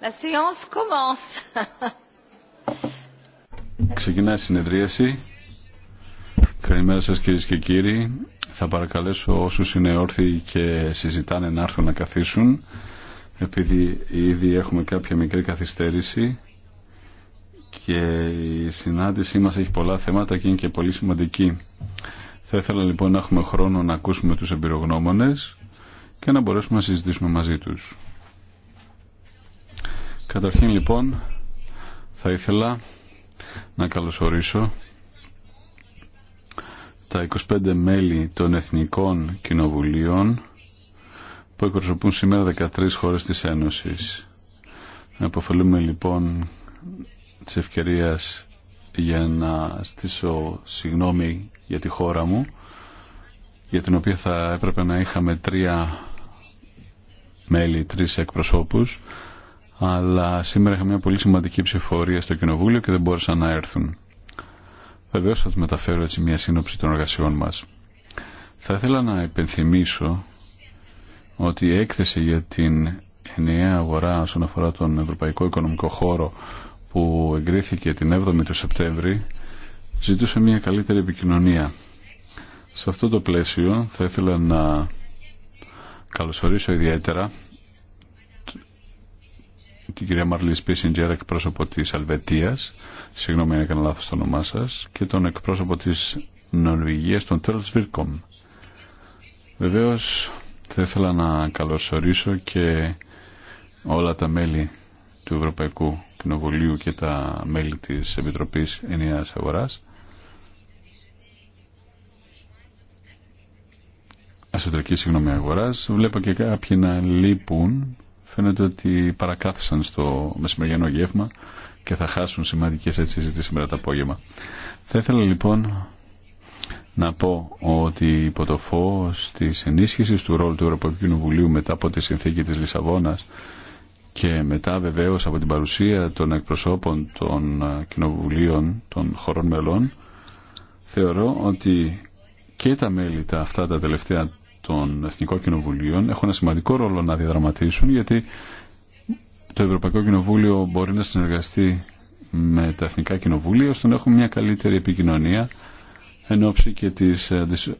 La Ξεκινάει η συνεδρίαση. Καλημέρα σας κυρίες και κύριοι. Θα παρακαλέσω όσους είναι όρθιοι και συζητάνε να έρθουν να καθίσουν επειδή ήδη έχουμε κάποια μικρή καθυστέρηση και η συνάντησή μας έχει πολλά θέματα και είναι και πολύ σημαντική. Θα ήθελα λοιπόν να έχουμε χρόνο να ακούσουμε τους εμπειρογνώμονες και να μπορέσουμε να συζητήσουμε μαζί τους. Καταρχήν λοιπόν θα ήθελα να καλωσορίσω τα 25 μέλη των Εθνικών Κοινοβουλίων που εκπροσωπούν σήμερα 13 χώρες της Ένωσης. Αποφελούμε λοιπόν της ευκαιρίας για να στήσω συγγνώμη για τη χώρα μου για την οποία θα έπρεπε να είχαμε τρία μέλη, τρεις εκπροσώπους, αλλά σήμερα είχα μια πολύ σημαντική ψηφορία στο Κοινοβούλιο και δεν μπόρεσαν να έρθουν. Βεβαίω θα του μεταφέρω έτσι μια σύνοψη των εργασιών μας. Θα ήθελα να υπενθυμίσω ότι η έκθεση για την ενιαία αγορά όσον αφορά τον Ευρωπαϊκό Οικονομικό Χώρο που εγκρίθηκε την 7η του Σεπτέμβρη ζητούσε μια καλύτερη επικοινωνία σε αυτό το πλαίσιο θα ήθελα να καλωσορίσω ιδιαίτερα την κυρία Μαρλή Σπίσιντζέρα, εκπρόσωπο τη Αλβετία, συγγνώμη αν έκανα λάθο το όνομά σα, και τον εκπρόσωπο τη Νορβηγία, τον Τέρλ Σβίρκομ. Βεβαίω, θα ήθελα να καλωσορίσω και όλα τα μέλη του Ευρωπαϊκού Κοινοβουλίου και τα μέλη της Επιτροπής Ενιαίας Αγοράς εσωτερική συγγνώμη αγορά. Βλέπω και κάποιοι να λείπουν. Φαίνεται ότι παρακάθισαν στο μεσημεριανό γεύμα και θα χάσουν σημαντικέ έτσι σήμερα το απόγευμα. Θα ήθελα λοιπόν να πω ότι υπό το φω τη ενίσχυση του ρόλου του Ευρωπαϊκού Κοινοβουλίου μετά από τη συνθήκη τη Λισαβόνα και μετά βεβαίω από την παρουσία των εκπροσώπων των ε, κοινοβουλίων των χωρών μελών θεωρώ ότι και τα μέλη τα αυτά τα τελευταία των Εθνικών Κοινοβουλίων έχουν ένα σημαντικό ρόλο να διαδραματίσουν γιατί το Ευρωπαϊκό Κοινοβούλιο μπορεί να συνεργαστεί με τα Εθνικά Κοινοβούλια ώστε να έχουμε μια καλύτερη επικοινωνία εν ώψη και τη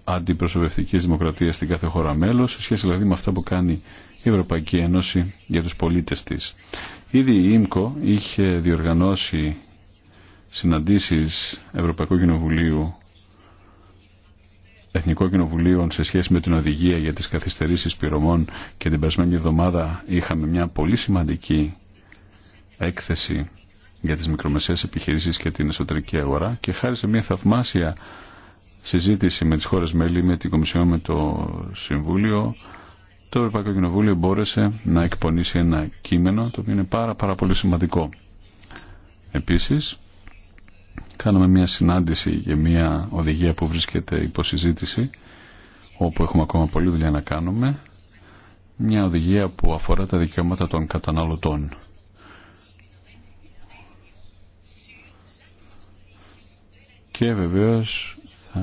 αντιπροσωπευτική δημοκρατία στην κάθε χώρα μέλο, σε σχέση δηλαδή με αυτά που κάνει η Ευρωπαϊκή Ένωση για του πολίτε τη. Ήδη η ΙΜΚΟ είχε διοργανώσει συναντήσεις Ευρωπαϊκού Κοινοβουλίου Εθνικό κοινοβούλιο σε σχέση με την οδηγία για τις καθυστερήσεις Πυρωμών και την περασμένη εβδομάδα είχαμε μια πολύ σημαντική έκθεση για τις μικρομεσαίες επιχειρήσεις και την εσωτερική αγορά και χάρη σε μια θαυμάσια συζήτηση με τις χώρες μέλη, με την Κομισιόν, με το Συμβούλιο το Ευρωπαϊκό Κοινοβούλιο μπόρεσε να εκπονήσει ένα κείμενο το οποίο είναι πάρα, πάρα πολύ σημαντικό. Επίσης, κάναμε μια συνάντηση για μια οδηγία που βρίσκεται συζήτηση όπου έχουμε ακόμα πολλή δουλειά να κάνουμε μια οδηγία που αφορά τα δικαιώματα των καταναλωτών. Και βεβαίως θα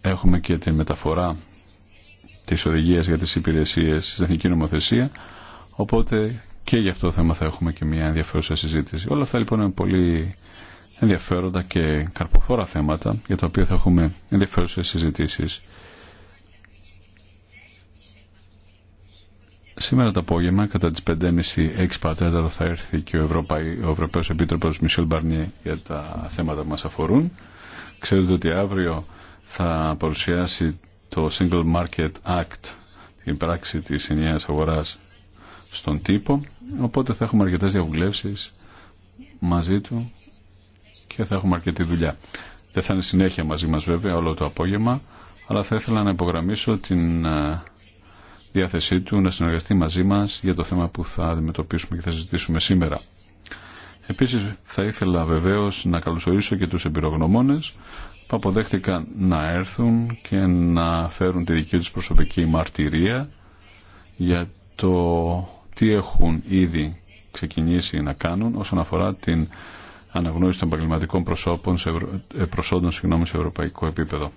έχουμε και τη μεταφορά της οδηγίας για τις υπηρεσίες στην Εθνική Νομοθεσία, οπότε και για αυτό το θέμα θα έχουμε και μια ενδιαφέρουσα συζήτηση. Όλα αυτά λοιπόν είναι πολύ ενδιαφέροντα και καρποφόρα θέματα για τα οποία θα έχουμε ενδιαφέρουσε συζητήσει. Σήμερα το απόγευμα, κατά τι 5.30-6 πατέρα, θα έρθει και ο, Ευρωπαϊ, ο Ευρωπαίο Επίτροπος Μισελ Μπαρνιέ για τα θέματα που μα αφορούν. Ξέρετε ότι αύριο θα παρουσιάσει το Single Market Act, την πράξη της ενιαίας αγοράς στον τύπο Οπότε θα έχουμε αρκετές διαβουλεύσεις μαζί του και θα έχουμε αρκετή δουλειά. Δεν θα είναι συνέχεια μαζί μας βέβαια όλο το απόγευμα, αλλά θα ήθελα να υπογραμμίσω την ε, διάθεσή του να συνεργαστεί μαζί μας για το θέμα που θα αντιμετωπίσουμε και θα συζητήσουμε σήμερα. Επίσης θα ήθελα βεβαίως να καλωσορίσω και τους εμπειρογνωμόνες που αποδέχτηκαν να έρθουν και να φέρουν τη δική τους προσωπική μαρτυρία για το τι έχουν ήδη ξεκινήσει να κάνουν όσον αφορά την αναγνώριση των επαγγελματικών προσώπων σε ευρω... Ε, προσόντων συγγνώμη, σε ευρωπαϊκό επίπεδο.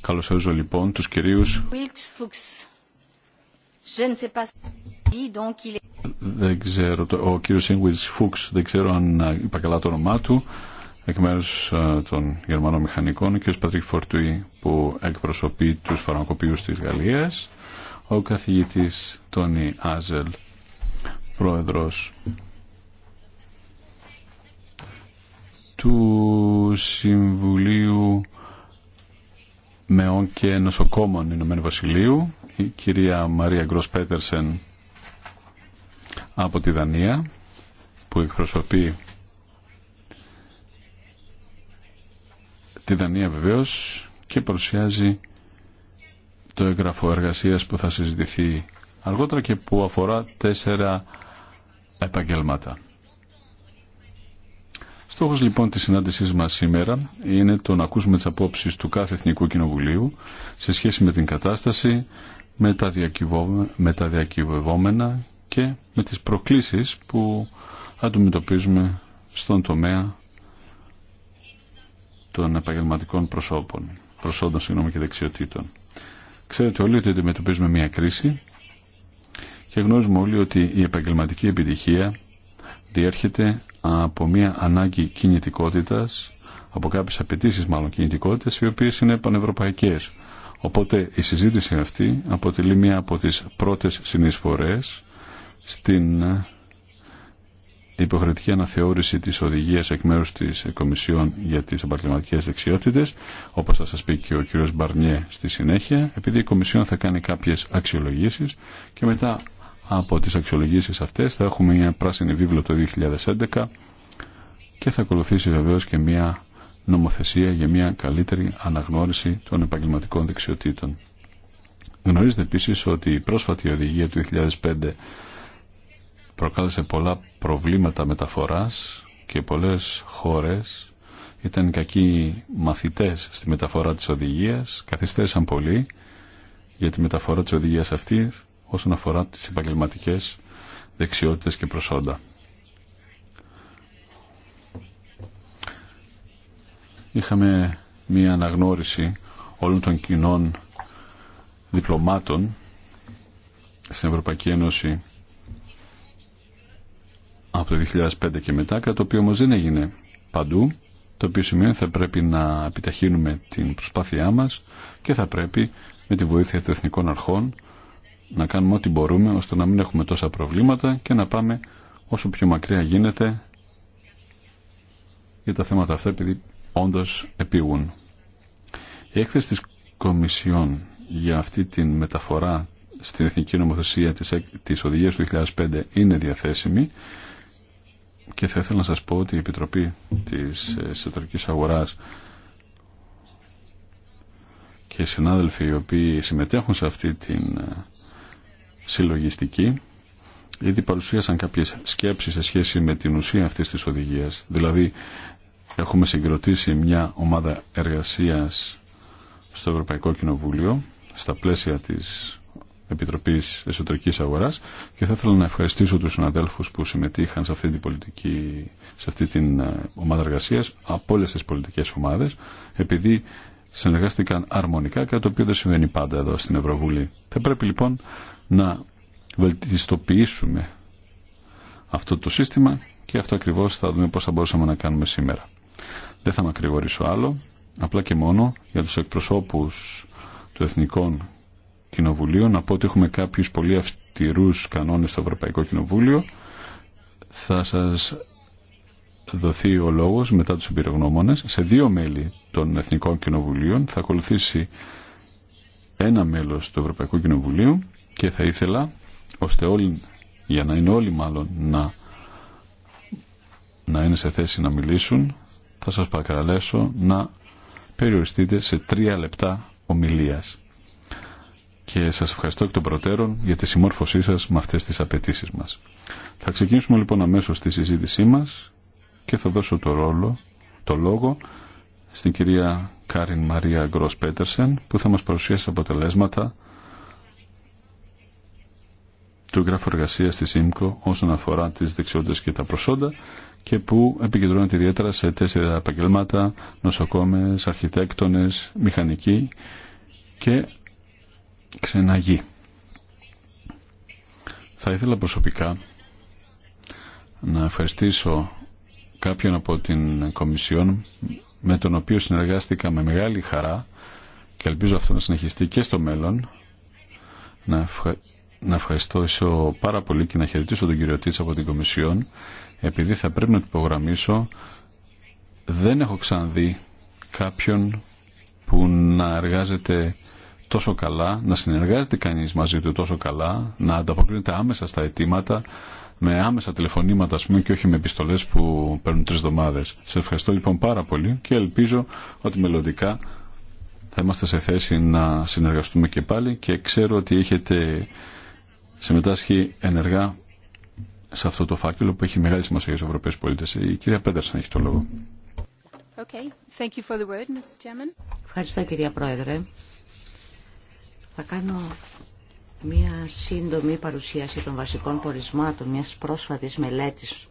Καλωσορίζω λοιπόν τους κυρίους... Δεν ξέρω, ο κύριο Ιγουιτς Φούξ, δεν ξέρω αν είπα καλά το όνομά του, εκ μέρου ε, των Γερμανών Μηχανικών, ο κύριο Πατρίκ Φορτουή που εκπροσωπεί του φαρμακοποιού τη Γαλλία ο καθηγητής Τόνι Άζελ, πρόεδρος του Συμβουλίου Μεών και Νοσοκόμων Ηνωμένου Βασιλείου, η κυρία Μαρία Γκρος Πέτερσεν από τη Δανία, που εκπροσωπεί τη Δανία βεβαίως και παρουσιάζει το έγγραφο εργασίας που θα συζητηθεί αργότερα και που αφορά τέσσερα επαγγελμάτα. Στόχος λοιπόν της συνάντησής μας σήμερα είναι το να ακούσουμε τις απόψεις του κάθε Εθνικού Κοινοβουλίου σε σχέση με την κατάσταση, με τα, διακυβευόμενα και με τις προκλήσεις που αντιμετωπίζουμε στον τομέα των επαγγελματικών προσώπων, προσόντων συγγνώμη, και δεξιοτήτων. Ξέρετε όλοι ότι αντιμετωπίζουμε μια κρίση και γνωρίζουμε όλοι ότι η επαγγελματική επιτυχία διέρχεται από μια ανάγκη κινητικότητας, από κάποιες απαιτήσει μάλλον κινητικότητας, οι οποίες είναι πανευρωπαϊκές. Οπότε η συζήτηση αυτή αποτελεί μία από τις πρώτες συνεισφορές στην υποχρεωτική αναθεώρηση της οδηγίας εκ μέρους της Κομισιόν για τις επαγγελματικέ δεξιότητες, όπως θα σας πει και ο κύριος Μπαρνιέ στη συνέχεια, επειδή η Κομισιόν θα κάνει κάποιες αξιολογήσεις και μετά από τις αξιολογήσεις αυτές θα έχουμε μια πράσινη βίβλο το 2011 και θα ακολουθήσει βεβαίως και μια νομοθεσία για μια καλύτερη αναγνώριση των επαγγελματικών δεξιοτήτων. Γνωρίζετε επίσης ότι η πρόσφατη οδηγία του 2005 προκάλεσε πολλά προβλήματα μεταφοράς και πολλές χώρες ήταν κακοί μαθητές στη μεταφορά της οδηγίας, καθυστέρησαν πολύ για τη μεταφορά της οδηγίας αυτή όσον αφορά τις επαγγελματικέ δεξιότητες και προσόντα. Είχαμε μία αναγνώριση όλων των κοινών διπλωμάτων στην Ευρωπαϊκή Ένωση από το 2005 και μετά, κάτι το οποίο όμω δεν έγινε παντού, το οποίο σημαίνει θα πρέπει να επιταχύνουμε την προσπάθειά μας και θα πρέπει με τη βοήθεια των εθνικών αρχών να κάνουμε ό,τι μπορούμε ώστε να μην έχουμε τόσα προβλήματα και να πάμε όσο πιο μακριά γίνεται για τα θέματα αυτά επειδή όντως επίγουν. Η έκθεση της Κομισιόν για αυτή τη μεταφορά στην Εθνική Νομοθεσία της, της Οδηγίας του 2005 είναι διαθέσιμη και θα ήθελα να σας πω ότι η Επιτροπή της Εσωτερικής Αγοράς και οι συνάδελφοι οι οποίοι συμμετέχουν σε αυτή την ε, συλλογιστική ήδη παρουσίασαν κάποιες σκέψεις σε σχέση με την ουσία αυτής της οδηγίας. Δηλαδή έχουμε συγκροτήσει μια ομάδα εργασίας στο Ευρωπαϊκό Κοινοβούλιο στα πλαίσια της Επιτροπής Εσωτερικής Αγοράς και θα ήθελα να ευχαριστήσω τους συναδέλφους που συμμετείχαν σε αυτή την πολιτική, σε αυτή την ε, ομάδα εργασία από όλες τις πολιτικές ομάδες επειδή συνεργάστηκαν αρμονικά κάτι το οποίο δεν συμβαίνει πάντα εδώ στην Ευρωβουλή. Θα πρέπει λοιπόν να βελτιστοποιήσουμε αυτό το σύστημα και αυτό ακριβώς θα δούμε πώς θα μπορούσαμε να κάνουμε σήμερα. Δεν θα με ακρηγορήσω άλλο, απλά και μόνο για τους εκπροσώπου του εθνικών Κοινοβουλίου να πω ότι έχουμε κάποιους πολύ αυστηρούς κανόνες στο Ευρωπαϊκό Κοινοβούλιο. Θα σας δοθεί ο λόγος μετά τους εμπειρογνώμονες σε δύο μέλη των Εθνικών Κοινοβουλίων. Θα ακολουθήσει ένα μέλος του Ευρωπαϊκού Κοινοβουλίου και θα ήθελα ώστε όλοι, για να είναι όλοι μάλλον να, να είναι σε θέση να μιλήσουν θα σας παρακαλέσω να περιοριστείτε σε τρία λεπτά ομιλίας και σας ευχαριστώ εκ των προτέρων για τη συμμόρφωσή σας με αυτές τις απαιτήσει μας. Θα ξεκινήσουμε λοιπόν αμέσως τη συζήτησή μας και θα δώσω το, ρόλο, το λόγο στην κυρία Κάριν Μαρία Γκρός Πέτερσεν που θα μας παρουσιάσει αποτελέσματα του γράφου εργασία τη ΙΜΚΟ όσον αφορά τις δεξιότητε και τα προσόντα και που επικεντρώνεται ιδιαίτερα σε τέσσερα επαγγελμάτα, νοσοκόμε, αρχιτέκτονες, μηχανικοί και ξεναγεί. Θα ήθελα προσωπικά να ευχαριστήσω κάποιον από την Κομισιόν με τον οποίο συνεργάστηκα με μεγάλη χαρά και ελπίζω αυτό να συνεχιστεί και στο μέλλον. Να, ευχα... να πάρα πολύ και να χαιρετήσω τον κύριο Τίτσα από την Κομισιόν επειδή θα πρέπει να το υπογραμμίσω δεν έχω ξανδει κάποιον που να εργάζεται τόσο καλά, να συνεργάζεται κανείς μαζί του τόσο καλά, να ανταποκρίνεται άμεσα στα αιτήματα, με άμεσα τηλεφωνήματα, ας πούμε, και όχι με επιστολές που παίρνουν τρεις εβδομάδες. Σε ευχαριστώ λοιπόν πάρα πολύ και ελπίζω ότι μελλοντικά θα είμαστε σε θέση να συνεργαστούμε και πάλι και ξέρω ότι έχετε συμμετάσχει ενεργά σε αυτό το φάκελο που έχει μεγάλη σημασία για τους Ευρωπαίους πολίτες. Η κυρία Πέντερσαν έχει το λόγο. Okay. Thank you for the word, Ευχαριστώ κυρία Πρόεδρε. Θα κάνω μία σύντομη παρουσίαση των βασικών πορισμάτων μιας πρόσφατης μελέτης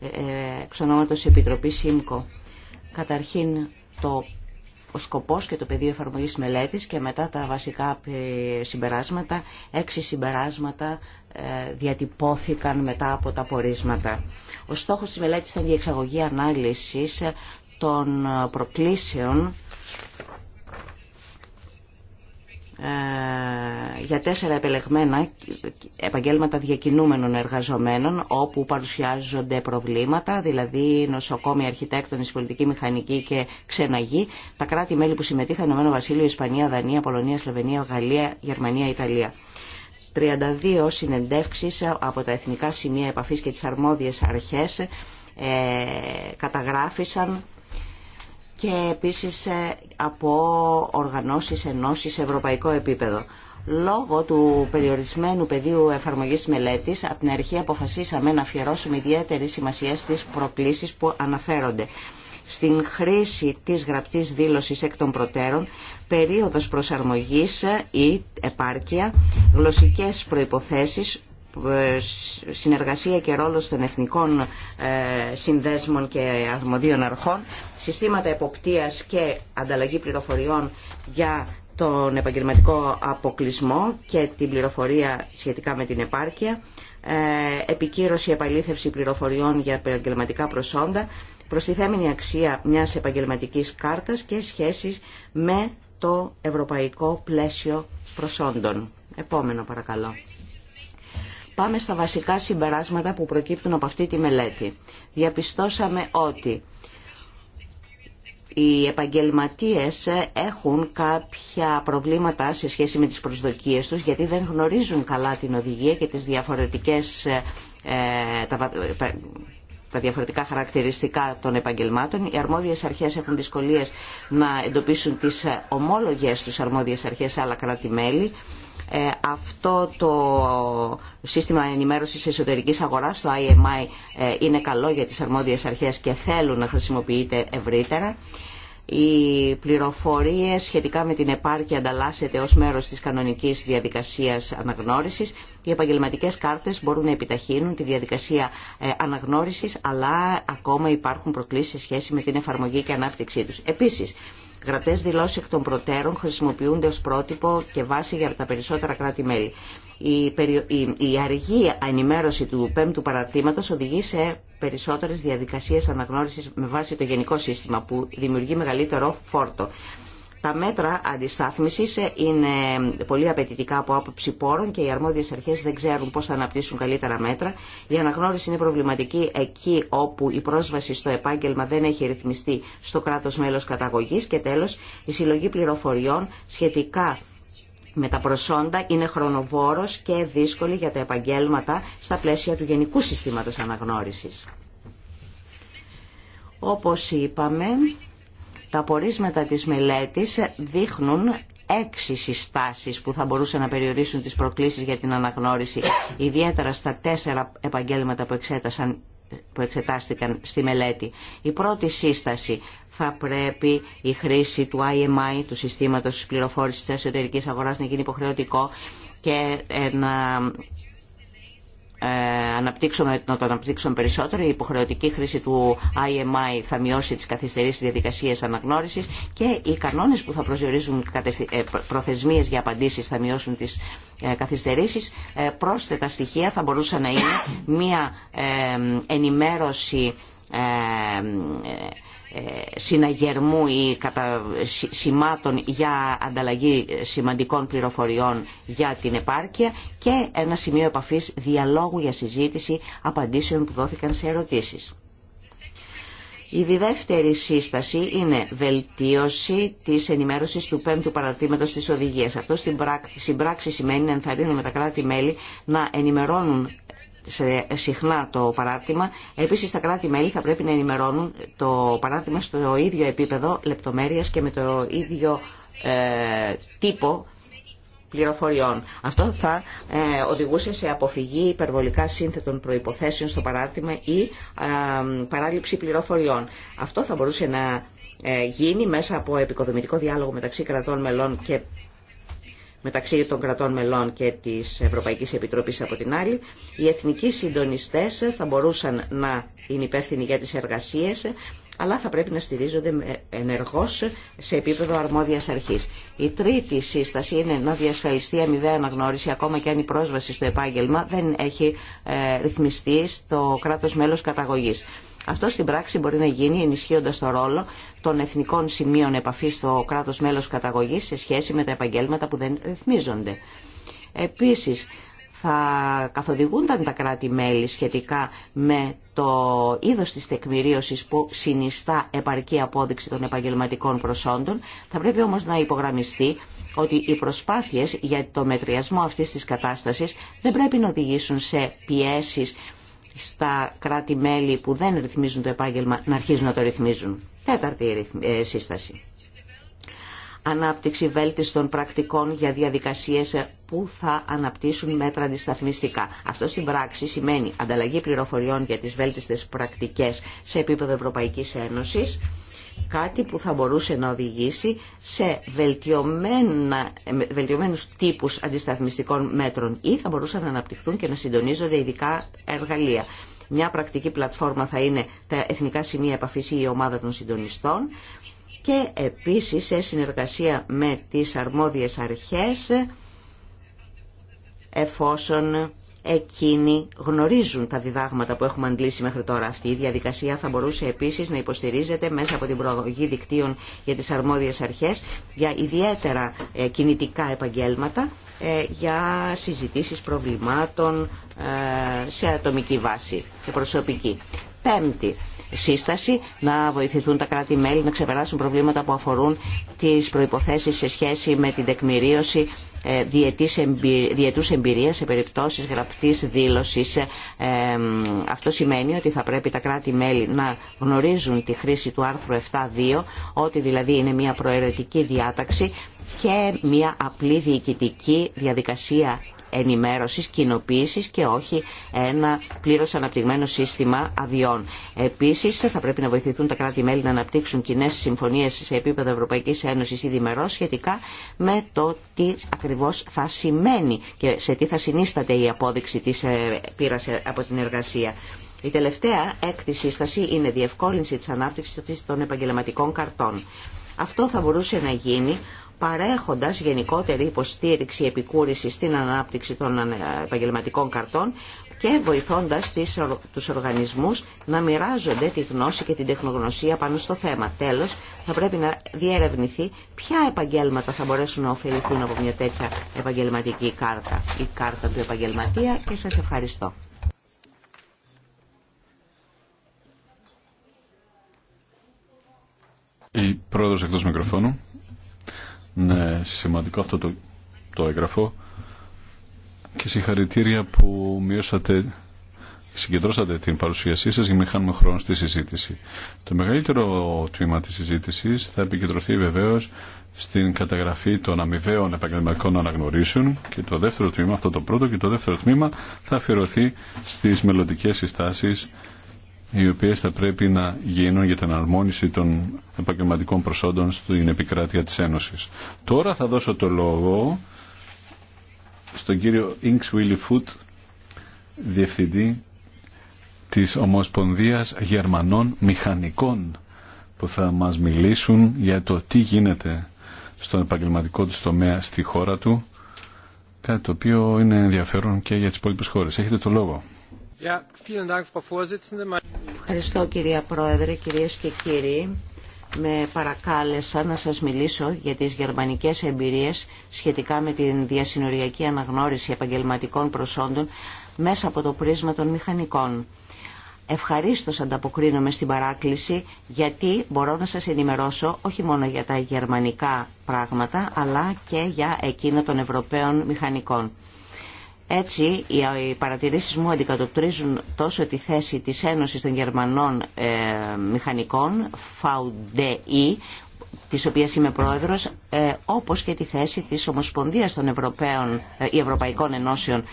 ε, ε, εξ ονόματος Επιτροπής ΣΥΜΚΟ. Καταρχήν το ο σκοπός και το πεδίο εφαρμογής μελέτης και μετά τα βασικά ε, συμπεράσματα. Έξι συμπεράσματα διατυπώθηκαν μετά από τα πορίσματα. Ο στόχος της μελέτης ήταν η εξαγωγή ανάλυσης των προκλήσεων ε, για τέσσερα επελεγμένα επαγγέλματα διακινούμενων εργαζομένων όπου παρουσιάζονται προβλήματα, δηλαδή νοσοκόμοι, αρχιτέκτονες, πολιτική μηχανική και ξεναγή. Τα κράτη-μέλη που συμμετείχαν, Ηνωμένο Βασίλειο, Ισπανία, Δανία, Πολωνία, Σλοβενία, Γαλλία, Γερμανία, Ιταλία. 32 συνεντεύξεις από τα Εθνικά Σημεία Επαφής και τις Αρμόδιες Αρχές ε, καταγράφησαν και επίσης ε, από οργανώσεις, ενώσεις σε ευρωπαϊκό επίπεδο. Λόγω του περιορισμένου πεδίου εφαρμογής μελέτης, από την αρχή αποφασίσαμε να αφιερώσουμε ιδιαίτερη σημασία στις προκλήσεις που αναφέρονται. Στην χρήση της γραπτής δήλωσης εκ των προτέρων, περίοδος προσαρμογής ή επάρκεια, γλωσσικές προϋποθέσεις, συνεργασία και ρόλος των εθνικών ε, συνδέσμων και αρμοδίων αρχών, συστήματα εποπτείας και ανταλλαγή πληροφοριών για τον επαγγελματικό αποκλεισμό και την πληροφορία σχετικά με την επάρκεια, ε, επικύρωση επαλήθευση πληροφοριών για επαγγελματικά προσόντα, προστιθέμενη αξία μιας επαγγελματικής κάρτας και σχέσεις με το ευρωπαϊκό πλαίσιο προσόντων. Επόμενο παρακαλώ. Πάμε στα βασικά συμπεράσματα που προκύπτουν από αυτή τη μελέτη. Διαπιστώσαμε ότι οι επαγγελματίες έχουν κάποια προβλήματα σε σχέση με τις προσδοκίες τους γιατί δεν γνωρίζουν καλά την οδηγία και τις διαφορετικές, ε, τα, διαφορετικά χαρακτηριστικά των επαγγελμάτων. Οι αρμόδιες αρχές έχουν δυσκολίες να εντοπίσουν τις ομόλογες τους αρμόδιες αρχές σε άλλα κράτη-μέλη ε, αυτό το σύστημα ενημέρωσης εσωτερικής αγοράς, το IMI, ε, είναι καλό για τις αρμόδιες αρχές και θέλουν να χρησιμοποιείται ευρύτερα. Οι πληροφορίες σχετικά με την επάρκεια ανταλλάσσεται ως μέρος της κανονικής διαδικασίας αναγνώρισης. Οι επαγγελματικές κάρτες μπορούν να επιταχύνουν τη διαδικασία ε, αναγνώρισης, αλλά ακόμα υπάρχουν προκλήσεις σε σχέση με την εφαρμογή και ανάπτυξή τους. Επίσης, γραπτέ δηλώσει εκ των προτέρων χρησιμοποιούνται ω πρότυπο και βάση για τα περισσότερα κράτη-μέλη. Η αργή ενημέρωση του πέμπτου παρατήματο οδηγεί σε περισσότερες διαδικασίες αναγνώρισης με βάση το γενικό σύστημα που δημιουργεί μεγαλύτερο φόρτο. Τα μέτρα αντισταθμισή είναι πολύ απαιτητικά από άποψη πόρων και οι αρμόδιες αρχές δεν ξέρουν πώς θα αναπτύσσουν καλύτερα μέτρα. Η αναγνώριση είναι προβληματική εκεί όπου η πρόσβαση στο επάγγελμα δεν έχει ρυθμιστεί στο κράτος μέλος καταγωγής και τέλος η συλλογή πληροφοριών σχετικά με τα προσόντα είναι χρονοβόρος και δύσκολη για τα επαγγέλματα στα πλαίσια του γενικού συστήματος αναγνώρισης. Όπως είπαμε, τα πορίσματα της μελέτης δείχνουν έξι συστάσεις που θα μπορούσαν να περιορίσουν τις προκλήσεις για την αναγνώριση, ιδιαίτερα στα τέσσερα επαγγέλματα που, εξέτασαν, που εξετάστηκαν στη μελέτη. Η πρώτη σύσταση θα πρέπει η χρήση του IMI, του συστήματος πληροφόρησης της εσωτερικής αγοράς, να γίνει υποχρεωτικό και να ε, αναπτύξουμε, να το αναπτύξουμε περισσότερο. Η υποχρεωτική χρήση του IMI θα μειώσει τις καθυστερήσεις διαδικασίες αναγνώρισης και οι κανόνες που θα προσδιορίζουν ε, προθεσμίες για απαντήσεις θα μειώσουν τις ε, καθυστερήσεις. Πρόσθετα στοιχεία θα μπορούσαν να είναι μια ενημέρωση ε, συναγερμού ή κατα... σημάτων για ανταλλαγή σημαντικών πληροφοριών για την επάρκεια και ένα σημείο επαφής διαλόγου για συζήτηση απαντήσεων που δόθηκαν σε ερωτήσεις. Η δεύτερη σύσταση είναι βελτίωση τη ενημέρωση του πέμπτου παρατήματο τη οδηγία. Αυτό στην πράξη, στην πράξη σημαίνει να ενθαρρύνουμε τα κράτη-μέλη να ενημερώνουν σε συχνά το παράρτημα. Επίσης τα κράτη-μέλη θα πρέπει να ενημερώνουν το παράρτημα στο ίδιο επίπεδο λεπτομέρειας και με το ίδιο ε, τύπο πληροφοριών. Αυτό θα ε, οδηγούσε σε αποφυγή υπερβολικά σύνθετων προϋποθέσεων στο παράρτημα ή ε, παράληψη πληροφοριών. Αυτό θα μπορούσε να ε, γίνει μέσα από επικοδομητικό διάλογο μεταξύ κρατών μελών και μεταξύ των κρατών μελών και της Ευρωπαϊκής Επιτροπής από την άλλη. Οι εθνικοί συντονιστές θα μπορούσαν να είναι υπεύθυνοι για τις εργασίες, αλλά θα πρέπει να στηρίζονται ενεργώς σε επίπεδο αρμόδιας αρχής. Η τρίτη σύσταση είναι να διασφαλιστεί αμοιβαία αναγνώριση, ακόμα και αν η πρόσβαση στο επάγγελμα δεν έχει ε, ρυθμιστεί στο κράτος μέλος καταγωγής. Αυτό στην πράξη μπορεί να γίνει ενισχύοντας το ρόλο των εθνικών σημείων επαφής στο κράτος μέλος καταγωγή σε σχέση με τα επαγγέλματα που δεν ρυθμίζονται. Επίσης, θα καθοδηγούνταν τα κράτη-μέλη σχετικά με το είδος της τεκμηρίωσης που συνιστά επαρκή απόδειξη των επαγγελματικών προσόντων. Θα πρέπει όμως να υπογραμμιστεί ότι οι προσπάθειες για το μετριασμό αυτής της κατάστασης δεν πρέπει να οδηγήσουν σε πιέσεις στα κράτη-μέλη που δεν ρυθμίζουν το επάγγελμα να αρχίζουν να το ρυθμίζουν. Τέταρτη ε, σύσταση. Ανάπτυξη βέλτιστων πρακτικών για διαδικασίες ε, που θα αναπτύσσουν μέτρα αντισταθμιστικά. Αυτό στην πράξη σημαίνει ανταλλαγή πληροφοριών για τις βέλτιστες πρακτικές σε επίπεδο Ευρωπαϊκής Ένωσης, κάτι που θα μπορούσε να οδηγήσει σε βελτιωμένα, βελτιωμένους τύπους αντισταθμιστικών μέτρων ή θα μπορούσαν να αναπτυχθούν και να συντονίζονται ειδικά εργαλεία. Μια πρακτική πλατφόρμα θα είναι τα Εθνικά Σημεία Επαφής ή η Ομάδα των Συντονιστών και επίσης σε συνεργασία με τις αρμόδιες αρχές εφόσον εκείνοι γνωρίζουν τα διδάγματα που έχουμε αντλήσει μέχρι τώρα. Αυτή η διαδικασία θα μπορούσε επίσης να υποστηρίζεται μέσα από την προαγωγή δικτύων για τις αρμόδιες αρχές για ιδιαίτερα ε, κινητικά επαγγέλματα, ε, για συζητήσει προβλημάτων ε, σε ατομική βάση και προσωπική. Πέμπτη σύσταση να βοηθηθούν τα κράτη-μέλη να ξεπεράσουν προβλήματα που αφορούν τις προϋποθέσεις σε σχέση με την τεκμηρίωση ε, διετούς εμπειρία σε περιπτώσεις γραπτής δήλωσης. Ε, αυτό σημαίνει ότι θα πρέπει τα κράτη-μέλη να γνωρίζουν τη χρήση του άρθρου 7.2, ότι δηλαδή είναι μια προαιρετική διάταξη και μια απλή διοικητική διαδικασία Ενημέρωση, κοινοποίησης και όχι ένα πλήρως αναπτυγμένο σύστημα αδειών. Επίσης θα πρέπει να βοηθηθούν τα κράτη-μέλη να αναπτύξουν κοινέ συμφωνίες σε επίπεδο Ευρωπαϊκής Ένωσης ή διμερός σχετικά με το τι ακριβώς θα σημαίνει και σε τι θα συνίσταται η απόδειξη της ε, πείρας ε, από την εργασία. Η τελευταία έκτη σύσταση είναι διευκόλυνση της ανάπτυξης των επαγγελματικών καρτών. Αυτό θα μπορούσε να γίνει παρέχοντας γενικότερη υποστήριξη επικούρηση στην ανάπτυξη των ε, επαγγελματικών καρτών και βοηθώντας τις, τους οργανισμούς να μοιράζονται τη γνώση και την τεχνογνωσία πάνω στο θέμα. Τέλος, θα πρέπει να διερευνηθεί ποια επαγγέλματα θα μπορέσουν να ωφεληθούν από μια τέτοια επαγγελματική κάρτα ή κάρτα του επαγγελματία και σας ευχαριστώ. Η πρόεδρος εκτός ναι, σημαντικό αυτό το, το έγγραφο και συγχαρητήρια που μειώσατε συγκεντρώσατε την παρουσίασή σας για να μην χάνουμε χρόνο στη συζήτηση. Το μεγαλύτερο τμήμα της συζήτησης θα επικεντρωθεί βεβαίως στην καταγραφή των αμοιβαίων επαγγελματικών αναγνωρίσεων και το δεύτερο τμήμα, αυτό το πρώτο και το δεύτερο τμήμα θα αφιερωθεί στις μελλοντικέ συστάσεις οι οποίες θα πρέπει να γίνουν για την αρμόνιση των επαγγελματικών προσόντων στην επικράτεια της Ένωσης. Τώρα θα δώσω το λόγο στον κύριο Ινξ Βίλι Φούτ, διευθυντή της Ομοσπονδίας Γερμανών Μηχανικών, που θα μας μιλήσουν για το τι γίνεται στον επαγγελματικό του τομέα στη χώρα του, κάτι το οποίο είναι ενδιαφέρον και για τις υπόλοιπες χώρες. Έχετε το λόγο. Ευχαριστώ κυρία Πρόεδρε, κυρίες και κύριοι. Με παρακάλεσα να σας μιλήσω για τις γερμανικές εμπειρίες σχετικά με την διασυνοριακή αναγνώριση επαγγελματικών προσόντων μέσα από το πρίσμα των μηχανικών. Ευχαρίστως ανταποκρίνομαι στην παράκληση γιατί μπορώ να σας ενημερώσω όχι μόνο για τα γερμανικά πράγματα αλλά και για εκείνα των Ευρωπαίων μηχανικών. Έτσι, οι παρατηρήσεις μου αντικατοπτρίζουν τόσο τη θέση της Ένωσης των Γερμανών ε, Μηχανικών, VDI, της οποίας είμαι πρόεδρος, ε, όπως και τη θέση της Ομοσπονδίας των Ευρωπαίων, ε, Ευρωπαϊκών Ενώσεων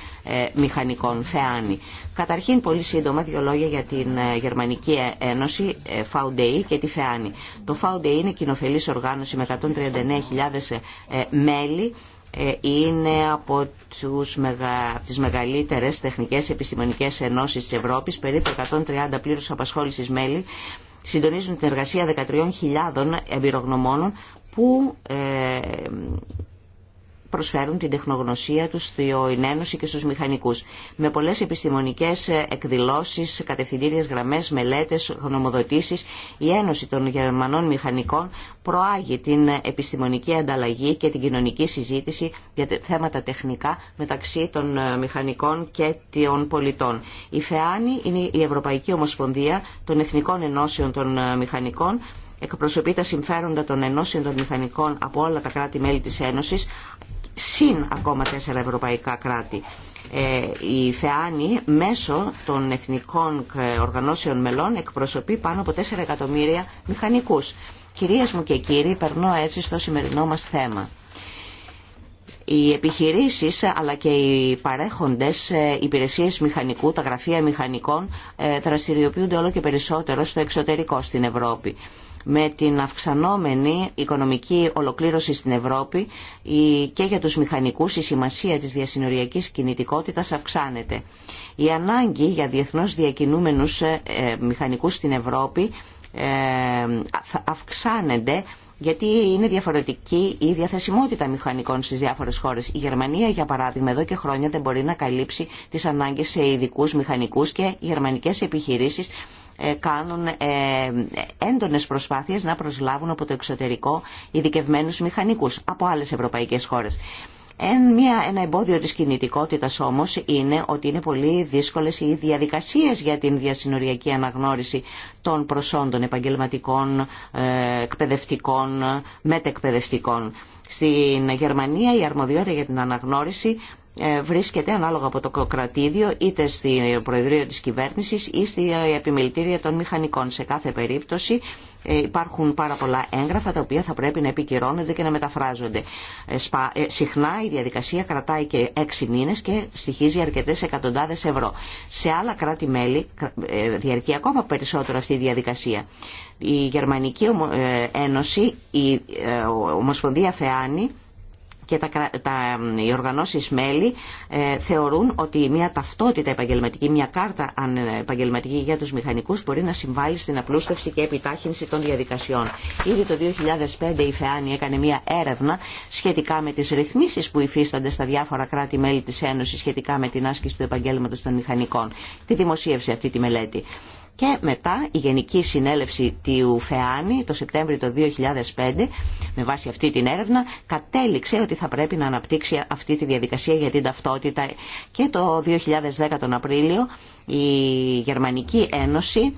Μηχανικών, ΦΕΑΝΗ. Καταρχήν, πολύ σύντομα, δύο λόγια για την Γερμανική Ένωση, ε, και τη ΦΕΑΝΗ. Το VDI είναι κοινοφελής οργάνωση με 139.000 μέλη, ε, είναι από, τους μεγα, τις μεγαλύτερες τεχνικές επιστημονικές ενώσεις της Ευρώπης, περίπου 130 πλήρους απασχόλησης μέλη, συντονίζουν την εργασία 13.000 εμπειρογνωμόνων που ε, προσφέρουν την τεχνογνωσία τους στην Ένωση και στους μηχανικούς. Με πολλές επιστημονικές εκδηλώσεις, κατευθυντήριες γραμμές, μελέτες, γνωμοδοτήσεις, η Ένωση των Γερμανών Μηχανικών προάγει την επιστημονική ανταλλαγή και την κοινωνική συζήτηση για θέματα τεχνικά μεταξύ των ε, μηχανικών και των πολιτών. Η ΦΕΑΝΗ είναι η Ευρωπαϊκή Ομοσπονδία των Εθνικών Ενώσεων των ε, Μηχανικών εκπροσωπεί τα συμφέροντα των ενώσεων των μηχανικών από όλα τα κράτη-μέλη της Ένωσης συν ακόμα τέσσερα ευρωπαϊκά κράτη. Ε, η Θεάνη μέσω των εθνικών οργανώσεων μελών εκπροσωπεί πάνω από τέσσερα εκατομμύρια μηχανικούς. Κυρίες μου και κύριοι, περνώ έτσι στο σημερινό μας θέμα. Οι επιχειρήσεις αλλά και οι παρέχοντες ε, υπηρεσίες μηχανικού, τα γραφεία μηχανικών ε, δραστηριοποιούνται όλο και περισσότερο στο εξωτερικό στην Ευρώπη με την αυξανόμενη οικονομική ολοκλήρωση στην Ευρώπη και για τους μηχανικούς η σημασία της διασυνοριακής κινητικότητας αυξάνεται. Η ανάγκη για διεθνώς διακινούμενους ε, ε, μηχανικούς στην Ευρώπη ε, αυξάνεται γιατί είναι διαφορετική η διαθεσιμότητα μηχανικών στις διάφορες χώρες. Η Γερμανία, για παράδειγμα, εδώ και χρόνια δεν μπορεί να καλύψει τις ανάγκες σε ειδικού μηχανικούς και γερμανικές επιχειρήσεις ε, κάνουν ε, έντονες προσπάθειες να προσλάβουν από το εξωτερικό ειδικευμένους μηχανικούς από άλλες ευρωπαϊκές χώρες. Ένα εμπόδιο της κινητικότητας όμως είναι ότι είναι πολύ δύσκολες οι διαδικασίες για την διασυνοριακή αναγνώριση των προσόντων επαγγελματικών, ε, εκπαιδευτικών, μετεκπαιδευτικών. Στην Γερμανία η αρμοδιότητα για την αναγνώριση ε, βρίσκεται ανάλογα από το κρατήδιο είτε στην Προεδρία της Κυβέρνησης ή στη ε, επιμελητήρια των μηχανικών. Σε κάθε περίπτωση ε, υπάρχουν πάρα πολλά έγγραφα τα οποία θα πρέπει να επικυρώνονται και να μεταφράζονται. Συχνά η διαδικασία κρατάει και έξι μήνες και στοιχίζει αρκετές εκατοντάδες ευρώ. Σε άλλα κράτη-μέλη διαρκεί ακόμα περισσότερο αυτή η διαδικασία. Η Γερμανική Ένωση, η Ομοσπονδία Θεάνη, και τα, τα, οι οργανώσεις μέλη ε, θεωρούν ότι μια ταυτότητα επαγγελματική, μια κάρτα ε, επαγγελματική για τους μηχανικούς μπορεί να συμβάλλει στην απλούστευση και επιτάχυνση των διαδικασιών. Ήδη το 2005 η ΦΕΑΝΗ έκανε μια έρευνα σχετικά με τις ρυθμίσεις που υφίστανται στα διάφορα κράτη-μέλη της Ένωσης σχετικά με την άσκηση του επαγγέλματος των μηχανικών. Τη δημοσίευσε αυτή τη μελέτη. Και μετά η Γενική Συνέλευση του ΦΕΑΝΗ το Σεπτέμβριο του 2005 με βάση αυτή την έρευνα κατέληξε ότι θα πρέπει να αναπτύξει αυτή τη διαδικασία για την ταυτότητα και το 2010 τον Απρίλιο η Γερμανική Ένωση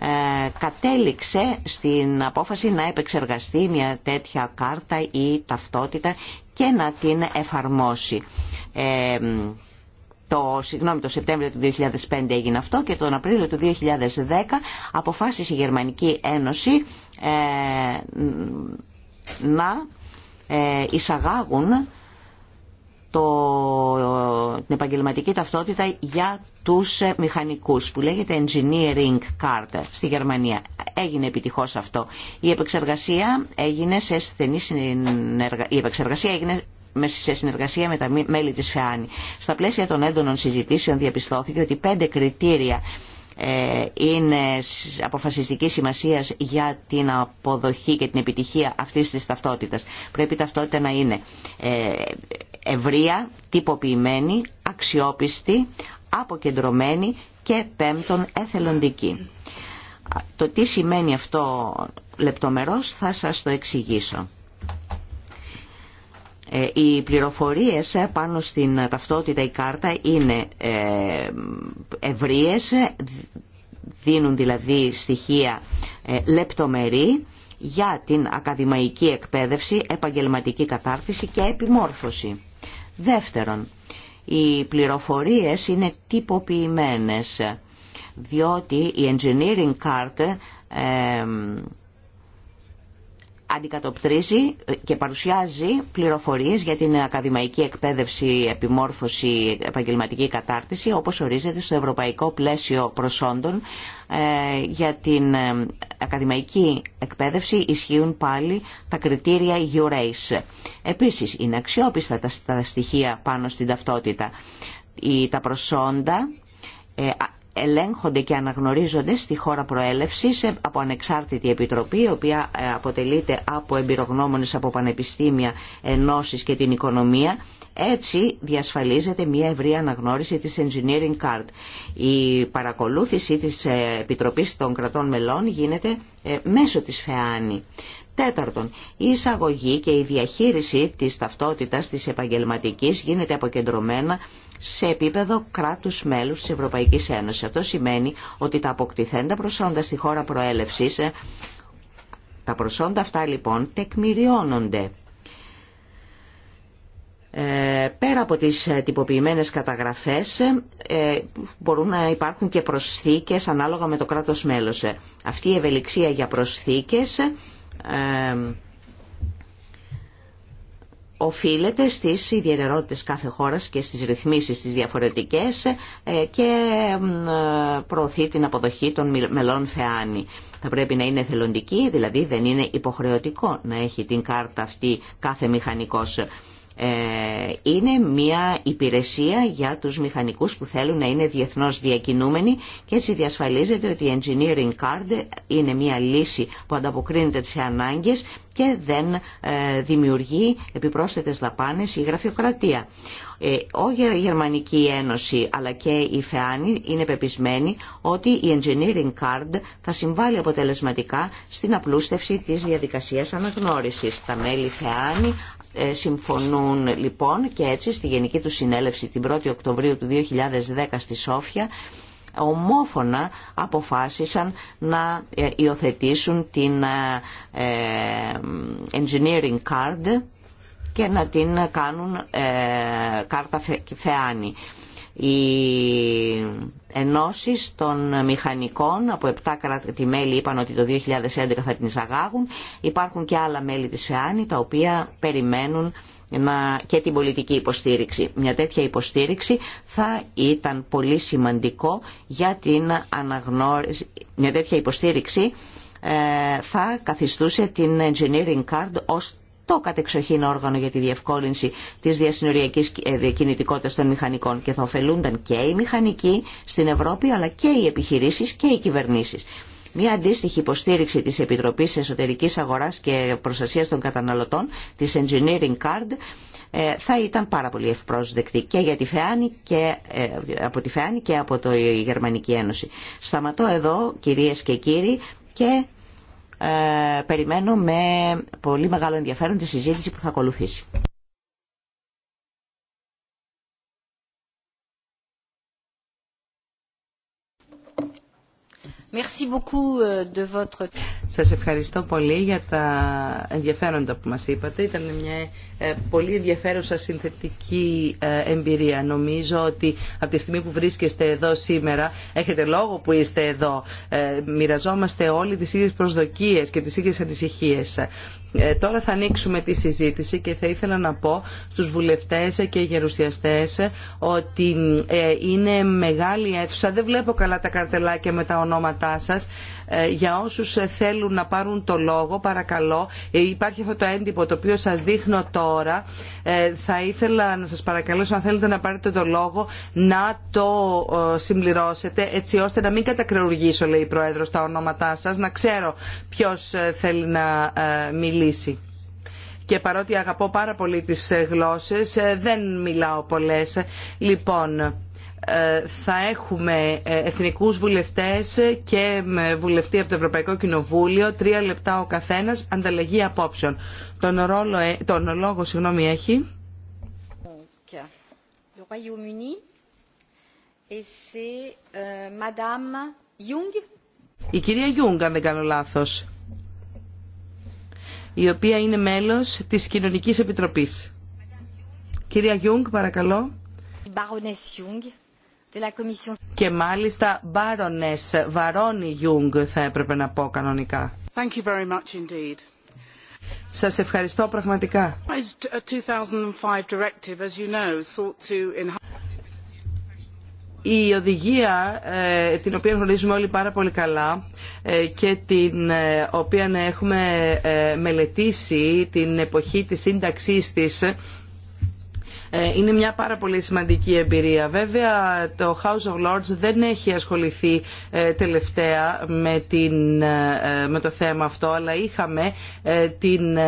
ε, κατέληξε στην απόφαση να επεξεργαστεί μια τέτοια κάρτα ή ταυτότητα και να την εφαρμόσει. Ε, το, συγγνώμη, το Σεπτέμβριο του 2005 έγινε αυτό και τον Απρίλιο του 2010 αποφάσισε η Γερμανική Ένωση ε, να ε, εισαγάγουν το, την επαγγελματική ταυτότητα για τους ε, μηχανικούς που λέγεται Engineering Card στη Γερμανία. Έγινε επιτυχώς αυτό. Η επεξεργασία έγινε σε στενή συνεργασία, η επεξεργασία έγινε σε συνεργασία με τα μέλη της ΦΕΑΝΗ. Στα πλαίσια των έντονων συζητήσεων διαπιστώθηκε ότι πέντε κριτήρια ε, είναι αποφασιστική σημασία για την αποδοχή και την επιτυχία αυτής της ταυτότητας. Πρέπει η ταυτότητα να είναι ε, ευρεία, τυποποιημένη, αξιόπιστη, αποκεντρωμένη και πέμπτον εθελοντική. Το τι σημαίνει αυτό λεπτομερώς θα σας το εξηγήσω. Ε, οι πληροφορίες ε, πάνω στην ταυτότητα η κάρτα είναι ε, ευρείες, δίνουν δηλαδή στοιχεία λεπτομερή για την ακαδημαϊκή εκπαίδευση, επαγγελματική κατάρτιση και επιμόρφωση. Δεύτερον, οι πληροφορίες είναι τυποποιημένες, διότι η engineering card αντικατοπτρίζει και παρουσιάζει πληροφορίες για την ακαδημαϊκή εκπαίδευση, επιμόρφωση, επαγγελματική κατάρτιση όπως ορίζεται στο ευρωπαϊκό πλαίσιο προσόντων ε, για την ε, ακαδημαϊκή εκπαίδευση ισχύουν πάλι τα κριτήρια EURACE. Επίσης είναι αξιόπιστα τα στοιχεία πάνω στην ταυτότητα. Τα προσόντα ε, ελέγχονται και αναγνωρίζονται στη χώρα προέλευσης ε, από ανεξάρτητη επιτροπή, η οποία ε, αποτελείται από εμπειρογνώμονες από πανεπιστήμια, ενώσεις και την οικονομία. Έτσι διασφαλίζεται μια ευρία αναγνώριση της Engineering Card. Η παρακολούθηση της ε, Επιτροπής των Κρατών Μελών γίνεται μέσω της ΦΕΑΝΗ. Τέταρτον, η εισαγωγή και η διαχείριση της ταυτότητας της επαγγελματικής γίνεται αποκεντρωμένα σε επίπεδο κράτους μέλους της Ευρωπαϊκής Ένωσης. Αυτό σημαίνει ότι τα αποκτηθέντα προσόντα στη χώρα προέλευσης, ε, τα προσόντα αυτά λοιπόν τεκμηριώνονται. Ε, πέρα από τις ε, τυποποιημένες καταγραφές ε, μπορούν να υπάρχουν και προσθήκες ανάλογα με το κράτος μέλος. Αυτή η ευελιξία για προσθήκες οφείλεται στις ιδιαιτερότητες κάθε χώρας και στις ρυθμίσεις τις διαφορετικές ε, και προωθεί την αποδοχή των μελών θεάνη. Θα πρέπει να είναι εθελοντική, δηλαδή δεν είναι υποχρεωτικό να έχει την κάρτα αυτή κάθε μηχανικός ε, είναι μια υπηρεσία για τους μηχανικούς που θέλουν να είναι διεθνώς διακινούμενοι και έτσι διασφαλίζεται ότι η Engineering Card είναι μια λύση που ανταποκρίνεται σε ανάγκες και δεν ε, δημιουργεί επιπρόσθετες δαπάνες ή γραφειοκρατία. Ε, η Γερμανική Ένωση αλλά και η ΦΕΑΝΗ είναι πεπισμένη ότι η Engineering Card θα συμβάλλει αποτελεσματικά στην απλούστευση της διαδικασίας αναγνώρισης. Τα μέλη ΦΕΑΝΗ ε, συμφωνούν λοιπόν και έτσι στη Γενική του Συνέλευση την 1η Οκτωβρίου του 2010 στη Σόφια ομόφωνα αποφάσισαν να ε, υιοθετήσουν την ε, engineering card και να την κάνουν κάρτα φεάνη οι ενώσεις των μηχανικών από 7 κράτη-μέλη είπαν ότι το 2011 θα την εισαγάγουν. Υπάρχουν και άλλα μέλη της ΦΕΑΝΗ τα οποία περιμένουν και την πολιτική υποστήριξη. Μια τέτοια υποστήριξη θα ήταν πολύ σημαντικό για την αναγνώριση. Μια τέτοια υποστήριξη ε, θα καθιστούσε την Engineering Card ως το κατεξοχήν όργανο για τη διευκόλυνση της διασυνοριακής ε, κινητικότητας των μηχανικών και θα ωφελούνταν και οι μηχανικοί στην Ευρώπη αλλά και οι επιχειρήσεις και οι κυβερνήσεις. Μια αντίστοιχη υποστήριξη της Επιτροπής Εσωτερικής Αγοράς και Προστασίας των Καταναλωτών, της Engineering Card, ε, θα ήταν πάρα πολύ ευπρόσδεκτη και, για τη Φεάνη και ε, από τη ΦΕΑΝΗ και από το Γερμανική Ένωση. Σταματώ εδώ κυρίες και κύριοι και ε, περιμένω με πολύ μεγάλο ενδιαφέρον τη συζήτηση που θα ακολουθήσει. Merci euh, Σας ευχαριστώ πολύ για τα ενδιαφέροντα που μας είπατε. Ήταν μια ε, πολύ ενδιαφέρουσα συνθετική ε, εμπειρία. Νομίζω ότι από τη στιγμή που βρίσκεστε εδώ σήμερα, έχετε λόγο που είστε εδώ, ε, μοιραζόμαστε όλοι τις ίδιες προσδοκίες και τις ίδιες ανησυχίες. Τώρα θα ανοίξουμε τη συζήτηση και θα ήθελα να πω στους βουλευτές και γερουσιαστές ότι είναι μεγάλη αίθουσα. Δεν βλέπω καλά τα καρτελάκια με τα ονόματα ε, για όσους θέλουν να πάρουν το λόγο, παρακαλώ, ε, υπάρχει αυτό το έντυπο το οποίο σας δείχνω τώρα. Ε, θα ήθελα να σας παρακαλέσω, αν θέλετε να πάρετε το λόγο, να το συμπληρώσετε, έτσι ώστε να μην κατακρεουργήσω, λέει η Πρόεδρος, τα ονόματά σας, να ξέρω ποιος θέλει να μιλήσει και παρότι αγαπώ πάρα πολύ τις γλώσσες δεν μιλάω πολλές. Λοιπόν, ε, θα έχουμε ε, εθνικούς βουλευτές και βουλευτή από το Ευρωπαϊκό Κοινοβούλιο, τρία λεπτά ο καθένας, ανταλλαγή απόψεων. Τον, ρόλο, ε, τον λόγο συγγνώμη, έχει... Euh, η κυρία Γιούγκ, αν δεν κάνω λάθος, η οποία είναι μέλος της Κοινωνικής Επιτροπής. Κυρία Γιούγκ, παρακαλώ. Baroness Jung. Και μάλιστα μπάρονες, Βαρόνι Γιούγκ θα έπρεπε να πω κανονικά. Σα Σας ευχαριστώ πραγματικά. Uh, Η οδηγία ε, την οποία γνωρίζουμε όλοι πάρα πολύ καλά ε, και την ε, οποία έχουμε μελετήσει την εποχή της σύνταξής της ε, είναι μια πάρα πολύ σημαντική εμπειρία. Βέβαια το House of Lords δεν έχει ασχοληθεί ε, τελευταία με, την, ε, με το θέμα αυτό αλλά είχαμε την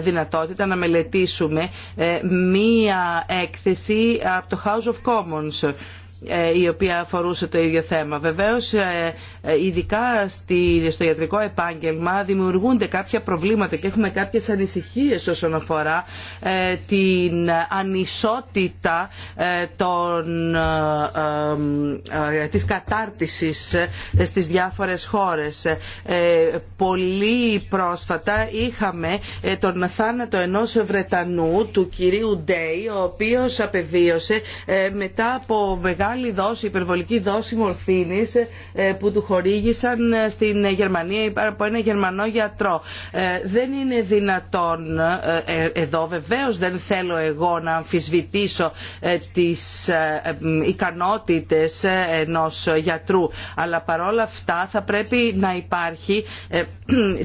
δυνατότητα να μελετήσουμε μία έκθεση από το House of Commons ε, η οποία αφορούσε το ίδιο θέμα. Βεβαίως, ε, ε, ειδικά στο ιατρικό επάγγελμα δημιουργούνται κάποια προβλήματα και έχουμε κάποιες ανησυχίες όσον αφορά την ανισότητα των, της κατάρτισης στις διάφορες χώρες. Πολύ πρόσφατα είχαμε τον θάνατο ενός Βρετανού, του κυρίου Ντέι, ο οποίος απεβίωσε μετά από μεγάλη μεγάλη δόση, υπερβολική δόση μορφήνης ε, που του χορήγησαν ε, στην Γερμανία από ένα Γερμανό γιατρό. Ε, δεν είναι δυνατόν εδώ βεβαίω δεν θέλω εγώ να αμφισβητήσω τις ικανότητες ενός γιατρού αλλά παρόλα αυτά θα πρέπει να υπάρχει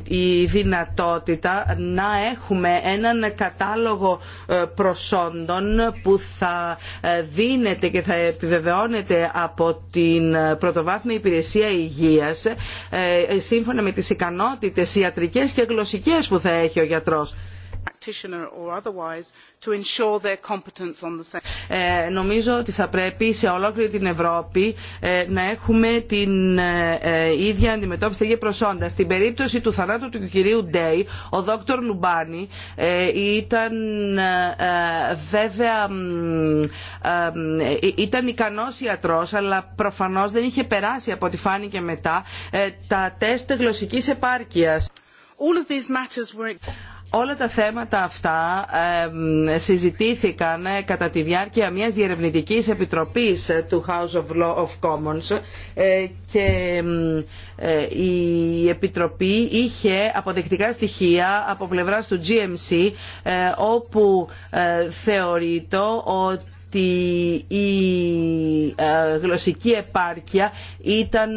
η δυνατότητα να έχουμε έναν κατάλογο προσόντων που θα δίνεται και θα επιβεβαιώνεται από την πρωτοβάθμια υπηρεσία υγείας ε, σύμφωνα με τις ικανότητες ιατρικές και γλωσσικές που θα έχει ο γιατρός practitioner or otherwise to ensure their competence on the same. Ε, νομίζω ότι θα πρέπει σε ολόκληρη την Ευρώπη ε, να έχουμε την ε, ίδια αντιμετώπιση, για προσόντα. Στην περίπτωση του θανάτου του κυρίου Ντέι, ο δόκτωρ Λουμπάνη ήταν βέβαια ήταν ικανός ιατρός αλλά προφανώς δεν είχε περάσει από ό,τι φάνηκε μετά τα τεστ γλωσσικής επάρκειας. All these matters Όλα τα θέματα αυτά συζητήθηκαν ε, κατά τη διάρκεια μιας διερευνητικής επιτροπής ε, του House of Law of Commons ε, και η επιτροπή είχε αποδεκτικά στοιχεία από πλευράς του GMC όπου θεωρείται ότι ότι η γλωσσική επάρκεια ήταν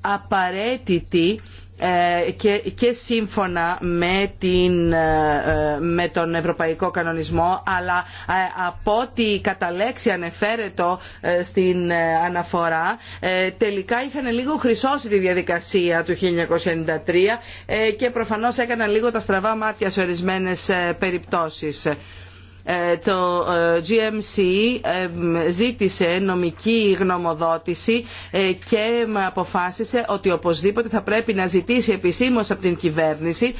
απαραίτητη ε, και, σύμφωνα με, ε, ε, με τον ευρωπαϊκό κανονισμό αλλά από ό,τι κατά λέξη ανεφέρετο στην αναφορά τελικά είχαν λίγο χρυσώσει τη διαδικασία του 1993 και προφανώς έκαναν λίγο τα στραβά μάτια σε ορισμένες περιπτώσεις. Ε, το ε, GMC ε, ζήτησε νομική γνωμοδότηση και αποφάσισε ότι οπωσδήποτε θα πρέπει να ζητήσει επισήμως από την κυβέρνηση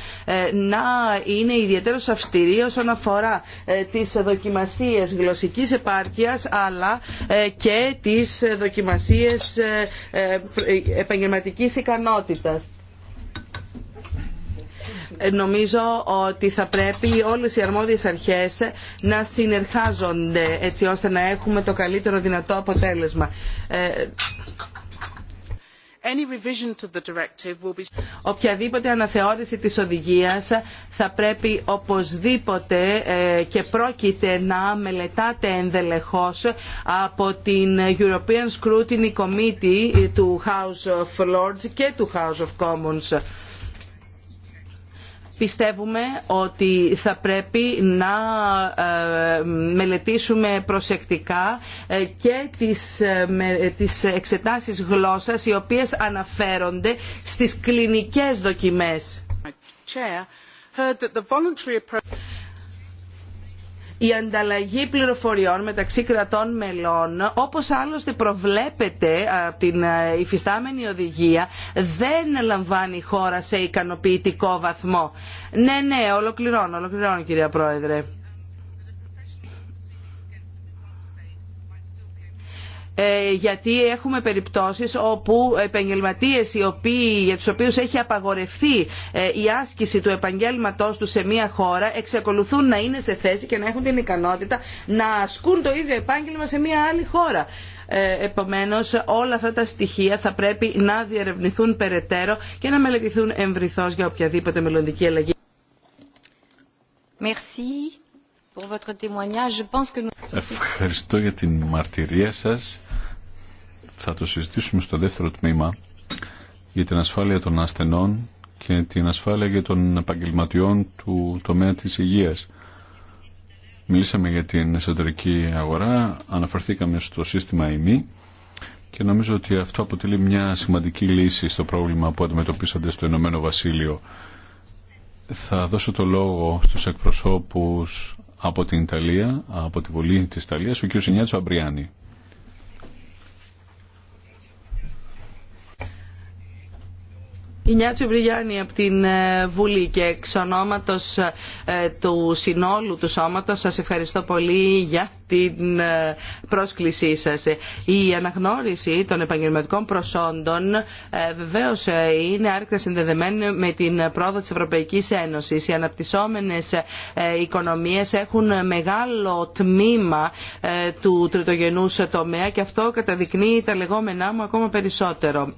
να είναι ιδιαίτερο αυστηρή όσον αφορά τις δοκιμασίες γλωσσικής επάρκειας αλλά και τις δοκιμασίες επαγγελματικής ικανότητας. Ε, νομίζω ότι θα πρέπει όλες οι αρμόδιες αρχές να συνεργάζονται έτσι ώστε να έχουμε το καλύτερο δυνατό αποτέλεσμα. Ε, οποιαδήποτε αναθεώρηση της οδηγίας θα πρέπει οπωσδήποτε ε, και πρόκειται να μελετάτε ενδελεχώς από την European Scrutiny Committee του House of Lords και του House of Commons πιστεύουμε ότι θα πρέπει να ε, μελετήσουμε προσεκτικά ε, και ε, τις, εξετάσεις γλώσσας οι οποίες αναφέρονται στις κλινικές δοκιμές η ανταλλαγή πληροφοριών μεταξύ κρατών μελών όπως άλλωστε προβλέπεται από την ε, υφιστάμενη οδηγία δεν λαμβάνει η χώρα σε ικανοποιητικό βαθμό. Ναι, ναι, ολοκληρώνω, ολοκληρώνω κυρία Πρόεδρε. Ε, γιατί έχουμε περιπτώσεις όπου επαγγελματίες οι για τους οποίους έχει απαγορευτεί ε, η άσκηση του επαγγέλματός του σε μια χώρα εξακολουθούν να είναι σε θέση και να έχουν την ικανότητα να ασκούν το ίδιο επάγγελμα σε μια άλλη χώρα. Ε, επομένως όλα αυτά τα στοιχεία θα πρέπει να διερευνηθούν περαιτέρω και να μελετηθούν εμβριθώς για οποιαδήποτε μελλοντική αλλαγή. Ευχαριστώ για την μαρτυρία σας. Θα το συζητήσουμε στο δεύτερο τμήμα για την ασφάλεια των ασθενών και την ασφάλεια για των επαγγελματιών του τομέα της υγείας. Μιλήσαμε για την εσωτερική αγορά, αναφερθήκαμε στο σύστημα ΙΜΗ και νομίζω ότι αυτό αποτελεί μια σημαντική λύση στο πρόβλημα που αντιμετωπίσατε στο Ηνωμένο Βασίλειο. Θα δώσω το λόγο στους εκπροσώπους από την Ιταλία, από τη Βουλή της Ιταλίας, ο κ. Σινιάτσο Αμπριάνη. Η Νιάτσο Βρυγιάννη από την ε, Βουλή και εξ ονόματος ε, του συνόλου του σώματος σας ευχαριστώ πολύ για την ε, πρόσκλησή σας. Η αναγνώριση των επαγγελματικών προσόντων βεβαίως είναι άρρηκτα συνδεδεμένη με την πρόοδο της Ευρωπαϊκής Ένωσης. Οι αναπτυσσόμενες οικονομίες έχουν μεγάλο τμήμα του τριτογενούς τομέα και αυτό καταδεικνύει τα λεγόμενά μου ακόμα περισσότερο.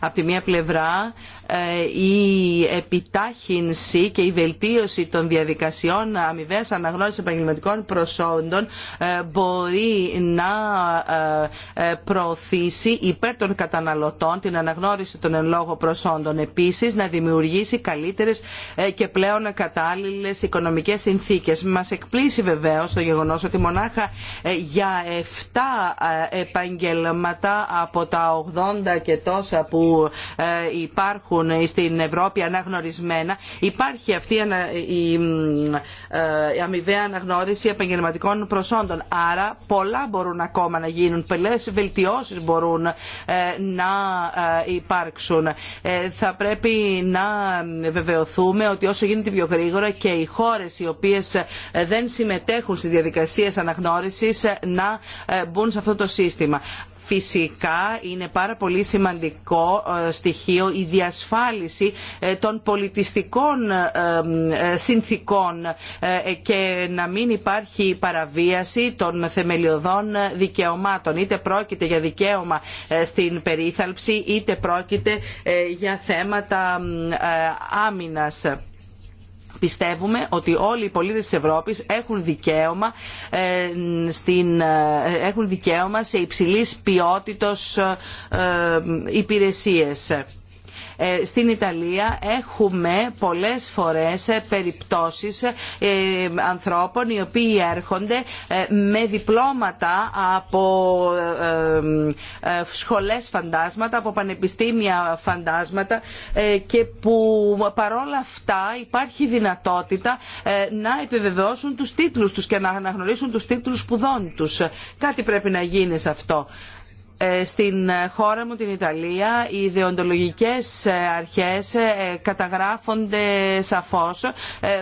Από τη μία πλευρά ε, η επιτάχυνση και η βελτίωση των διαδικασιών αμοιβαίας αναγνώρισης επαγγελματικών προσόντων ε, μπορεί να ε, προωθήσει υπέρ των καταναλωτών την αναγνώριση των εν λόγω προσόντων. Επίσης να δημιουργήσει καλύτερες και πλέον κατάλληλες οικονομικές συνθήκες. Μας εκπλήσει βεβαίως το γεγονός ότι μονάχα για 7 επαγγελματά από τα 80 και τόσα που ε, υπάρχουν στην Ευρώπη αναγνωρισμένα, υπάρχει αυτή ε, η αμοιβαία αναγνώριση επαγγελματικών προσόντων. Άρα πολλά μπορούν ακόμα να γίνουν, πολλές βελτιώσεις μπορούν ε, να υπάρξουν. Θα πρέπει να βεβαιωθούμε ότι όσο γίνεται πιο γρήγορα και οι χώρες οι οποίες δεν συμμετέχουν στις διαδικασίες αναγνώρισης να μπουν σε αυτό το σύστημα φυσικά είναι πάρα πολύ σημαντικό ε, στοιχείο η διασφάλιση ε, των πολιτιστικών ε, συνθήκων και να μην υπάρχει παραβίαση των θεμελιωδών δικαιωμάτων είτε πρόκειται για δικαίωμα στην περίθαλψη είτε πρόκειται για θέματα άμυνας πιστεύουμε ότι όλοι οι πολίτες της Ευρώπης έχουν δικαίωμα, ε, στην, ε, έχουν δικαίωμα σε υψηλής ποιότητος ε, υπηρεσίες. Ε, στην Ιταλία έχουμε πολλές φορές ε, περιπτώσεις ε, ανθρώπων οι οποίοι έρχονται με διπλώματα από σχολές φαντάσματα, από πανεπιστήμια φαντάσματα και που παρόλα αυτά υπάρχει δυνατότητα να επιβεβαιώσουν τους τίτλους τους και να αναγνωρίσουν τους τίτλους σπουδών τους. Κάτι πρέπει να γίνει σε αυτό. Ε, στην χώρα μου την Ιταλία οι ιδεοντολογικές ε, αρχές ε, καταγράφονται σαφώς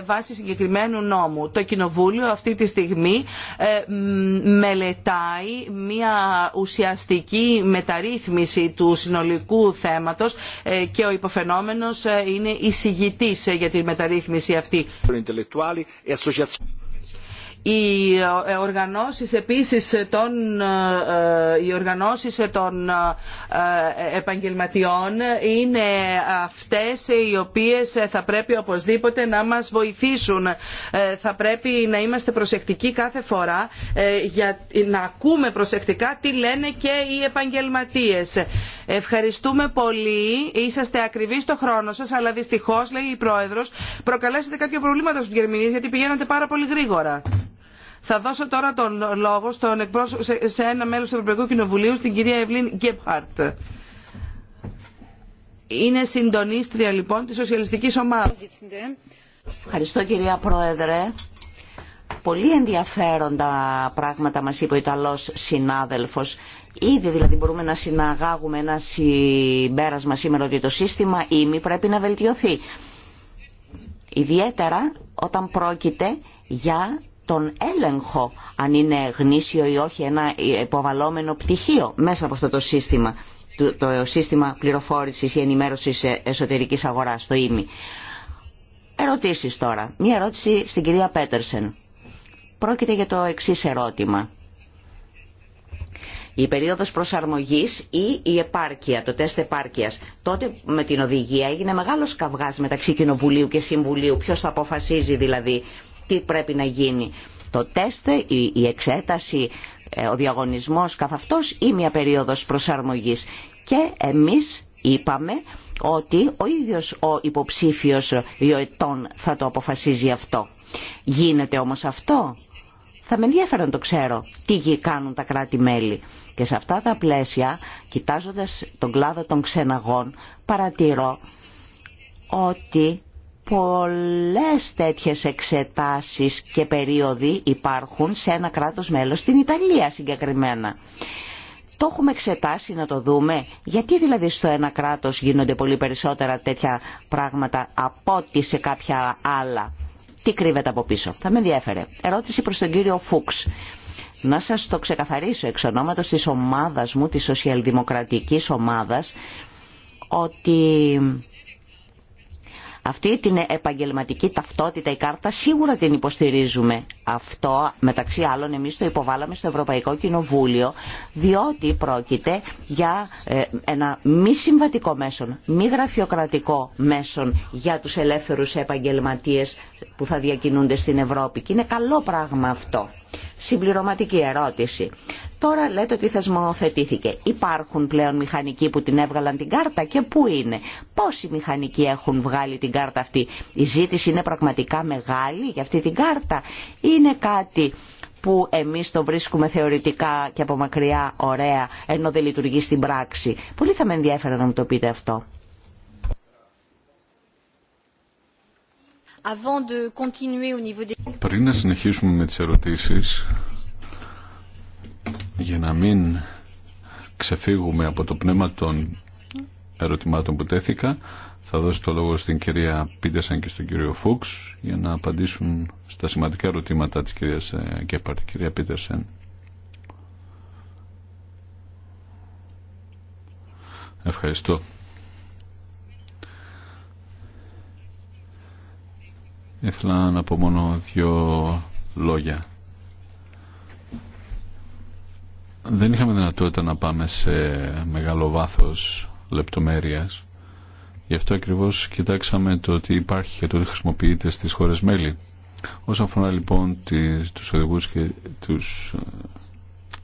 βάσει συγκεκριμένου νόμου. Το Κοινοβούλιο αυτή τη στιγμή μελετάει μια ουσιαστική μεταρρύθμιση του συνολικού θέματος και ο υποφαινόμενος είναι εισηγητής για τη μεταρρύθμιση αυτή. Οι ε, οργανώσεις επίσης των, ε, οι οργανώσεις των ε, επαγγελματιών είναι αυτές οι οποίες θα πρέπει οπωσδήποτε να μας βοηθήσουν. Θα πρέπει να είμαστε προσεκτικοί κάθε φορά για να ακούμε προσεκτικά τι λένε και οι επαγγελματίες. Ευχαριστούμε πολύ. Είσαστε ακριβείς στο χρόνο σας, αλλά δυστυχώς, λέει η Πρόεδρος, προκαλέσετε κάποια προβλήματα στους Γερμηνείς γιατί πηγαίνατε πάρα πολύ γρήγορα. Θα δώσω τώρα τον λόγο στον εκπρόσωπο, σε ένα μέλο του Ευρωπαϊκού Κοινοβουλίου, στην κυρία Ευλίν Γκέμπαρτ. Είναι συντονίστρια λοιπόν τη σοσιαλιστική ομάδα. Ευχαριστώ κυρία Πρόεδρε. Πολύ ενδιαφέροντα πράγματα μας είπε ο Ιταλός συνάδελφος. Ήδη δηλαδή μπορούμε να συναγάγουμε ένα συμπέρασμα σήμερα ότι το σύστημα ήμι πρέπει να βελτιωθεί. Ιδιαίτερα όταν πρόκειται για τον έλεγχο αν είναι γνήσιο ή όχι ένα υποβαλλόμενο πτυχίο μέσα από αυτό το σύστημα το σύστημα πληροφόρησης ή ενημέρωσης ε, εσωτερικής αγοράς, το ΙΜΗ. Ερωτήσεις τώρα. Μία ερώτηση στην κυρία Πέτερσεν. Πρόκειται για το εξή ερώτημα. Η περίοδος προσαρμογής ή η επάρκεια, το τεστ επάρκειας. Τότε με την οδηγία έγινε μεγάλος καυγάς μεταξύ Κοινοβουλίου και Συμβουλίου. Ποιος θα αποφασίζει δηλαδή τι πρέπει να γίνει. Το τεστ, η εξέταση, ε, ο διαγωνισμός καθ' αυτός ή μια περίοδος προσαρμογής. Και εμείς είπαμε ότι ο ίδιος ο υποψήφιος δύο θα το αποφασίζει αυτό. Γίνεται όμως αυτό. Θα με ενδιαφέρει να το ξέρω τι κάνουν τα κράτη-μέλη. Και σε αυτά τα πλαίσια, κοιτάζοντας τον κλάδο των ξεναγών, παρατηρώ ότι πολλές τέτοιες εξετάσεις και περίοδοι υπάρχουν σε ένα κράτος μέλος, στην Ιταλία συγκεκριμένα. Το έχουμε εξετάσει να το δούμε. Γιατί δηλαδή στο ένα κράτος γίνονται πολύ περισσότερα τέτοια πράγματα από ότι σε κάποια άλλα. Τι κρύβεται από πίσω. Θα με ενδιαφέρε. Ερώτηση προς τον κύριο Φούξ. Να σας το ξεκαθαρίσω εξ ονόματος της ομάδας μου, της σοσιαλδημοκρατικής ομάδας, ότι αυτή την επαγγελματική ταυτότητα η κάρτα σίγουρα την υποστηρίζουμε. Αυτό μεταξύ άλλων εμείς το υποβάλαμε στο Ευρωπαϊκό Κοινοβούλιο διότι πρόκειται για ε, ένα μη συμβατικό μέσον, μη γραφειοκρατικό μέσον για τους ελεύθερους επαγγελματίες που θα διακινούνται στην Ευρώπη και είναι καλό πράγμα αυτό. Συμπληρωματική ερώτηση. Τώρα λέτε ότι θεσμοθετήθηκε. Υπάρχουν πλέον μηχανικοί που την έβγαλαν την κάρτα και πού είναι. Πόσοι μηχανικοί έχουν βγάλει την κάρτα αυτή. Η ζήτηση είναι πραγματικά μεγάλη για αυτή την κάρτα. Είναι κάτι που εμείς το βρίσκουμε θεωρητικά και από μακριά ωραία, ενώ δεν λειτουργεί στην πράξη. Πολύ θα με ενδιαφέρε να μου το πείτε αυτό. Πριν να συνεχίσουμε με τις ερωτήσεις, για να μην ξεφύγουμε από το πνεύμα των ερωτημάτων που τέθηκα θα δώσω το λόγο στην κυρία Πίτεσαν και στον κύριο Φούξ για να απαντήσουν στα σημαντικά ερωτήματα της κυρίας ε, Γκέπαρτ. Κυρία Πίτερσεν. Ευχαριστώ. Ήθελα να πω μόνο δύο λόγια. δεν είχαμε δυνατότητα να πάμε σε μεγάλο βάθος λεπτομέρειας. Γι' αυτό ακριβώς κοιτάξαμε το ότι υπάρχει και το ότι χρησιμοποιείται στις χώρες μέλη. Όσον αφορά λοιπόν τις, τους οδηγούς και τους... Ε,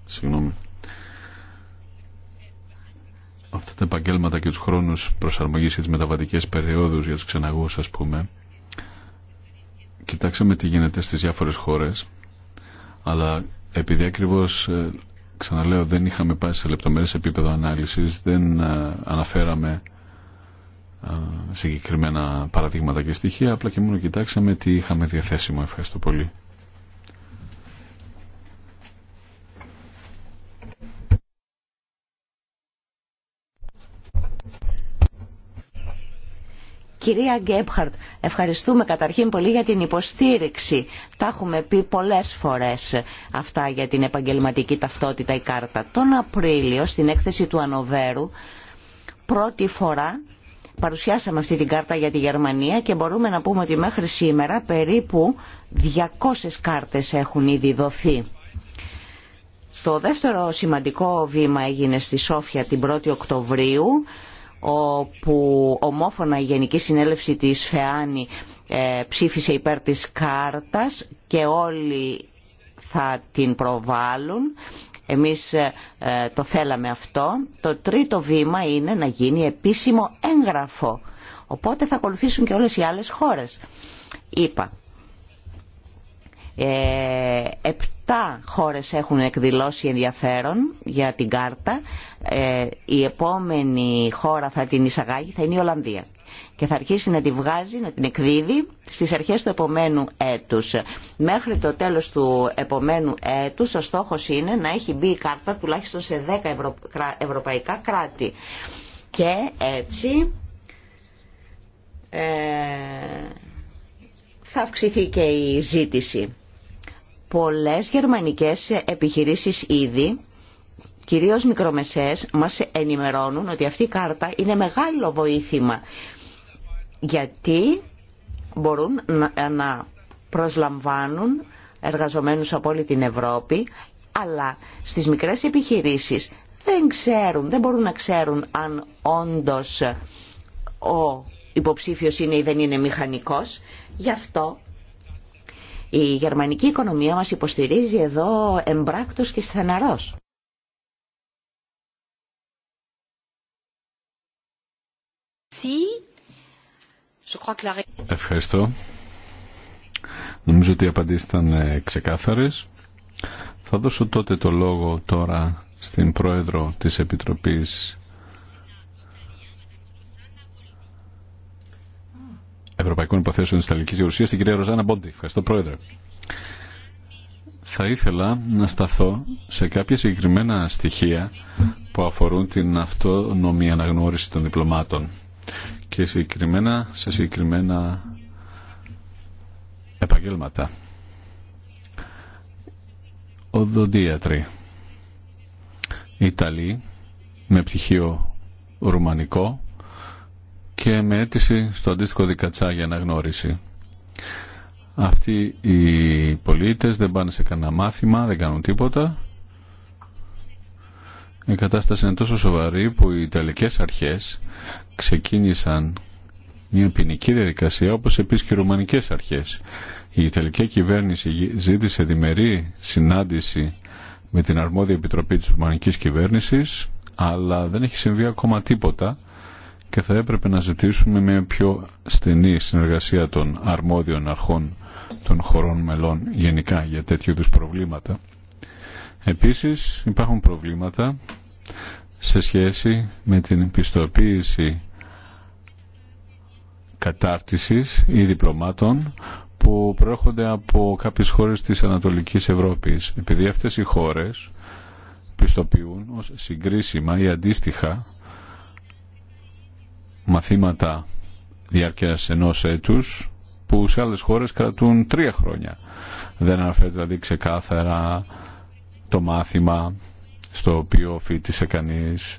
συγγνώμη. Αυτά τα επαγγέλματα και τους χρόνους προσαρμογής και τις μεταβατικές περιόδους για τους ξεναγούς ας πούμε. Κοιτάξαμε τι γίνεται στις διάφορες χώρες αλλά επειδή ακριβώ ε, Ξαναλέω, δεν είχαμε πάει σε λεπτομέρειες επίπεδο ανάλυσης, δεν ε, αναφέραμε ε, συγκεκριμένα παραδείγματα και στοιχεία, απλά και μόνο κοιτάξαμε τι είχαμε διαθέσιμο. Ευχαριστώ πολύ. Κυρία Γκέμπχαρτ, Ευχαριστούμε καταρχήν πολύ για την υποστήριξη. Τα έχουμε πει πολλές φορές αυτά για την επαγγελματική ταυτότητα η κάρτα. Τον Απρίλιο στην έκθεση του Ανοβέρου πρώτη φορά παρουσιάσαμε αυτή την κάρτα για τη Γερμανία και μπορούμε να πούμε ότι μέχρι σήμερα περίπου 200 κάρτες έχουν ήδη δοθεί. Το δεύτερο σημαντικό βήμα έγινε στη Σόφια την 1η Οκτωβρίου όπου ομόφωνα η Γενική Συνέλευση της ΦΕΑΝΗ ε, ψήφισε υπέρ της κάρτας και όλοι θα την προβάλλουν. Εμείς ε, το θέλαμε αυτό. Το τρίτο βήμα είναι να γίνει επίσημο έγγραφο. Οπότε θα ακολουθήσουν και όλες οι άλλες χώρες. Είπα, ε, τα χώρες έχουν εκδηλώσει ενδιαφέρον για την κάρτα. Ε, η επόμενη χώρα θα την εισαγάγει, θα είναι η Ολλανδία. Και θα αρχίσει να την βγάζει, να την εκδίδει στις αρχές του επομένου έτους. Μέχρι το τέλος του επομένου έτους ο στόχος είναι να έχει μπει η κάρτα τουλάχιστον σε 10 ευρωπαϊκά κράτη. Και έτσι... Ε, θα αυξηθεί και η ζήτηση. Πολλές γερμανικές επιχειρήσεις ήδη, κυρίως μικρομεσαίες, μας ενημερώνουν ότι αυτή η κάρτα είναι μεγάλο βοήθημα. Γιατί μπορούν να προσλαμβάνουν εργαζομένους από όλη την Ευρώπη, αλλά στις μικρές επιχειρήσεις δεν ξέρουν, δεν μπορούν να ξέρουν αν όντως ο υποψήφιος είναι ή δεν είναι μηχανικός. Γι' αυτό η γερμανική οικονομία μας υποστηρίζει εδώ εμπράκτος και στεναρός. Ευχαριστώ. Νομίζω ότι οι απαντήσεις ήταν ε, ξεκάθαρες. Θα δώσω τότε το λόγο τώρα στην Πρόεδρο της Επιτροπής Ευρωπαϊκών Υποθέσεων της Ιταλικής Ιερουσίας, την κυρία Ροζάνα Μπόντι. Ευχαριστώ, Πρόεδρε. Θα ήθελα να σταθώ σε κάποια συγκεκριμένα στοιχεία που αφορούν την αυτονομή αναγνώριση των διπλωμάτων και συγκεκριμένα σε συγκεκριμένα επαγγέλματα. Οδοντίατροι. Ιταλοί με πτυχίο ρουμανικό και με αίτηση στο αντίστοιχο δικατσά για αναγνώριση. Αυτοί οι πολίτες δεν πάνε σε κανένα μάθημα, δεν κάνουν τίποτα. Η κατάσταση είναι τόσο σοβαρή που οι Ιταλικές αρχές ξεκίνησαν μια ποινική διαδικασία όπως επίσης και οι Ρουμανικές αρχές. Η Ιταλική κυβέρνηση ζήτησε διμερή συνάντηση με την αρμόδια επιτροπή της Ρουμανικής κυβέρνησης αλλά δεν έχει συμβεί ακόμα τίποτα και θα έπρεπε να ζητήσουμε μια πιο στενή συνεργασία των αρμόδιων αρχών των χωρών μελών γενικά για τέτοιου είδους προβλήματα. Επίσης υπάρχουν προβλήματα σε σχέση με την πιστοποίηση κατάρτισης ή διπλωμάτων που προέρχονται από κάποιες χώρες της Ανατολικής Ευρώπης. Επειδή αυτές οι χώρες πιστοποιούν ως συγκρίσιμα ή αντίστοιχα μαθήματα διάρκειας ενός έτους που σε άλλες χώρες κρατούν τρία χρόνια. Δεν αναφέρεται δηλαδή ξεκάθαρα το μάθημα στο οποίο φίτησε κανείς.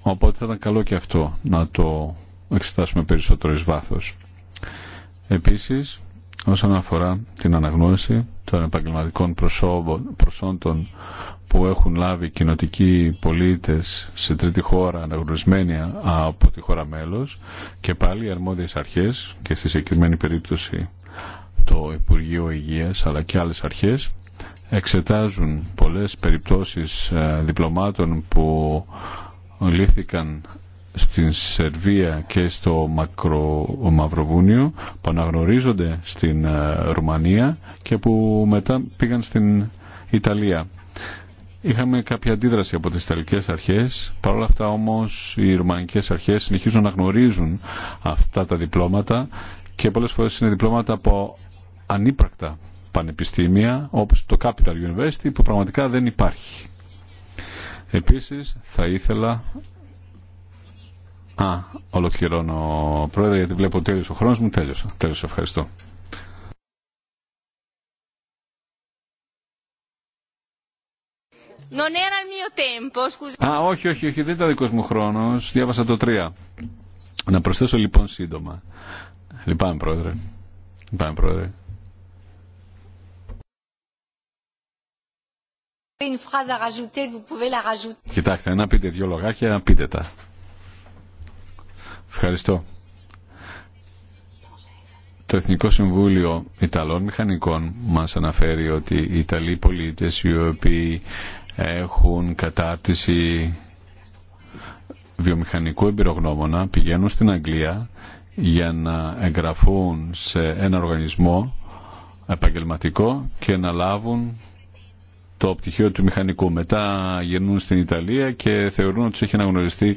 Οπότε θα ήταν καλό και αυτό να το εξετάσουμε περισσότερο εις βάθος. Επίσης, όσον αφορά την αναγνώριση των επαγγελματικών προσόντων που έχουν λάβει κοινοτικοί πολίτες σε τρίτη χώρα αναγνωρισμένοι από τη χώρα μέλος και πάλι οι αρμόδιες αρχές και στη συγκεκριμένη περίπτωση το Υπουργείο Υγείας αλλά και άλλες αρχές εξετάζουν πολλές περιπτώσεις ε, διπλωμάτων που λύθηκαν στην Σερβία και στο Μακρο, Μαυροβούνιο που αναγνωρίζονται στην ε, Ρουμανία και που μετά πήγαν στην Ιταλία. Είχαμε κάποια αντίδραση από τις Ιταλικές αρχές, παρόλα αυτά όμως οι Ρουμανικές αρχές συνεχίζουν να γνωρίζουν αυτά τα διπλώματα και πολλές φορές είναι διπλώματα από ανύπρακτα πανεπιστήμια όπως το Capital University που πραγματικά δεν υπάρχει. Επίσης θα ήθελα Α, ολοκληρώνω πρόεδρε γιατί βλέπω ότι τέλειωσε ο χρόνος μου. Τέλειωσα. Τέλειωσα. Ευχαριστώ. Α, όχι, όχι, όχι, δεν ήταν δικός μου χρόνος. Διάβασα το τρία. Να προσθέσω λοιπόν σύντομα. Λυπάμαι, πρόεδρε. Λυπάμαι, πρόεδρε. Κοιτάξτε, να πείτε δύο λογάκια, πείτε τα. Ευχαριστώ. Το Εθνικό Συμβούλιο Ιταλών Μηχανικών μας αναφέρει ότι οι Ιταλοί πολίτες οι οποίοι έχουν κατάρτιση βιομηχανικού εμπειρογνώμονα πηγαίνουν στην Αγγλία για να εγγραφούν σε ένα οργανισμό επαγγελματικό και να λάβουν το πτυχίο του μηχανικού. Μετά γυρνούν στην Ιταλία και θεωρούν ότι έχει αναγνωριστεί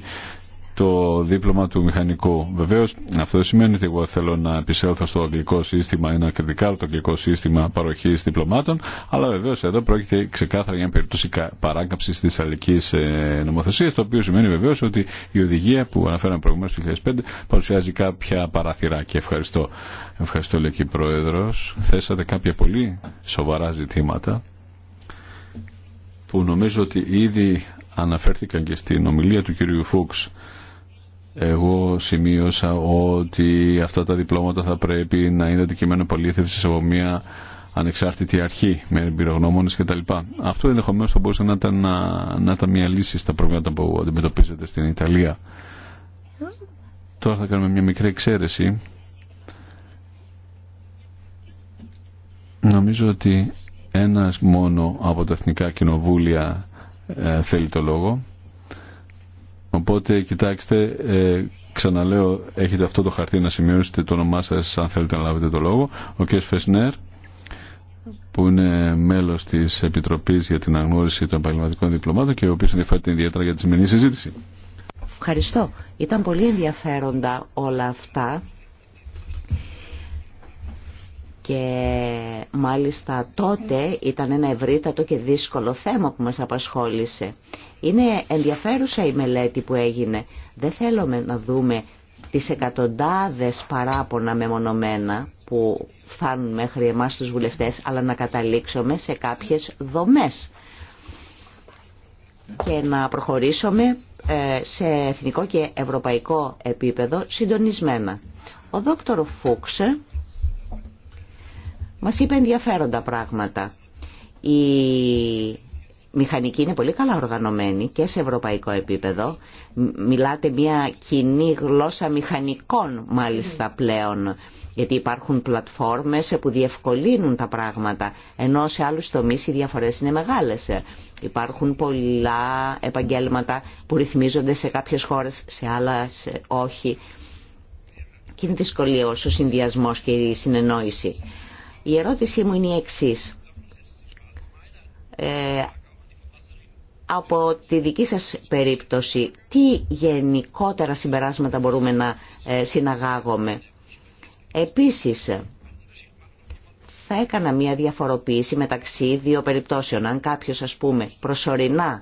το δίπλωμα του μηχανικού. Βεβαίω, αυτό δεν σημαίνει ότι εγώ θέλω να επισέλθω στο αγγλικό σύστημα ή να κριτικάρω το αγγλικό σύστημα παροχή διπλωμάτων, αλλά βεβαίω εδώ πρόκειται ξεκάθαρα για μια περίπτωση παράκαμψη τη αλληλική ε, νομοθεσία, το οποίο σημαίνει βεβαίω ότι η οδηγία που αναφέραμε προηγουμένω το 2005 παρουσιάζει κάποια παράθυρα και Ευχαριστώ. Ευχαριστώ, η Πρόεδρο. Θέσατε κάποια πολύ σοβαρά ζητήματα που νομίζω ότι ήδη αναφέρθηκαν και στην ομιλία του κυρίου Φούξ εγώ σημείωσα ότι αυτά τα διπλώματα θα πρέπει να είναι αντικείμενο πολίθευσης από μια ανεξάρτητη αρχή με εμπειρογνώμονες κτλ. Αυτό ενδεχομένως θα μπορούσε να ήταν, να, να ήταν μια λύση στα προβλήματα που αντιμετωπίζεται στην Ιταλία. Τώρα θα κάνουμε μια μικρή εξαίρεση. Νομίζω ότι ένας μόνο από τα εθνικά κοινοβούλια ε, θέλει το λόγο. Οπότε κοιτάξτε, ε, ξαναλέω, έχετε αυτό το χαρτί να σημειώσετε το όνομά σας αν θέλετε να λάβετε το λόγο. Ο κ. Φεσνέρ, που είναι μέλος τη Επιτροπή για την Αγνώριση των Επαγγελματικών Διπλωμάτων και ο οποίο ενδιαφέρεται ιδιαίτερα για τη σημερινή συζήτηση. Ευχαριστώ. Ήταν πολύ ενδιαφέροντα όλα αυτά και μάλιστα τότε ήταν ένα ευρύτατο και δύσκολο θέμα που μας απασχόλησε. Είναι ενδιαφέρουσα η μελέτη που έγινε. Δεν θέλουμε να δούμε τις εκατοντάδες παράπονα μεμονωμένα που φτάνουν μέχρι εμάς τους βουλευτές, αλλά να καταλήξουμε σε κάποιες δομές και να προχωρήσουμε ε, σε εθνικό και ευρωπαϊκό επίπεδο συντονισμένα. Ο δόκτωρο Φούξε μας είπε ενδιαφέροντα πράγματα. Η μηχανική είναι πολύ καλά οργανωμένη και σε ευρωπαϊκό επίπεδο. Μιλάτε μια κοινή γλώσσα μηχανικών μάλιστα ναι. πλέον, γιατί υπάρχουν πλατφόρμες που διευκολύνουν τα πράγματα, ενώ σε άλλους τομείς οι διαφορές είναι μεγάλες. Υπάρχουν πολλά επαγγέλματα που ρυθμίζονται σε κάποιες χώρες, σε άλλα όχι. Και είναι δυσκολία ο συνδυασμός και η συνεννόηση. Η ερώτησή μου είναι η εξής. Ε, από τη δική σας περίπτωση, τι γενικότερα συμπεράσματα μπορούμε να ε, συναγάγουμε. Επίσης, θα έκανα μια διαφοροποίηση μεταξύ δύο περιπτώσεων. Αν κάποιος, ας πούμε, προσωρινά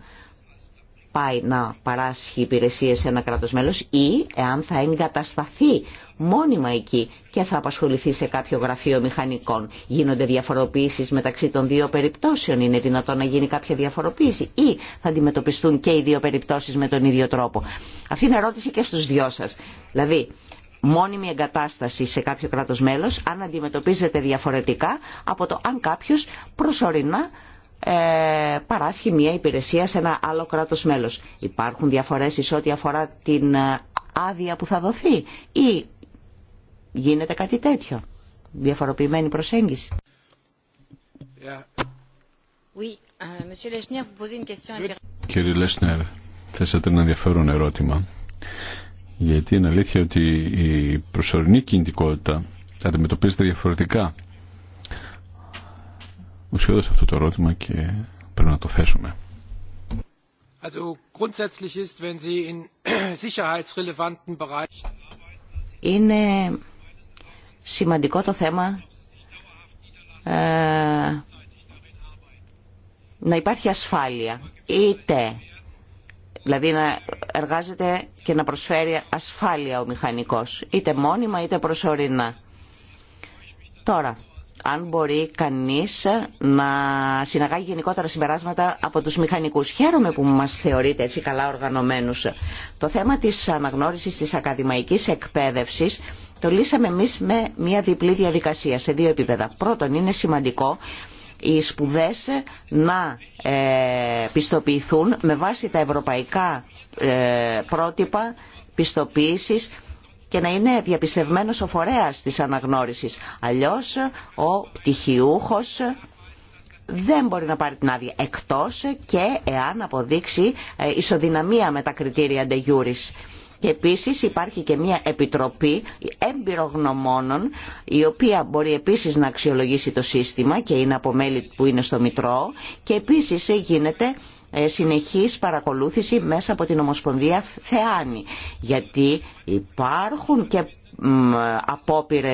πάει να παράσχει υπηρεσίες σε ένα κράτος μέλος ή εάν θα εγκατασταθεί μόνιμα εκεί και θα απασχοληθεί σε κάποιο γραφείο μηχανικών. Γίνονται διαφοροποίησεις μεταξύ των δύο περιπτώσεων. Είναι δυνατόν να γίνει κάποια διαφοροποίηση ή θα αντιμετωπιστούν και οι δύο περιπτώσεις με τον ίδιο τρόπο. Αυτή είναι ερώτηση και στους δυο σας. Δηλαδή, μόνιμη εγκατάσταση σε κάποιο κράτος μέλος αν αντιμετωπίζεται διαφορετικά από το αν κάποιος προσωρινά ε, παράσχει μια υπηρεσία σε ένα άλλο κράτος μέλος. Υπάρχουν διαφορές ό,τι αφορά την ε, άδεια που θα δοθεί ή γίνεται κάτι τέτοιο. Διαφοροποιημένη προσέγγιση. Euh, Κύριε Λέσνερ, θέσατε ένα ενδιαφέρον ερώτημα. Γιατί είναι αλήθεια ότι η προσωρινή κινητικότητα αντιμετωπίζεται διαφορετικά. Ουσιώδες αυτό το ερώτημα και πρέπει να το θέσουμε. Είναι σημαντικό το θέμα ε, να υπάρχει ασφάλεια. Είτε, δηλαδή να εργάζεται και να προσφέρει ασφάλεια ο μηχανικός, είτε μόνιμα είτε προσωρινά. Τώρα, αν μπορεί κανείς να συναγάγει γενικότερα συμπεράσματα από τους μηχανικούς. Χαίρομαι που μας θεωρείτε έτσι καλά οργανωμένους. Το θέμα της αναγνώρισης της ακαδημαϊκής εκπαίδευσης το λύσαμε εμείς με μια διπλή διαδικασία σε δύο επίπεδα. Πρώτον, είναι σημαντικό οι σπουδές να ε, πιστοποιηθούν με βάση τα ευρωπαϊκά ε, πρότυπα πιστοποίησης και να είναι διαπιστευμένος ο φορέας της αναγνώρισης. Αλλιώς ο πτυχιούχος δεν μπορεί να πάρει την άδεια εκτός και εάν αποδείξει ε, ισοδυναμία με τα κριτήρια de juris. Και επίσης υπάρχει και μια επιτροπή εμπειρογνωμόνων η οποία μπορεί επίσης να αξιολογήσει το σύστημα και είναι από μέλη που είναι στο Μητρό και επίσης γίνεται ε, συνεχής παρακολούθηση μέσα από την Ομοσπονδία Θεάνη γιατί υπάρχουν και απόπειρε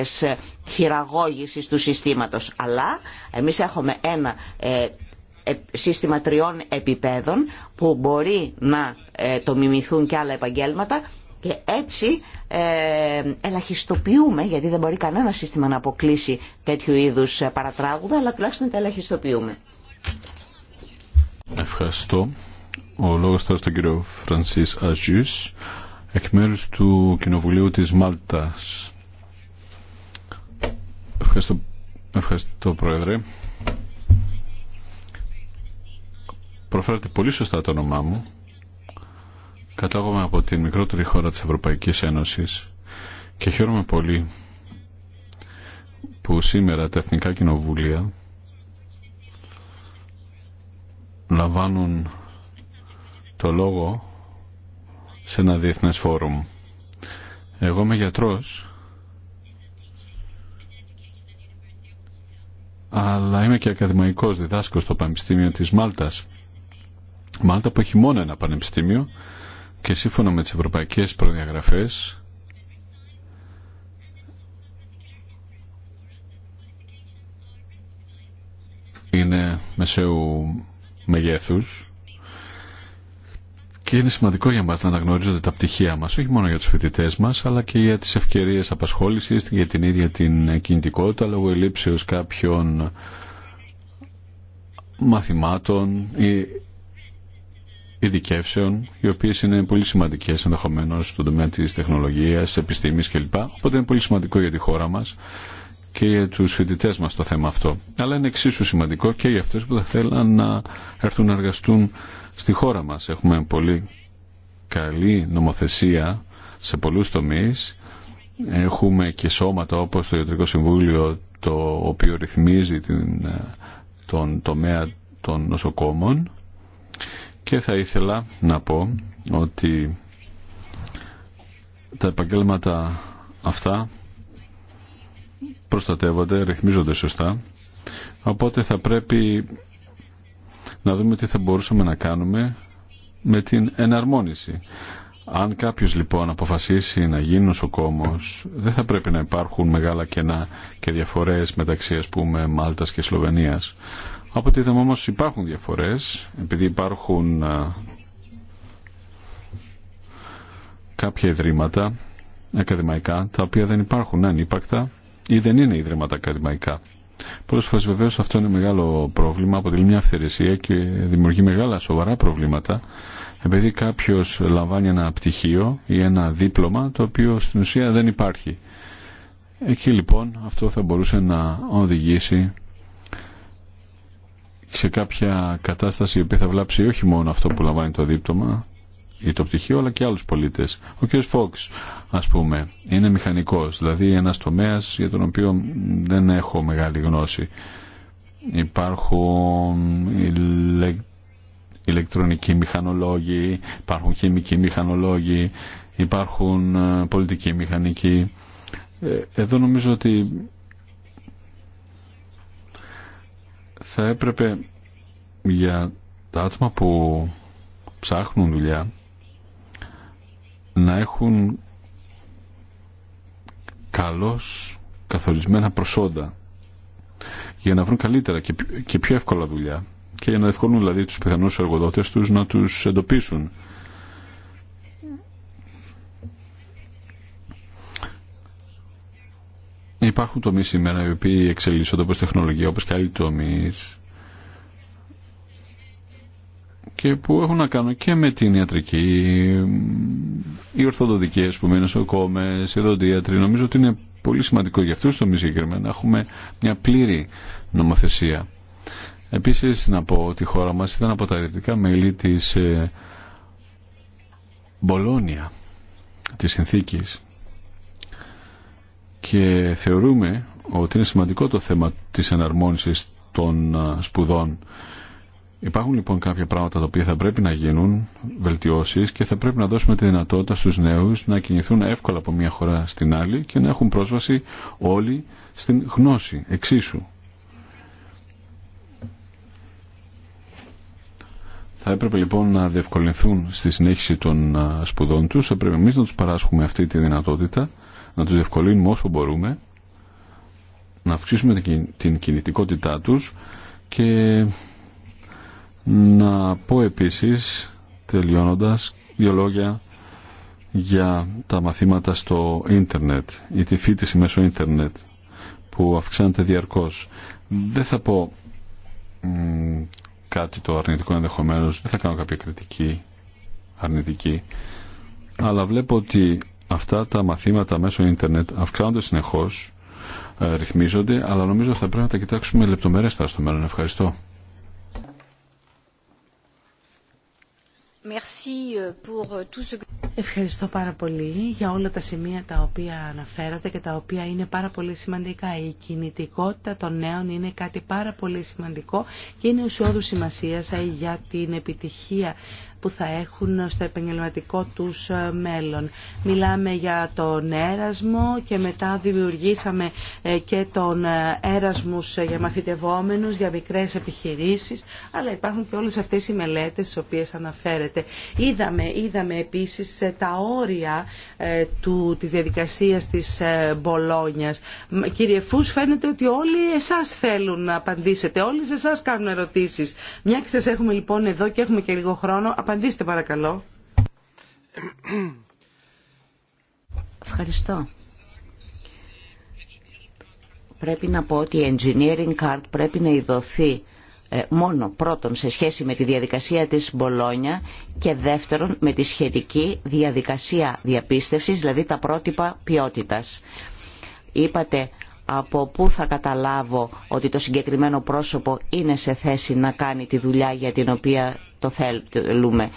χειραγώγηση του συστήματος. Αλλά εμείς έχουμε ένα ε, ε, σύστημα τριών επιπέδων που μπορεί να το μιμηθούν και άλλα επαγγέλματα και έτσι ε, ελαχιστοποιούμε, γιατί δεν μπορεί κανένα σύστημα να αποκλείσει τέτοιου είδους ε, παρατράγουδα, αλλά τουλάχιστον τα ελαχιστοποιούμε. Ευχαριστώ. Ο λόγος τώρα στον κύριο Φρανσίς Αζιούς, εκ μέρους του Κοινοβουλίου της Μάλτας. Ευχαριστώ, ευχαριστώ Πρόεδρε. Προφέρατε πολύ σωστά το όνομά μου κατάγομαι από την μικρότερη χώρα της Ευρωπαϊκής Ένωσης και χαίρομαι πολύ που σήμερα τα Εθνικά Κοινοβούλια λαμβάνουν το λόγο σε ένα διεθνές φόρουμ. Εγώ είμαι γιατρός αλλά είμαι και ακαδημαϊκός διδάσκος στο Πανεπιστήμιο της Μάλτας. Μάλτα που έχει μόνο ένα πανεπιστήμιο και σύμφωνα με τις ευρωπαϊκές προδιαγραφές είναι μεσαίου μεγέθους και είναι σημαντικό για μας να αναγνωρίζονται τα πτυχία μας, όχι μόνο για τους φοιτητές μας, αλλά και για τις ευκαιρίες απασχόλησης, για την ίδια την κινητικότητα, λόγω ελλείψεως κάποιων μαθημάτων ή ειδικεύσεων, οι οποίες είναι πολύ σημαντικές ενδεχομένω στον τομέα της τεχνολογίας, τη επιστήμης κλπ. Οπότε είναι πολύ σημαντικό για τη χώρα μας και για τους φοιτητές μας το θέμα αυτό. Αλλά είναι εξίσου σημαντικό και για αυτού που θα θέλαν να έρθουν να εργαστούν στη χώρα μας. Έχουμε πολύ καλή νομοθεσία σε πολλούς τομεί Έχουμε και σώματα όπως το Ιατρικό Συμβούλιο το οποίο ρυθμίζει την, τον τομέα των νοσοκόμων και θα ήθελα να πω ότι τα επαγγέλματα αυτά προστατεύονται, ρυθμίζονται σωστά. Οπότε θα πρέπει να δούμε τι θα μπορούσαμε να κάνουμε με την εναρμόνιση. Αν κάποιος λοιπόν αποφασίσει να γίνει νοσοκόμος, δεν θα πρέπει να υπάρχουν μεγάλα κενά και διαφορές μεταξύ ας πούμε Μάλτας και Σλοβενίας. Από ό,τι είδαμε όμως υπάρχουν διαφορές, επειδή υπάρχουν κάποια ιδρύματα ακαδημαϊκά, τα οποία δεν υπάρχουν ανύπαρκτα ή δεν είναι ιδρύματα ακαδημαϊκά. Πολλές φορές βεβαίως αυτό είναι μεγάλο πρόβλημα, αποτελεί μια αυθαιρεσία και δημιουργεί μεγάλα σοβαρά προβλήματα, επειδή κάποιος λαμβάνει ένα πτυχίο ή ένα δίπλωμα το οποίο στην ουσία δεν υπάρχει. Εκεί λοιπόν αυτό θα μπορούσε να οδηγήσει σε κάποια κατάσταση η οποία θα βλάψει όχι μόνο αυτό που λαμβάνει το δίπτωμα ή το πτυχίο αλλά και άλλους πολίτες. Ο κ. Φόξ ας πούμε είναι μηχανικός, δηλαδή ένας τομέας για τον οποίο δεν έχω μεγάλη γνώση. Υπάρχουν ηλεκτρονικοί μηχανολόγοι, υπάρχουν χημικοί μηχανολόγοι, υπάρχουν ε, πολιτικοί μηχανικοί. Ε, εδώ νομίζω ότι θα έπρεπε για τα άτομα που ψάχνουν δουλειά να έχουν καλώς καθορισμένα προσόντα για να βρουν καλύτερα και πιο εύκολα δουλειά και για να ευκολούν δηλαδή τους πιθανούς εργοδότες τους να τους εντοπίσουν Υπάρχουν τομείς σήμερα οι οποίοι εξελίσσονται όπως τεχνολογία, όπως και άλλοι τομείς και που έχουν να κάνουν και με την ιατρική, οι ορθοδοντικές που στο κόμες, οι δοντίατροι. Νομίζω ότι είναι πολύ σημαντικό για αυτούς τομείς συγκεκριμένα να έχουμε μια πλήρη νομοθεσία. Επίσης να πω ότι η χώρα μας ήταν από τα ιδρυτικά μέλη της ε, Μπολόνια, της συνθήκης και θεωρούμε ότι είναι σημαντικό το θέμα της εναρμόνισης των σπουδών. Υπάρχουν λοιπόν κάποια πράγματα τα οποία θα πρέπει να γίνουν βελτιώσεις και θα πρέπει να δώσουμε τη δυνατότητα στους νέους να κινηθούν εύκολα από μια χώρα στην άλλη και να έχουν πρόσβαση όλοι στην γνώση εξίσου. Θα έπρεπε λοιπόν να διευκολυνθούν στη συνέχιση των σπουδών τους, θα πρέπει εμείς να τους παράσχουμε αυτή τη δυνατότητα να τους διευκολύνουμε όσο μπορούμε, να αυξήσουμε την κινητικότητά τους και να πω επίσης, τελειώνοντας, δύο λόγια για τα μαθήματα στο ίντερνετ ή τη φίτηση μέσω ίντερνετ που αυξάνεται διαρκώς. Δεν θα πω μ, κάτι το αρνητικό ενδεχομένως, δεν θα κάνω κάποια κριτική αρνητική, αλλά βλέπω ότι αυτά τα μαθήματα μέσω ίντερνετ αυξάνονται συνεχώς, ε, ρυθμίζονται, αλλά νομίζω θα πρέπει να τα κοιτάξουμε λεπτομερέστα στο μέλλον. Ευχαριστώ. Ε, ε, Ευχαριστώ πάρα πολύ για όλα τα σημεία τα οποία αναφέρατε και τα οποία είναι πάρα πολύ σημαντικά. Η κινητικότητα των νέων είναι κάτι πάρα πολύ σημαντικό και είναι ουσιώδου σημασία για την επιτυχία που θα έχουν στο επαγγελματικό τους ε, μέλλον. Μιλάμε για τον έρασμο και μετά δημιουργήσαμε ε, και τον ε, έρασμους για μαθητευόμενους, για μικρές επιχειρήσεις, αλλά υπάρχουν και όλες αυτές οι μελέτες στις οποίες αναφέρεται. Είδαμε, είδαμε επίσης τα όρια του, της διαδικασίας της Μπολόνιας. Κύριε Φούς, φαίνεται ότι όλοι εσάς θέλουν να απαντήσετε, όλοι σε εσάς κάνουν ερωτήσεις. Μια και σας έχουμε λοιπόν εδώ και έχουμε και λίγο χρόνο, Απαντήστε παρακαλώ. Ευχαριστώ. Πρέπει να πω ότι η engineering card πρέπει να ειδωθεί ε, μόνο πρώτον σε σχέση με τη διαδικασία της Μπολόνια και δεύτερον με τη σχετική διαδικασία διαπίστευσης, δηλαδή τα πρότυπα ποιότητας. Είπατε από πού θα καταλάβω ότι το συγκεκριμένο πρόσωπο είναι σε θέση να κάνει τη δουλειά για την οποία το θέλουμε.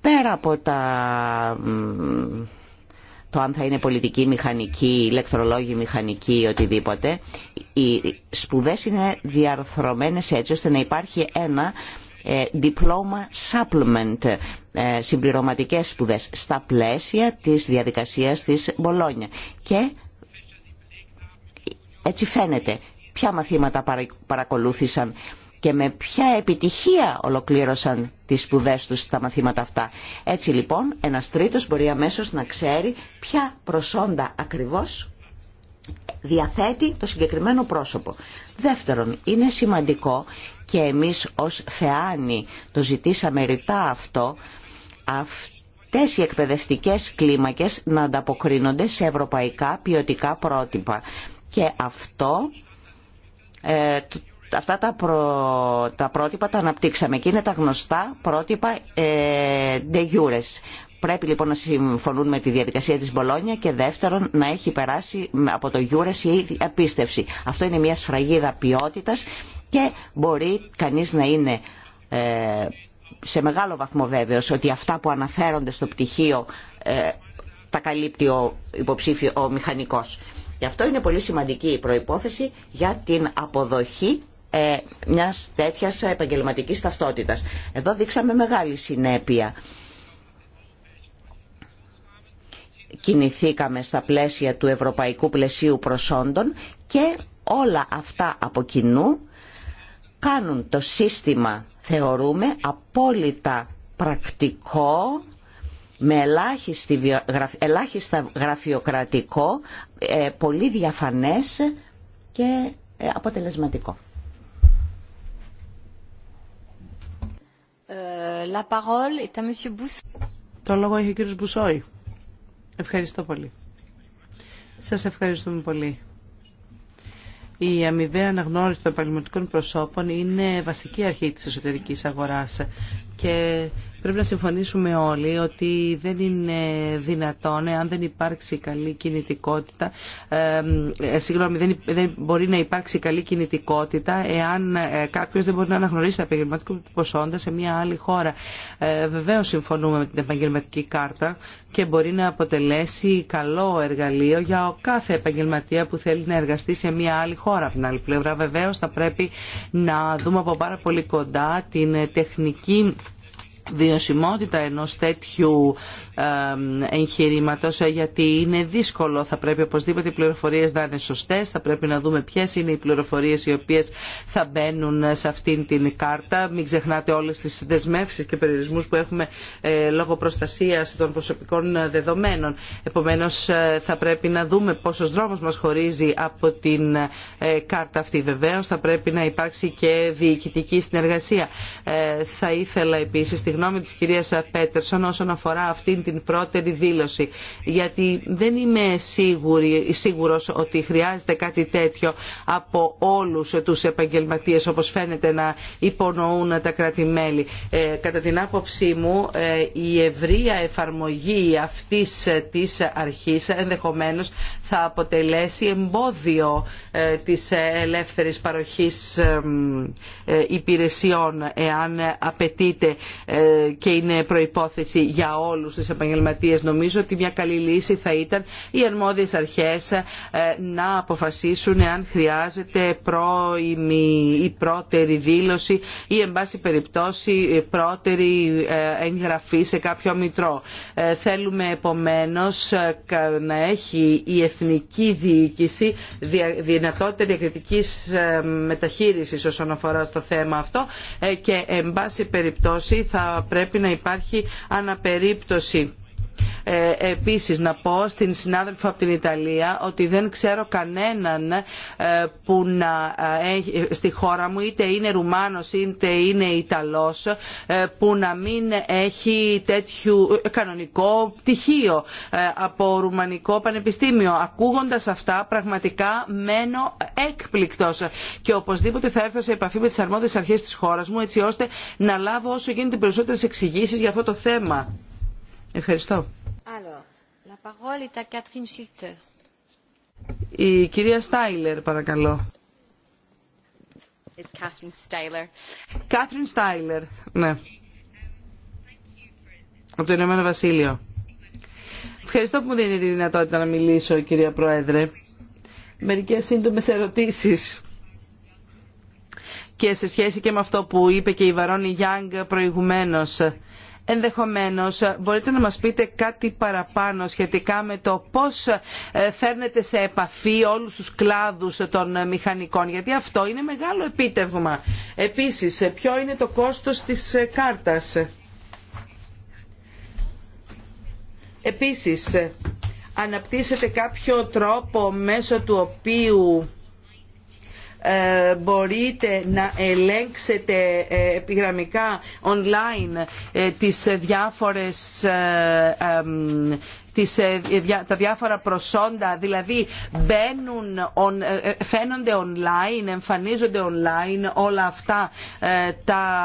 Πέρα από τα, το αν θα είναι πολιτική, μηχανική, ηλεκτρολόγη, μηχανική ή οτιδήποτε, οι σπουδές είναι διαρθρωμένες έτσι ώστε να υπάρχει ένα ε, διπλώμα supplement, ε, συμπληρωματικές σπουδές, στα πλαίσια της διαδικασίας της Μπολόνια. Και έτσι φαίνεται ποια μαθήματα παρακολούθησαν και με ποια επιτυχία ολοκλήρωσαν τις σπουδές τους στα μαθήματα αυτά. Έτσι λοιπόν ένας τρίτος μπορεί αμέσως να ξέρει ποια προσόντα ακριβώς διαθέτει το συγκεκριμένο πρόσωπο. Δεύτερον, είναι σημαντικό και εμείς ως θεάνοι το ζητήσαμε ρητά αυτό, αυτές οι εκπαιδευτικές κλίμακες να ανταποκρίνονται σε ευρωπαϊκά ποιοτικά πρότυπα. Και αυτό ε, αυτά τα, προ... τα πρότυπα τα αναπτύξαμε και είναι τα γνωστά πρότυπα ε, de jures. Πρέπει λοιπόν να συμφωνούν με τη διαδικασία της Μπολόνια και δεύτερον να έχει περάσει από το γιούρες η απίστευση. Αυτό είναι μια σφραγίδα ποιότητας και μπορεί κανείς να είναι ε, σε μεγάλο βαθμό βέβαιος ότι αυτά που αναφέρονται στο πτυχίο ε, τα καλύπτει ο υποψήφιο ο μηχανικός. Γι' αυτό είναι πολύ σημαντική η προϋπόθεση για την αποδοχή ε, μιας τέτοιας επαγγελματικής ταυτότητας. Εδώ δείξαμε μεγάλη συνέπεια. Κινηθήκαμε στα πλαίσια του Ευρωπαϊκού Πλαισίου Προσόντων και όλα αυτά από κοινού κάνουν το σύστημα, θεωρούμε, απόλυτα πρακτικό, με ελάχιστη, ελάχιστα γραφειοκρατικό, ε, πολύ διαφανές και ε, αποτελεσματικό. Ε, la Το λόγο έχει ο κύριος Μπουσόη. Ευχαριστώ πολύ. Σας ευχαριστούμε πολύ. Η αμοιβαία αναγνώριση των επαγγελματικών προσώπων είναι βασική αρχή της εσωτερικής αγοράς και Πρέπει να συμφωνήσουμε όλοι ότι δεν είναι δυνατόν, αν δεν υπάρξει καλή κινητικότητα, ε, συγγνώμη, δεν, δεν μπορεί να υπάρξει καλή κινητικότητα εάν ε, κάποιο δεν μπορεί να αναγνωρίσει τα επαγγελματικά του σε μια άλλη χώρα. Ε, Βεβαίω συμφωνούμε με την επαγγελματική κάρτα και μπορεί να αποτελέσει καλό εργαλείο για κάθε επαγγελματία που θέλει να εργαστεί σε μια άλλη χώρα. Από την άλλη πλευρά, βεβαίω θα πρέπει να δούμε από πάρα πολύ κοντά την τεχνική βιωσιμότητα ενός τέτοιου εγχειρήματος ε, γιατί είναι δύσκολο. Θα πρέπει οπωσδήποτε οι πληροφορίες να είναι σωστές, θα πρέπει να δούμε ποιες είναι οι πληροφορίες οι οποίες θα μπαίνουν ε, σε αυτήν την κάρτα. Μην ξεχνάτε όλες τις δεσμεύσεις και περιορισμούς που έχουμε ε, λόγω προστασίας των προσωπικών δεδομένων. Επομένως θα πρέπει να δούμε πόσος δρόμος μας χωρίζει από την κάρτα αυτή. Βεβαίως θα πρέπει να υπάρξει και διοικητική συνεργασία. Θα ήθελα επίσης γνώμη της κυρίας Πέτερσον όσον αφορά αυτήν την πρώτερη δήλωση. Γιατί δεν είμαι σίγουρη, σίγουρος ότι χρειάζεται κάτι τέτοιο από όλους τους επαγγελματίες όπως φαίνεται να υπονοούν τα κράτη-μέλη. Ε, κατά την άποψή μου ε, η ευρεία εφαρμογή αυτής της αρχής ενδεχομένως θα αποτελέσει εμπόδιο ε, της ελεύθερης παροχής υπηρεσιών εάν απαιτείται και είναι προϋπόθεση για όλους τις επαγγελματίες. Νομίζω ότι μια καλή λύση θα ήταν οι αρμόδιες αρχές ε, να αποφασίσουν αν χρειάζεται πρώιμη ή πρώτερη δήλωση ή εν πάση περιπτώσει πρώτερη ε, εγγραφή σε κάποιο μητρό. Ε, θέλουμε επομένως να έχει η εθνική διοίκηση δυνατότητα διακριτικής μεταχείρισης όσον αφορά στο θέμα αυτό και εν περιπτώσει θα πρέπει να υπάρχει αναπερίπτωση ε, επίσης να πω στην συνάδελφο από την Ιταλία ότι δεν ξέρω κανέναν ε, που να ε, στη χώρα μου είτε είναι Ρουμάνος είτε είναι Ιταλός που να μην έχει τέτοιο κανονικό πτυχίο από Ρουμανικό Πανεπιστήμιο. Ακούγοντας αυτά πραγματικά μένω έκπληκτος και οπωσδήποτε θα έρθω σε επαφή με τις αρμόδιες αρχές της χώρας μου έτσι ώστε να λάβω όσο γίνεται περισσότερες εξηγήσεις για αυτό το θέμα. Ευχαριστώ. Η κυρία Στάιλερ, παρακαλώ. Κάθριν Στάιλερ, ναι. Από το Ηνωμένο Βασίλειο. Ευχαριστώ που μου δίνει τη δυνατότητα να μιλήσω, κυρία Πρόεδρε. Μερικές σύντομες ερωτήσεις και σε σχέση και με αυτό που είπε και η Βαρόνι Γιάνγκ προηγουμένως Ενδεχομένως μπορείτε να μας πείτε κάτι παραπάνω σχετικά με το πώς ε, φέρνετε σε επαφή όλους τους κλάδους των μηχανικών, γιατί αυτό είναι μεγάλο επίτευγμα. Επίσης, ποιο είναι το κόστος της ε, κάρτας. Επίσης, ε, αναπτύσσεται κάποιο τρόπο μέσω του οποίου ε, μπορείτε να ελέγξετε ε, επιγραμμικά online ε, τις διάφορες τα διάφορα προσόντα, δηλαδή φαίνονται online, εμφανίζονται online όλα αυτά τα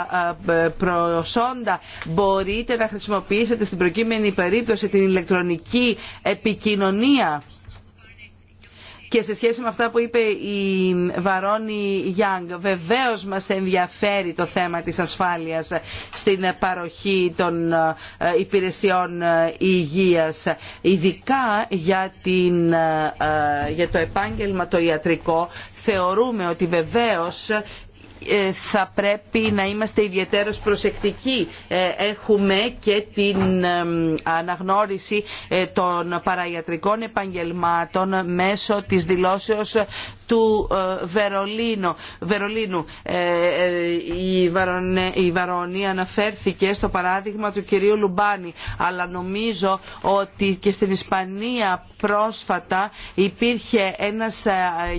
προσόντα. Μπορείτε να χρησιμοποιήσετε στην προκείμενη περίπτωση την ηλεκτρονική επικοινωνία και σε σχέση με αυτά που είπε η Βαρόνι Γιάνγκ, βεβαίως μας ενδιαφέρει το θέμα της ασφάλειας στην παροχή των ε, υπηρεσιών ε, υγείας, ειδικά για, ε, για το επάγγελμα το ιατρικό, θεωρούμε ότι βεβαίως ε, θα πρέπει να είμαστε ιδιαίτερως προσεκτικοί. Ε, έχουμε και την αναγνώριση ε, των παραγιατρικών επαγγελμάτων μέσω της δηλώσεως του Βερολίνου. Βερολίνου. Η Βαρονή αναφέρθηκε στο παράδειγμα του κυρίου Λουμπάνη, αλλά νομίζω ότι και στην Ισπανία πρόσφατα υπήρχε ένας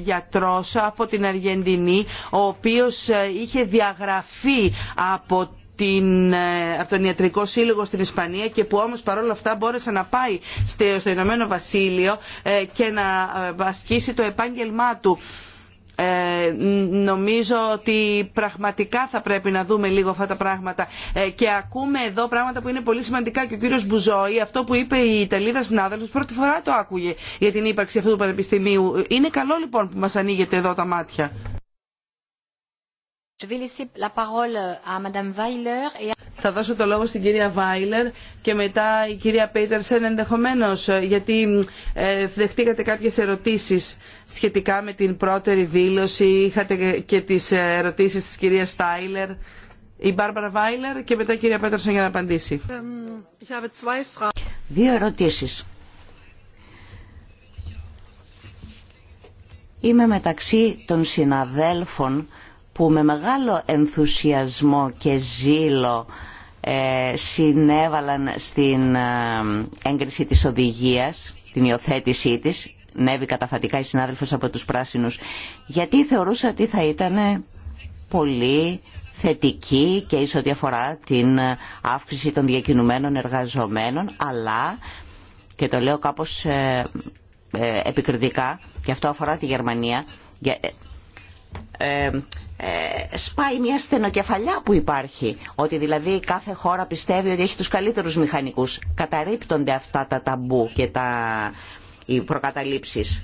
γιατρός από την Αργεντινή, ο οποίος είχε διαγραφεί από ε, από τον Ιατρικό Σύλλογο στην Ισπανία και που όμως παρόλα αυτά μπόρεσε να πάει στο Ηνωμένο Βασίλειο ε, και να ε, ασκήσει το επάγγελμά του. Ε, νομίζω ότι πραγματικά θα πρέπει να δούμε λίγο αυτά τα πράγματα και ακούμε εδώ πράγματα που είναι πολύ σημαντικά και ο κύριος Μπουζόη αυτό που είπε η Ιταλίδα συνάδελφος πρώτη φορά το άκουγε για την ύπαρξη αυτού του πανεπιστημίου είναι καλό λοιπόν που μας ανοίγετε εδώ τα μάτια θα δώσω το λόγο στην κυρία Βάιλερ και μετά η κυρία Πέιτερσεν ενδεχομένως ε, γιατί ε, δεχτήκατε κάποιες ερωτήσεις σχετικά με την πρώτερη δήλωση, είχατε και τις ε, ερωτήσεις της κυρίας Στάιλερ. Η Μπάρμπαρα Βάιλερ και μετά η κυρία Πέτερσεν για να απαντήσει. Δύο ερωτήσεις. Είμαι μεταξύ των συναδέλφων που με μεγάλο ενθουσιασμό και ζήλο ε, συνέβαλαν στην ε, έγκριση της οδηγίας, την υιοθέτησή της, νέβη καταφατικά η συνάδελφος από τους πράσινους, γιατί θεωρούσα ότι θα ήταν πολύ θετική και ίσως ό,τι την αύξηση των διακινουμένων εργαζομένων, αλλά, και το λέω κάπως ε, επικριτικά, και αυτό αφορά τη Γερμανία, ε, ε, σπάει μια στενοκεφαλιά που υπάρχει. Ότι δηλαδή κάθε χώρα πιστεύει ότι έχει τους καλύτερους μηχανικούς. Καταρρύπτονται αυτά τα ταμπού και τα, οι προκαταλήψεις.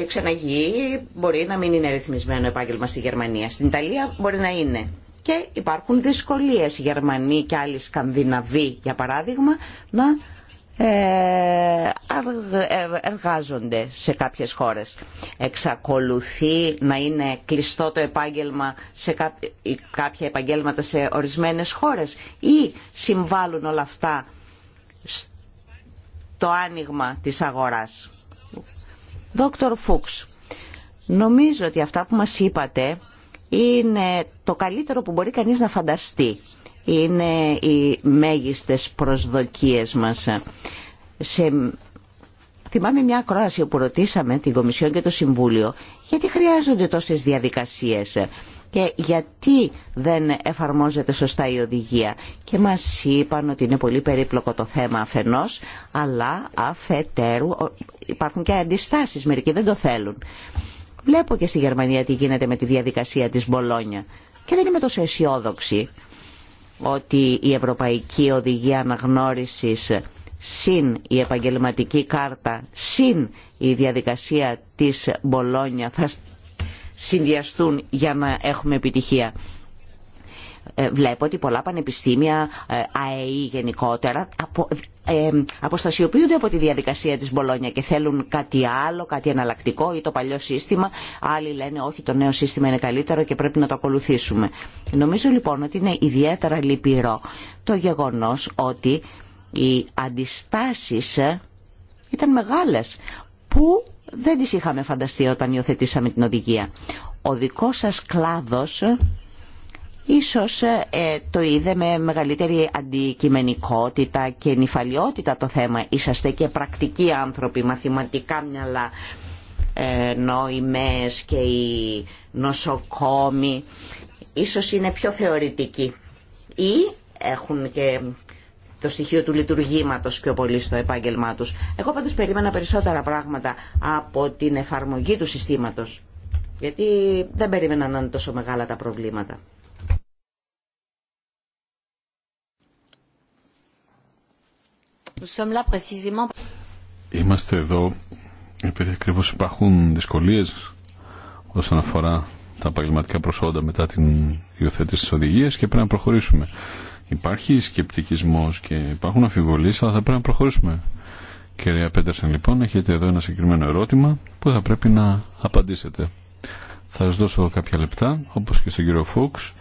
Ε, ξεναγή μπορεί να μην είναι ρυθμισμένο επάγγελμα στη Γερμανία. Στην Ιταλία μπορεί να είναι. Και υπάρχουν δυσκολίες οι Γερμανοί και άλλοι Σκανδιναβοί, για παράδειγμα, να ε, ε, εργάζονται σε κάποιες χώρες. Εξακολουθεί να είναι κλειστό το επάγγελμα σε κάποια επαγγέλματα σε ορισμένες χώρες ή συμβάλλουν όλα αυτά στο άνοιγμα της αγοράς. Δόκτωρ Φούξ, νομίζω ότι αυτά που μας είπατε είναι το καλύτερο που μπορεί κανείς να φανταστεί είναι οι μέγιστες προσδοκίες μας. Σε... Θυμάμαι μια ακρόαση που ρωτήσαμε την Κομισιόν και το Συμβούλιο γιατί χρειάζονται τόσες διαδικασίες και γιατί δεν εφαρμόζεται σωστά η οδηγία. Και μας είπαν ότι είναι πολύ περίπλοκο το θέμα αφενός, αλλά αφετέρου υπάρχουν και αντιστάσεις, μερικοί δεν το θέλουν. Βλέπω και στη Γερμανία τι γίνεται με τη διαδικασία της Μπολόνια και δεν είμαι τόσο αισιόδοξη ότι η Ευρωπαϊκή Οδηγία Αναγνώρισης συν η επαγγελματική κάρτα, συν η διαδικασία της Μπολόνια θα συνδυαστούν για να έχουμε επιτυχία. Ε, βλέπω ότι πολλά πανεπιστήμια, ε, ΑΕΗ γενικότερα, απο, ε, αποστασιοποιούνται από τη διαδικασία της Μπολόνια και θέλουν κάτι άλλο, κάτι εναλλακτικό ή το παλιό σύστημα. Άλλοι λένε όχι το νέο σύστημα είναι καλύτερο και πρέπει να το ακολουθήσουμε. Νομίζω λοιπόν ότι είναι ιδιαίτερα λυπηρό το γεγονός ότι οι αντιστάσεις ήταν μεγάλες που δεν τις είχαμε φανταστεί όταν υιοθετήσαμε την οδηγία. Ο δικός σας κλάδος Ίσως ε, ε, το είδε με μεγαλύτερη αντικειμενικότητα και νυφαλιότητα το θέμα. Είσαστε και πρακτικοί άνθρωποι, μαθηματικά μυαλά, ε, νοημές και οι νοσοκόμοι ίσως είναι πιο θεωρητικοί ή έχουν και το στοιχείο του λειτουργήματος πιο πολύ στο επάγγελμά τους. Εγώ πάντως περίμενα περισσότερα πράγματα από την εφαρμογή του συστήματος, γιατί δεν περίμενα να είναι τόσο μεγάλα τα προβλήματα. Είμαστε εδώ επειδή ακριβώ υπάρχουν δυσκολίε όσον αφορά τα επαγγελματικά προσόντα μετά την υιοθέτηση τη οδηγία και πρέπει να προχωρήσουμε. Υπάρχει σκεπτικισμό και υπάρχουν αφιβολίε, αλλά θα πρέπει να προχωρήσουμε. Κυρία Πέντερσεν, λοιπόν, έχετε εδώ ένα συγκεκριμένο ερώτημα που θα πρέπει να απαντήσετε. Θα σα δώσω κάποια λεπτά, όπω και στον κύριο Φούξ,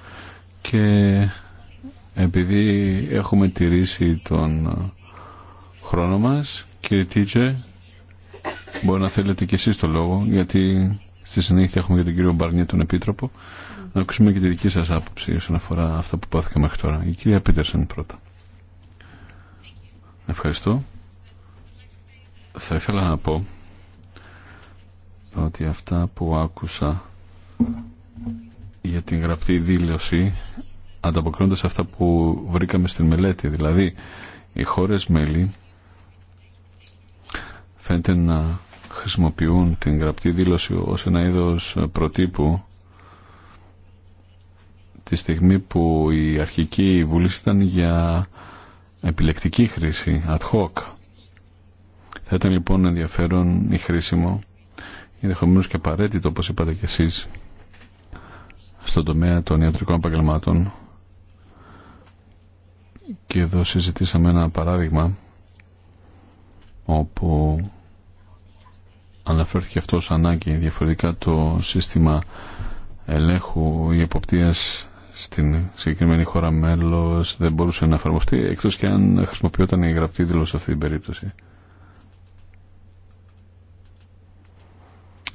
και επειδή έχουμε τηρήσει τον χρόνο μας. Κύριε Τίτσε, μπορεί να θέλετε κι εσείς το λόγο, γιατί στη συνέχεια έχουμε για τον κύριο Μπαρνιέ τον Επίτροπο. Να ακούσουμε και τη δική σας άποψη όσον αφορά αυτά που πάθηκα μέχρι τώρα. Η κυρία Πίτερσεν πρώτα. Ευχαριστώ. Θα ήθελα να πω ότι αυτά που άκουσα για την γραπτή δήλωση ανταποκρίνονται σε αυτά που βρήκαμε στην μελέτη. Δηλαδή, οι χώρες μέλη φαίνεται να χρησιμοποιούν την γραπτή δήλωση ως ένα είδος προτύπου τη στιγμή που η αρχική βούληση ήταν για επιλεκτική χρήση, ad hoc. Θα ήταν λοιπόν ενδιαφέρον ή χρήσιμο, ενδεχομένω και απαραίτητο όπως είπατε κι εσείς, στον τομέα των ιατρικών επαγγελμάτων και εδώ συζητήσαμε ένα παράδειγμα όπου αναφέρθηκε αυτό ως ανάγκη διαφορετικά το σύστημα ελέγχου ή εποπτείας στην συγκεκριμένη χώρα μέλος δεν μπορούσε να εφαρμοστεί εκτός και αν χρησιμοποιόταν η γραπτή δήλωση σε αυτή την περίπτωση.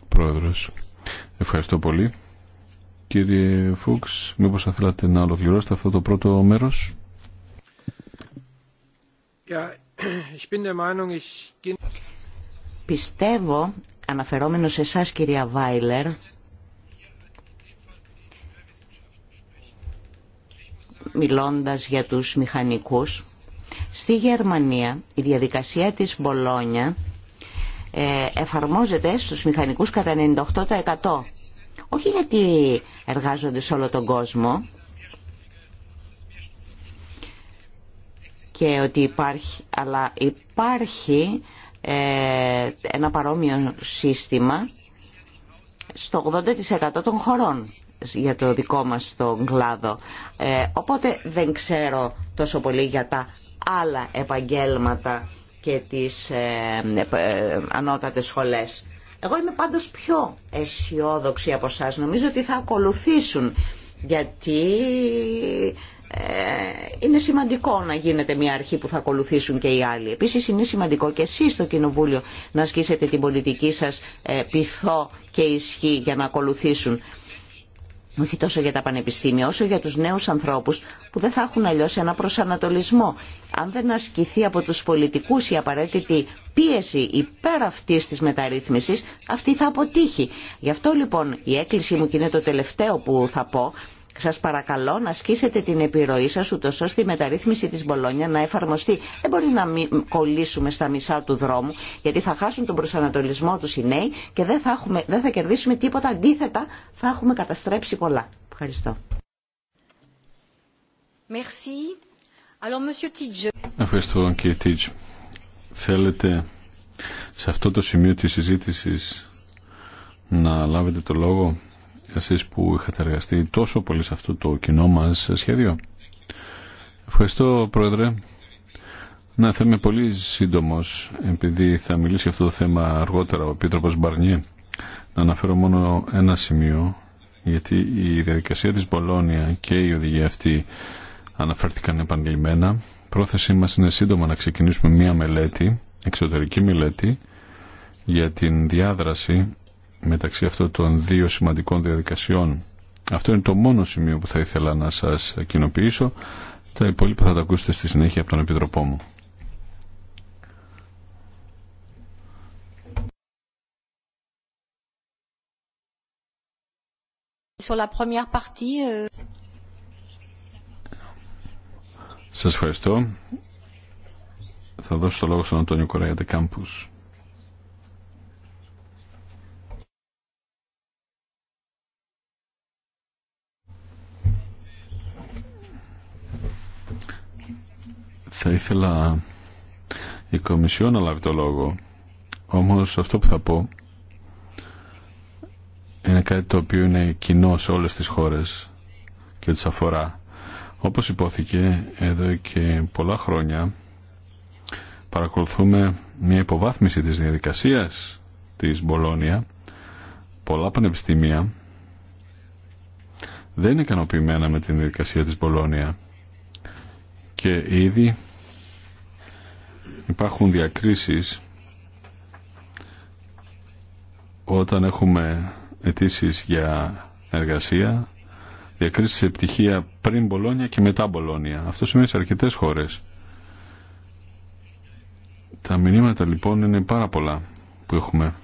Πρόεδρος, ευχαριστώ πολύ. Κύριε Φούξ, μήπως θα θέλατε να ολοκληρώσετε αυτό το πρώτο μέρος. ich bin der Meinung, ich... Πιστεύω, αναφερόμενο σε εσά κυρία Βάιλερ, μιλώντας για τους μηχανικούς, στη Γερμανία η διαδικασία της Μπολόνια ε, εφαρμόζεται στους μηχανικούς κατά 98%. Όχι γιατί εργάζονται σε όλο τον κόσμο και ότι υπάρχει, αλλά υπάρχει ε, ένα παρόμοιο σύστημα στο 80% των χωρών για το δικό μας τον κλάδο. Ε, οπότε δεν ξέρω τόσο πολύ για τα άλλα επαγγέλματα και τις ε, ανώτατες σχολές. Εγώ είμαι πάντως πιο αισιόδοξη από εσά. Νομίζω ότι θα ακολουθήσουν γιατί ε, είναι σημαντικό να γίνεται μια αρχή που θα ακολουθήσουν και οι άλλοι. Επίσης είναι σημαντικό και εσείς στο Κοινοβούλιο να ασκήσετε την πολιτική σας ε, πειθό και ισχύ για να ακολουθήσουν όχι τόσο για τα πανεπιστήμια, όσο για τους νέους ανθρώπους που δεν θα έχουν αλλιώς ένα προσανατολισμό. Αν δεν ασκηθεί από τους πολιτικούς η απαραίτητη πίεση υπέρ αυτής της μεταρρύθμισης, αυτή θα αποτύχει. Γι' αυτό λοιπόν η έκκληση μου και είναι το τελευταίο που θα πω, Σα παρακαλώ να ασκήσετε την επιρροή σα ούτω ώστε η μεταρρύθμιση τη Μπολόνια να εφαρμοστεί. Δεν μπορεί να μην κολλήσουμε στα μισά του δρόμου γιατί θα χάσουν τον προσανατολισμό του οι νέοι και δεν θα, κερδίσουμε τίποτα. Αντίθετα θα έχουμε καταστρέψει πολλά. Ευχαριστώ. Ευχαριστώ κύριε Τίτζ. Θέλετε σε αυτό το σημείο της συζήτησης να λάβετε το λόγο εσεί που είχατε εργαστεί τόσο πολύ σε αυτό το κοινό μα σχέδιο. Ευχαριστώ Πρόεδρε. Να θα είμαι πολύ σύντομο, επειδή θα μιλήσει αυτό το θέμα αργότερα ο Επίτροπο Μπαρνιέ. Να αναφέρω μόνο ένα σημείο γιατί η διαδικασία της Μπολόνια και η οδηγία αυτή αναφέρθηκαν επανειλημμένα. Πρόθεσή μας είναι σύντομα να ξεκινήσουμε μία μελέτη, εξωτερική μελέτη, για την διάδραση μεταξύ αυτών των δύο σημαντικών διαδικασιών. Αυτό είναι το μόνο σημείο που θα ήθελα να σας κοινοποιήσω. Τα υπόλοιπα θα τα ακούσετε στη συνέχεια από τον Επιτροπό μου. Sur euh, Σας ευχαριστώ. Θα δώσω το λόγο στον Αντώνιο Κορέα Κάμπους. Θα ήθελα η Κομισιό να λάβει το λόγο. Όμως αυτό που θα πω είναι κάτι το οποίο είναι κοινό σε όλες τις χώρες και τις αφορά. Όπως υπόθηκε εδώ και πολλά χρόνια παρακολουθούμε μια υποβάθμιση της διαδικασίας της Μπολόνια. Πολλά πανεπιστήμια δεν είναι ικανοποιημένα με την διαδικασία της Μπολόνια και ήδη υπάρχουν διακρίσεις όταν έχουμε αιτήσει για εργασία διακρίσεις σε πτυχία πριν Μπολόνια και μετά Μπολόνια. Αυτό σημαίνει σε αρκετές χώρες. Τα μηνύματα λοιπόν είναι πάρα πολλά που έχουμε.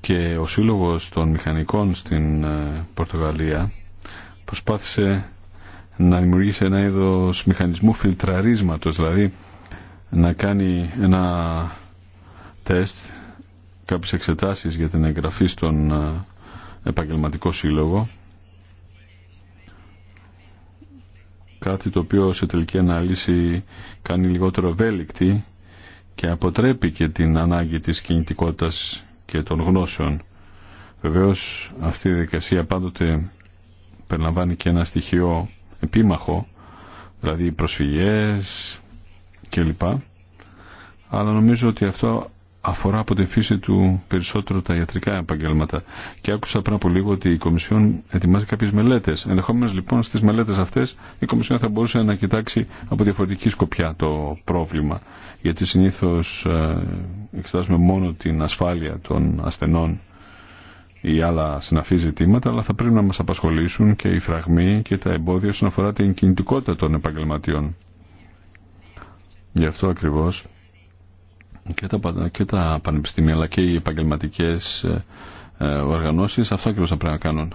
Και ο Σύλλογος των Μηχανικών στην ε, Πορτογαλία προσπάθησε να δημιουργήσει ένα είδος μηχανισμού φιλτραρίσματος, δηλαδή να κάνει ένα τεστ, κάποιες εξετάσεις για την εγγραφή στον ε, επαγγελματικό σύλλογο, κάτι το οποίο σε τελική ανάλυση κάνει λιγότερο ευέλικτη και αποτρέπει και την ανάγκη της κινητικότητας και των γνώσεων. Βεβαίως αυτή η δικασία πάντοτε περιλαμβάνει και ένα στοιχείο επίμαχο, δηλαδή προσφυγές κλπ. Αλλά νομίζω ότι αυτό αφορά από τη φύση του περισσότερο τα ιατρικά επαγγέλματα. Και άκουσα πριν από λίγο ότι η Κομισιόν ετοιμάζει κάποιε μελέτε. Ενδεχομένω λοιπόν στι μελέτε αυτέ η Κομισιόν θα μπορούσε να κοιτάξει από διαφορετική σκοπιά το πρόβλημα. Γιατί συνήθω ε, εξετάζουμε μόνο την ασφάλεια των ασθενών ή άλλα συναφή ζητήματα, αλλά θα πρέπει να μας απασχολήσουν και οι φραγμοί και τα εμπόδια όσον αφορά την κινητικότητα των επαγγελματιών. Γι' αυτό ακριβώς και τα, και τα πανεπιστήμια αλλά και οι επαγγελματικές ε, ε, οργανώσεις αυτό ακριβώς θα πρέπει να κάνουν.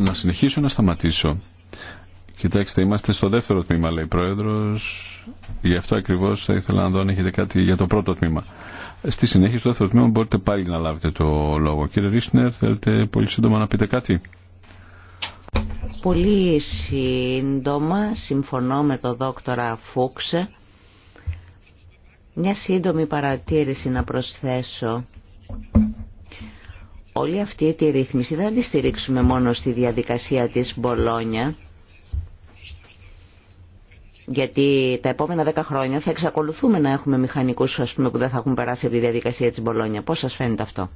Να συνεχίσω να σταματήσω. Κοιτάξτε, είμαστε στο δεύτερο τμήμα, λέει η πρόεδρο, Γι' αυτό ακριβώ θα ήθελα να δω αν έχετε κάτι για το πρώτο τμήμα. Στη συνέχεια, στο δεύτερο τμήμα, μπορείτε πάλι να λάβετε το λόγο. Κύριε Ρίσνερ, θέλετε πολύ σύντομα να πείτε κάτι. Πολύ σύντομα, συμφωνώ με τον δόκτορα Φούξε. Μια σύντομη παρατήρηση να προσθέσω. Όλη αυτή τη ρύθμιση δεν τη στηρίξουμε μόνο στη διαδικασία της Μπολόνια, γιατί τα επόμενα δέκα χρόνια θα εξακολουθούμε να έχουμε μηχανικούς που δεν θα έχουν περάσει από τη διαδικασία της Μπολόνια. Πώς σας φαίνεται αυτό.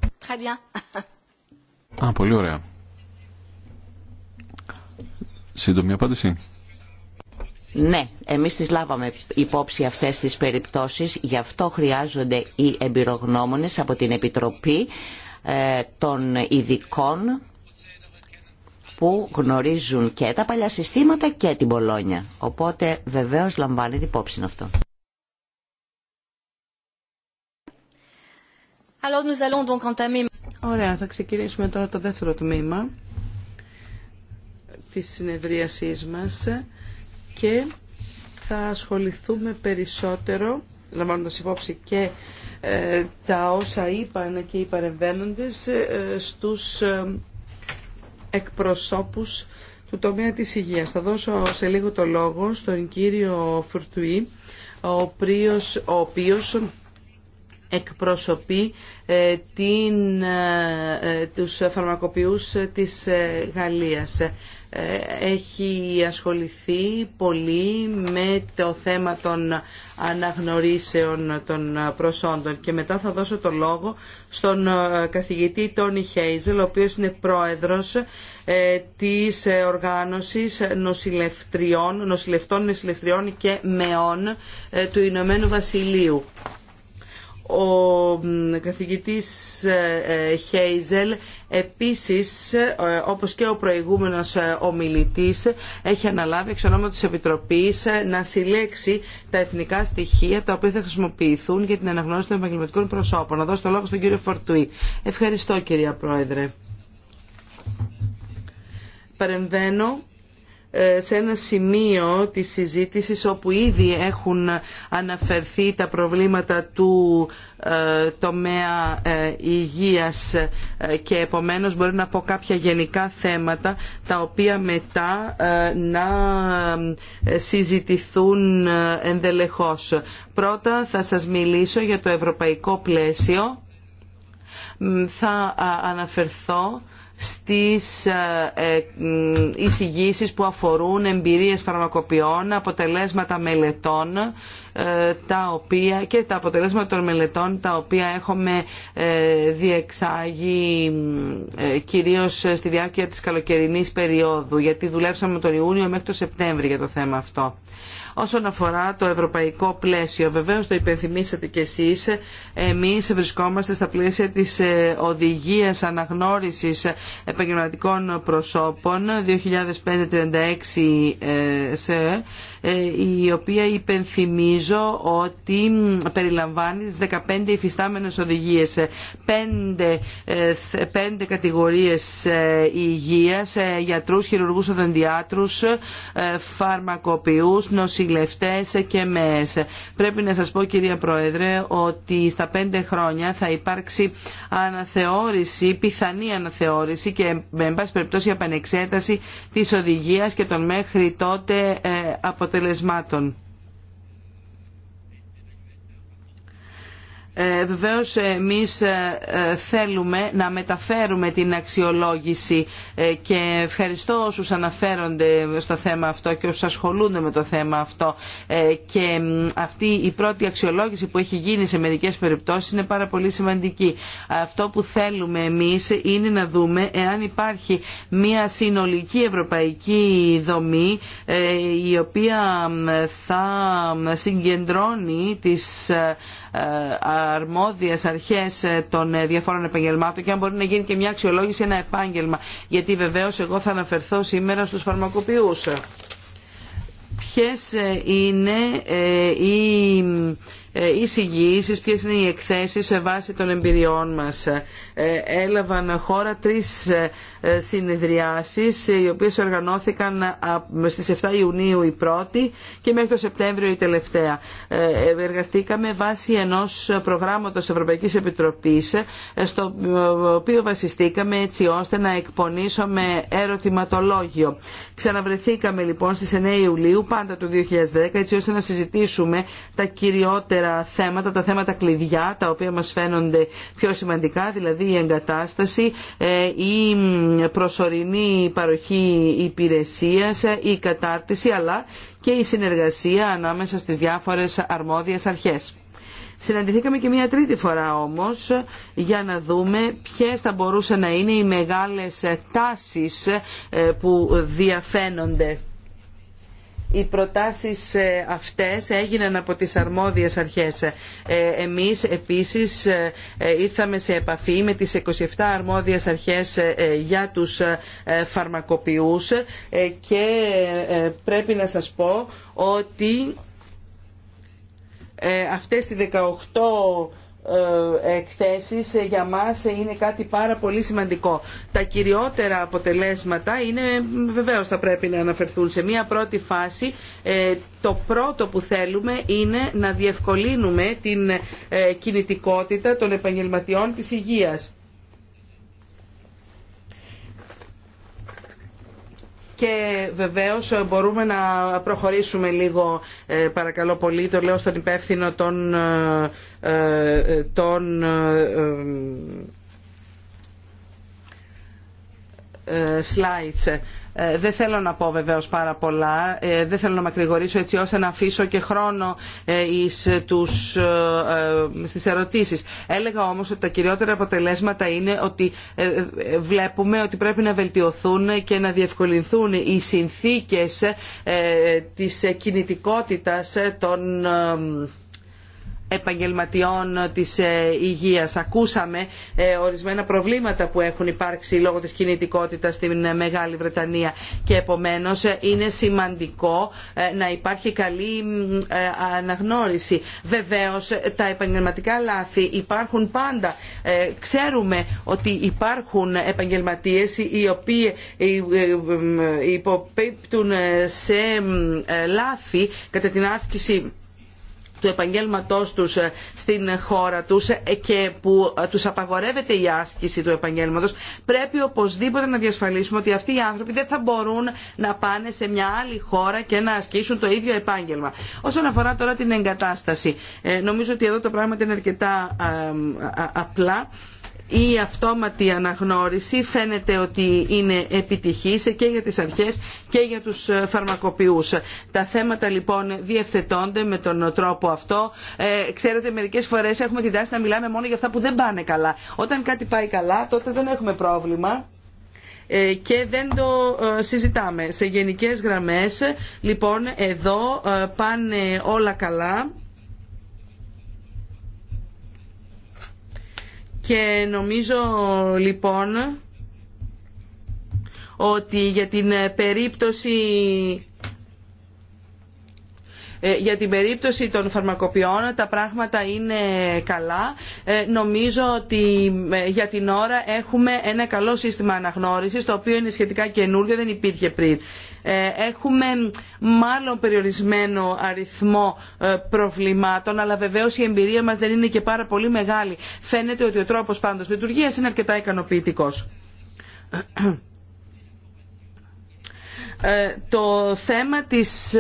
Α, πολύ ωραία. Σύντομη απάντηση. Ναι, εμείς τις λάβαμε υπόψη αυτές τις περιπτώσεις, γι' αυτό χρειάζονται οι εμπειρογνώμονες από την Επιτροπή ε, των Ειδικών που γνωρίζουν και τα παλιά συστήματα και την Πολόνια. Οπότε βεβαίως λαμβάνεται υπόψη αυτό. Ωραία, θα ξεκινήσουμε τώρα το δεύτερο τμήμα της συνεδρίασής μας και θα ασχοληθούμε περισσότερο, λαμβάνοντας υπόψη και ε, τα όσα είπαν και οι παρεμβαίνοντες ε, στους ε, εκπροσώπους του τομέα της υγείας. Θα δώσω σε λίγο το λόγο στον κύριο Φουρτουή, ο οποίος, ο οποίος εκπροσωπεί ε, την, ε, ε, τους φαρμακοποιούς της Γαλλίας. Ε, έχει ασχοληθεί πολύ με το θέμα των αναγνωρίσεων των προσόντων και μετά θα δώσω το λόγο στον ε, καθηγητή Τόνι Χέιζελ ο οποίος είναι πρόεδρος ε, της οργάνωσης νοσηλευτριών, νοσηλευτών, νοσηλευτριών και μεών του Ηνωμένου Βασιλείου. Ο καθηγητής ε, ε, Χέιζελ επίσης, ε, όπως και ο προηγούμενος ομιλητής, έχει αναλάβει εξ ονόματος της Επιτροπής να συλλέξει τα εθνικά στοιχεία τα οποία θα χρησιμοποιηθούν για την αναγνώριση των επαγγελματικών προσώπων. Να δώσω το λόγο στον κύριο Φορτουή. Ευχαριστώ κυρία Πρόεδρε. Παρεμβαίνω σε ένα σημείο της συζήτησης όπου ήδη έχουν αναφερθεί τα προβλήματα του ε, τομέα ε, υγείας ε, και επομένως μπορεί να πω κάποια γενικά θέματα τα οποία μετά να συζητηθούν ενδελεχώς. Πρώτα θα σας μιλήσω για το ευρωπαϊκό πλαίσιο. Θα αναφερθώ στις ε, ε, εισηγήσεις που αφορούν εμπειρίες φαρμακοποιών, αποτελέσματα μελετών ε, τα οποία, και τα αποτελέσματα των μελετών τα οποία έχουμε διεξάγει κυρίως στη διάρκεια της καλοκαιρινής περίοδου γιατί δουλέψαμε τον Ιούνιο μέχρι τον Σεπτέμβριο για το θέμα αυτό. Όσον αφορά το ευρωπαϊκό πλαίσιο, βεβαίω, το υπενθυμίσατε κι εσείς, εμείς βρισκόμαστε στα πλαίσια της ε, οδηγίας αναγνώρισης επαγγελματικών προσώπων 2005-36 ε, σε, ε, η οποία υπενθυμίζω ότι περιλαμβάνει τι 15 υφιστάμενε οδηγίες, 5, κατηγορίε κατηγορίες υγείας, γιατρούς, χειρουργούς, οδοντιάτρους, φαρμακοποιούς, και μέσα. Πρέπει να σας πω κυρία Πρόεδρε ότι στα πέντε χρόνια θα υπάρξει αναθεώρηση, πιθανή αναθεώρηση και με πάση περιπτώσει επανεξέταση της οδηγίας και των μέχρι τότε ε, αποτελεσμάτων. Ε, βεβαίως εμείς ε, ε, θέλουμε να μεταφέρουμε την αξιολόγηση ε, και ευχαριστώ όσους αναφέρονται στο θέμα αυτό και όσους ασχολούνται με το θέμα αυτό και αυτή η πρώτη αξιολόγηση που έχει γίνει σε μερικές περιπτώσεις είναι πάρα πολύ σημαντική. Αυτό που θέλουμε εμείς είναι να δούμε εάν υπάρχει μια συνολική ευρωπαϊκή δομή η οποία θα συγκεντρώνει τις αρμόδιες αρχές των διαφόρων επαγγελμάτων και αν μπορεί να γίνει και μια αξιολόγηση ένα επάγγελμα. Γιατί βεβαίως εγώ θα αναφερθώ σήμερα στους φαρμακοποιούς. Ποιες ε, είναι ε, οι ε, εισηγήσεις, ποιες είναι οι εκθέσεις σε βάση των εμπειριών μας. Ε, έλαβαν χώρα τρεις ε, συνεδριάσεις, οι οποίες οργανώθηκαν στις 7 Ιουνίου η πρώτη και μέχρι το Σεπτέμβριο η τελευταία. Εργαστήκαμε βάσει ενός προγράμματος Ευρωπαϊκής Επιτροπής, στο οποίο βασιστήκαμε έτσι ώστε να εκπονήσουμε ερωτηματολόγιο. Ξαναβρεθήκαμε λοιπόν στις 9 Ιουλίου πάντα του 2010 έτσι ώστε να συζητήσουμε τα κυριότερα θέματα, τα θέματα κλειδιά, τα οποία μας φαίνονται πιο σημαντικά, δηλαδή η εγκατάσταση, ε, η προσωρινή παροχή υπηρεσίας, ε, η κατάρτιση, αλλά και η συνεργασία ανάμεσα στις διάφορες αρμόδιες αρχές. Συναντηθήκαμε και μια τρίτη φορά όμως για να δούμε ποιες θα μπορούσαν να είναι οι μεγάλες τάσεις ε, που διαφαίνονται οι προτάσεις ε, αυτές έγιναν από τις αρμόδιες αρχές. Ε, εμείς επίσης ε, ήρθαμε σε επαφή με τις 27 αρμόδιες αρχές για τους φαρμακοποιούς και πρέπει να σας πω ότι αυτές οι 18 ε, εκθέσεις ε, για μας είναι κάτι πάρα πολύ σημαντικό. Τα κυριότερα αποτελέσματα είναι βεβαίως θα πρέπει να αναφερθούν σε μια πρώτη φάση. Ε, το πρώτο που θέλουμε είναι να διευκολύνουμε την κινητικότητα των επαγγελματιών της υγείας και βεβαίω μπορούμε να προχωρήσουμε λίγο ε, παρακαλώ πολύ το λέω στον υπεύθυνο των, ε, ε, των slides ε, δεν θέλω να πω βεβαίως πάρα πολλά, ε, δεν θέλω να μακρηγορήσω έτσι ώστε να αφήσω και χρόνο ε, τους, στις ερωτήσεις. Έλεγα όμως ότι τα κυριότερα αποτελέσματα είναι ότι βλέπουμε ότι πρέπει να βελτιωθούν και να διευκολυνθούν οι συνθήκες της κινητικότητα των επαγγελματιών της ε, υγείας. Ακούσαμε ε, ορισμένα προβλήματα που έχουν υπάρξει λόγω της κινητικότητας στην ε, Μεγάλη Βρετανία και επομένως είναι σημαντικό να υπάρχει καλή αναγνώριση. Βεβαίως τα επαγγελματικά λάθη υπάρχουν πάντα. Ξέρουμε ότι υπάρχουν επαγγελματίες οι οποίοι υποπίπτουν σε λάθη κατά την άσκηση του επαγγέλματός τους ε, στην χώρα τους ε, και που ε, τους απαγορεύεται η άσκηση του επαγγέλματος πρέπει οπωσδήποτε να διασφαλίσουμε ότι αυτοί οι άνθρωποι δεν θα μπορούν να πάνε σε μια άλλη χώρα και να ασκήσουν το ίδιο επάγγελμα. Όσον αφορά τώρα την εγκατάσταση, νομίζω ότι εδώ το πράγμα είναι αρκετά απλά η αυτόματη αναγνώριση φαίνεται ότι είναι επιτυχής και για τις αρχές και για τους ε, φαρμακοποιούς. Τα θέματα λοιπόν διευθετώνται με τον τρόπο αυτό. Ε, ξέρετε μερικές φορές έχουμε τη τάση να μιλάμε μόνο για αυτά που δεν πάνε καλά. Όταν κάτι πάει καλά τότε δεν έχουμε πρόβλημα ε, και δεν το ε, συζητάμε. Σε γενικές γραμμές λοιπόν εδώ πάνε όλα καλά Και νομίζω λοιπόν ότι για την περίπτωση ε, για την περίπτωση των φαρμακοποιών τα πράγματα είναι καλά. Ε, νομίζω ότι ε, για την ώρα έχουμε ένα καλό σύστημα αναγνώρισης το οποίο είναι σχετικά καινούργιο, δεν υπήρχε πριν. Έχουμε μάλλον περιορισμένο αριθμό προβλημάτων, αλλά βεβαίω η εμπειρία μα δεν είναι και πάρα πολύ μεγάλη. Φαίνεται ότι ο τρόπο πάντω λειτουργία είναι αρκετά ικανοποιητικό. Το θέμα της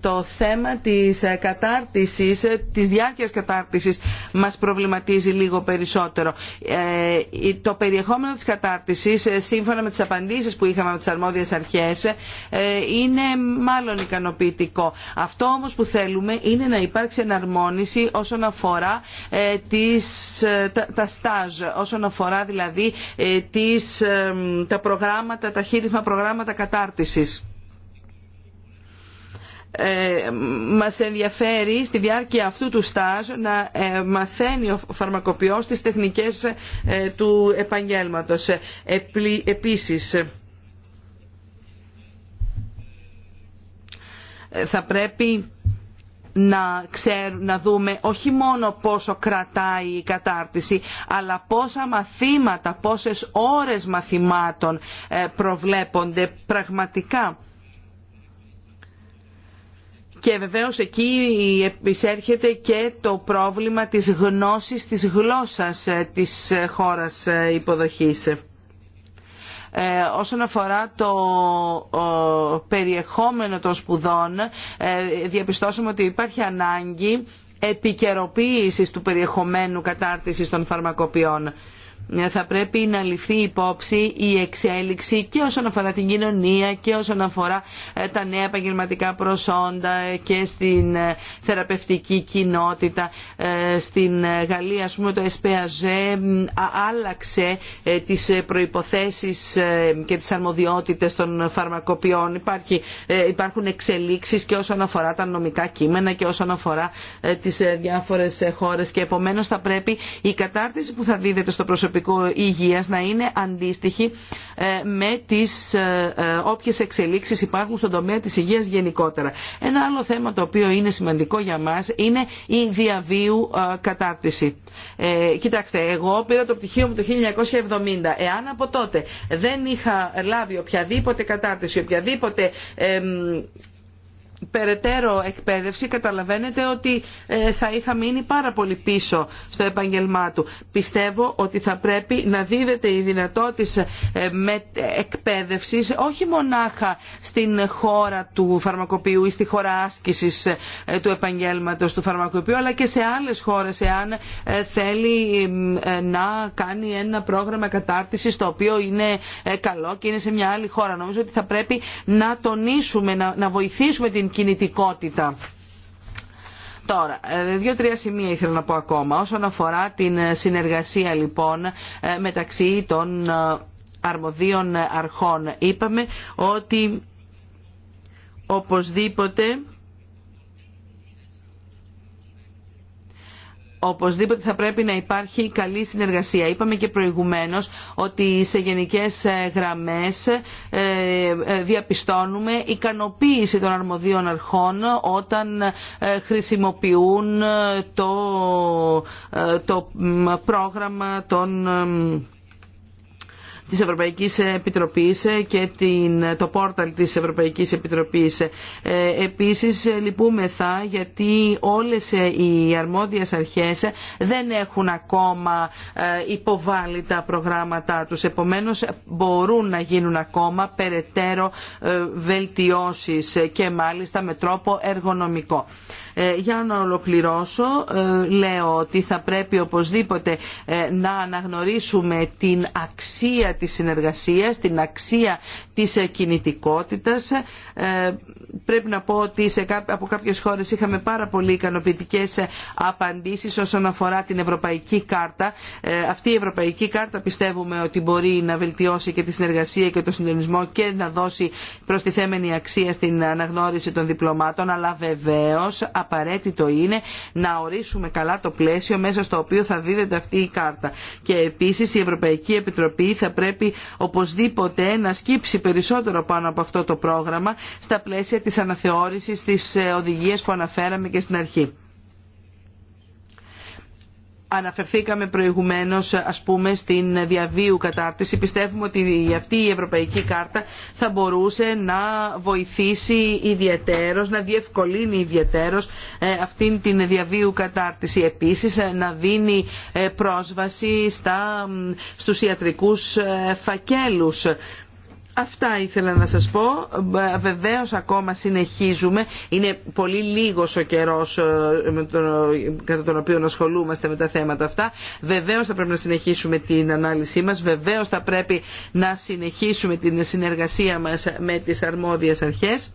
το θέμα της ε, κατάρτισης, ε, της διάρκειας κατάρτισης μας προβληματίζει λίγο περισσότερο. Ε, το περιεχόμενο της κατάρτισης, σύμφωνα με τις απαντήσεις που είχαμε από τις αρμόδιες αρχές, είναι μάλλον ικανοποιητικό. Αυτό όμως που θέλουμε είναι να υπάρξει εναρμόνιση όσον αφορά τις, τα στάζ, όσον αφορά δηλαδή τις, τα προγράμματα, τα προγράμματα κατάρτισης ε, μας ενδιαφέρει στη διάρκεια αυτού του στάζ να ε, μαθαίνει ο φαρμακοποιός τις τεχνικές ε, του επαγγέλματος. Ε, επίσης, θα πρέπει να, να δούμε όχι μόνο πόσο κρατάει η κατάρτιση αλλά πόσα μαθήματα, πόσες ώρες μαθημάτων προβλέπονται πραγματικά και βεβαίως εκεί εισέρχεται και το πρόβλημα της γνώσης της γλώσσας ε, της ε, χώρας ε, υποδοχής. Όσον αφορά το περιεχόμενο των σπουδών, διαπιστώσαμε ότι υπάρχει ανάγκη επικαιροποίησης του περιεχομένου κατάρτισης των φαρμακοποιών ε, θα πρέπει να ληφθεί υπόψη η εξέλιξη και όσον αφορά την κοινωνία και όσον αφορά ε, τα νέα επαγγελματικά προσόντα ε, και στην θεραπευτική κοινότητα. Στην Γαλλία, ας πούμε, το ΕΣΠΕΑΖΕ άλλαξε τις προϋποθέσεις και τις αρμοδιότητες των φαρμακοποιών. Υπάρχει, υπάρχουν εξελίξεις και όσον αφορά τα νομικά κείμενα και όσον αφορά τις διάφορες χώρες και επομένως θα πρέπει η κατάρτιση που θα δίδεται στο προσωπικό προσωπικού να είναι αντίστοιχη ε, με τις ε, ε, όποιες εξελίξεις υπάρχουν στον τομέα της υγείας γενικότερα. Ένα άλλο θέμα το οποίο είναι σημαντικό για μας είναι η διαβίου κατάρτιση. κοιτάξτε, εγώ πήρα το πτυχίο μου το 1970. Εάν από τότε δεν είχα λάβει οποιαδήποτε κατάρτιση, οποιαδήποτε περαιτέρω εκπαίδευση καταλαβαίνετε ότι ε, θα είχα μείνει πάρα πολύ πίσω στο επαγγελμά του. Πιστεύω ότι θα πρέπει να δίδεται η δυνατότητα ε, με εκπαίδευσης όχι μονάχα στην χώρα του φαρμακοποιού ή στη χώρα άσκησης ε, του επαγγελματο του φαρμακοποιού αλλά και σε άλλες χώρες εάν θέλει να κάνει ένα πρόγραμμα κατάρτιση το οποίο είναι καλό και είναι σε μια άλλη χώρα. Νομίζω ότι θα πρέπει να τονίσουμε, να βοηθήσουμε την κινητικότητα. Τώρα, ε, δύο-τρία σημεία ήθελα να πω ακόμα. Όσον αφορά την συνεργασία λοιπόν ε, μεταξύ των ε, αρμοδίων αρχών, είπαμε ότι οπωσδήποτε οπωσδήποτε θα πρέπει να υπάρχει καλή συνεργασία. Είπαμε και προηγουμένως ότι σε γενικές ε, γραμμές ε, ε, διαπιστώνουμε ικανοποίηση των αρμοδίων αρχών όταν χρησιμοποιούν το, το πρόγραμμα των της Ευρωπαϊκής Επιτροπής και την, το πόρταλ της Ευρωπαϊκής Επιτροπής. Ε, επίσης λυπούμεθα γιατί όλες οι αρμόδιες αρχές δεν έχουν ακόμα ε, υποβάλει τα προγράμματά τους. Επομένως μπορούν να γίνουν ακόμα περαιτέρω ε, βελτιώσεις και μάλιστα με τρόπο εργονομικό. Για να ολοκληρώσω λέω ότι θα πρέπει οπωσδήποτε να αναγνωρίσουμε την αξία Τη της συνεργασίας, την αξία της κινητικότητας. Ε, πρέπει να πω ότι από κάποιες χώρες είχαμε πάρα πολύ ικανοποιητικέ απαντήσεις όσον αφορά την Ευρωπαϊκή Κάρτα. Ε, αυτή η Ευρωπαϊκή Κάρτα πιστεύουμε ότι μπορεί να βελτιώσει και τη συνεργασία και το συντονισμό και να δώσει προστιθέμενη αξία στην αναγνώριση των διπλωμάτων, αλλά βεβαίως απαραίτητο είναι να ορίσουμε καλά το πλαίσιο μέσα στο οποίο θα δίδεται αυτή η κάρτα. Και επίσης η Ευρωπαϊκή Επιτροπή θα πρέπει πρέπει οπωσδήποτε να σκύψει περισσότερο πάνω από αυτό το πρόγραμμα στα πλαίσια της αναθεώρησης της ε, οδηγίας που αναφέραμε και στην αρχή. Αναφερθήκαμε προηγουμένως ας πούμε στην διαβίου κατάρτιση. Πιστεύουμε ότι αυτή η Ευρωπαϊκή Κάρτα θα μπορούσε να βοηθήσει ιδιαιτέρως, να διευκολύνει ιδιαιτέρως ε, αυτήν την διαβίου κατάρτιση. Επίσης ε, να δίνει ε, πρόσβαση στα, στους ιατρικούς φακέλους Αυτά ήθελα να σας πω. Βεβαίως ακόμα συνεχίζουμε. Είναι πολύ λίγος ο καιρός ε, κατά τον οποίο ασχολούμαστε με τα θέματα αυτά. Βεβαίως θα πρέπει να συνεχίσουμε την ανάλυση μας. Βεβαίως θα πρέπει να συνεχίσουμε την συνεργασία μας με τις αρμόδιες αρχές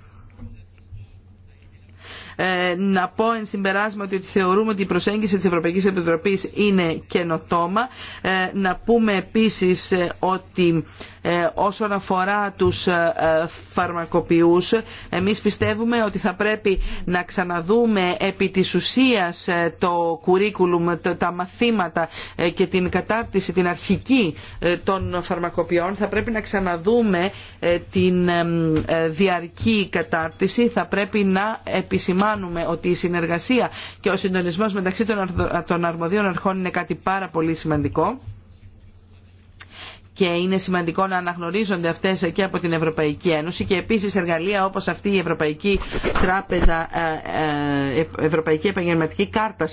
ε, να πω εν συμπεράσμα ότι θεωρούμε ότι η προσέγγιση της Ευρωπαϊκής Επιτροπής είναι καινοτόμα. Ε, να πούμε επίσης ότι ε, όσον αφορά τους ε, φαρμακοποιούς εμείς πιστεύουμε ότι θα πρέπει να ξαναδούμε επί της ουσίας ε, το κουρίκουλουμ, τα μαθήματα και την κατάρτιση την αρχική των φαρμακοποιών θα πρέπει να ξαναδούμε την διαρκή κατάρτιση θα πρέπει να επισημάνουμε ότι η συνεργασία και ο συντονισμός μεταξύ των αρμοδίων αρχών είναι κάτι πάρα πολύ σημαντικό και είναι σημαντικό να αναγνωρίζονται αυτές και από την Ευρωπαϊκή Ένωση και επίσης εργαλεία όπως αυτή η Ευρωπαϊκή, Τράπεζα, ε, ε, ε, Ευρωπαϊκή Επαγγελματική Κάρτα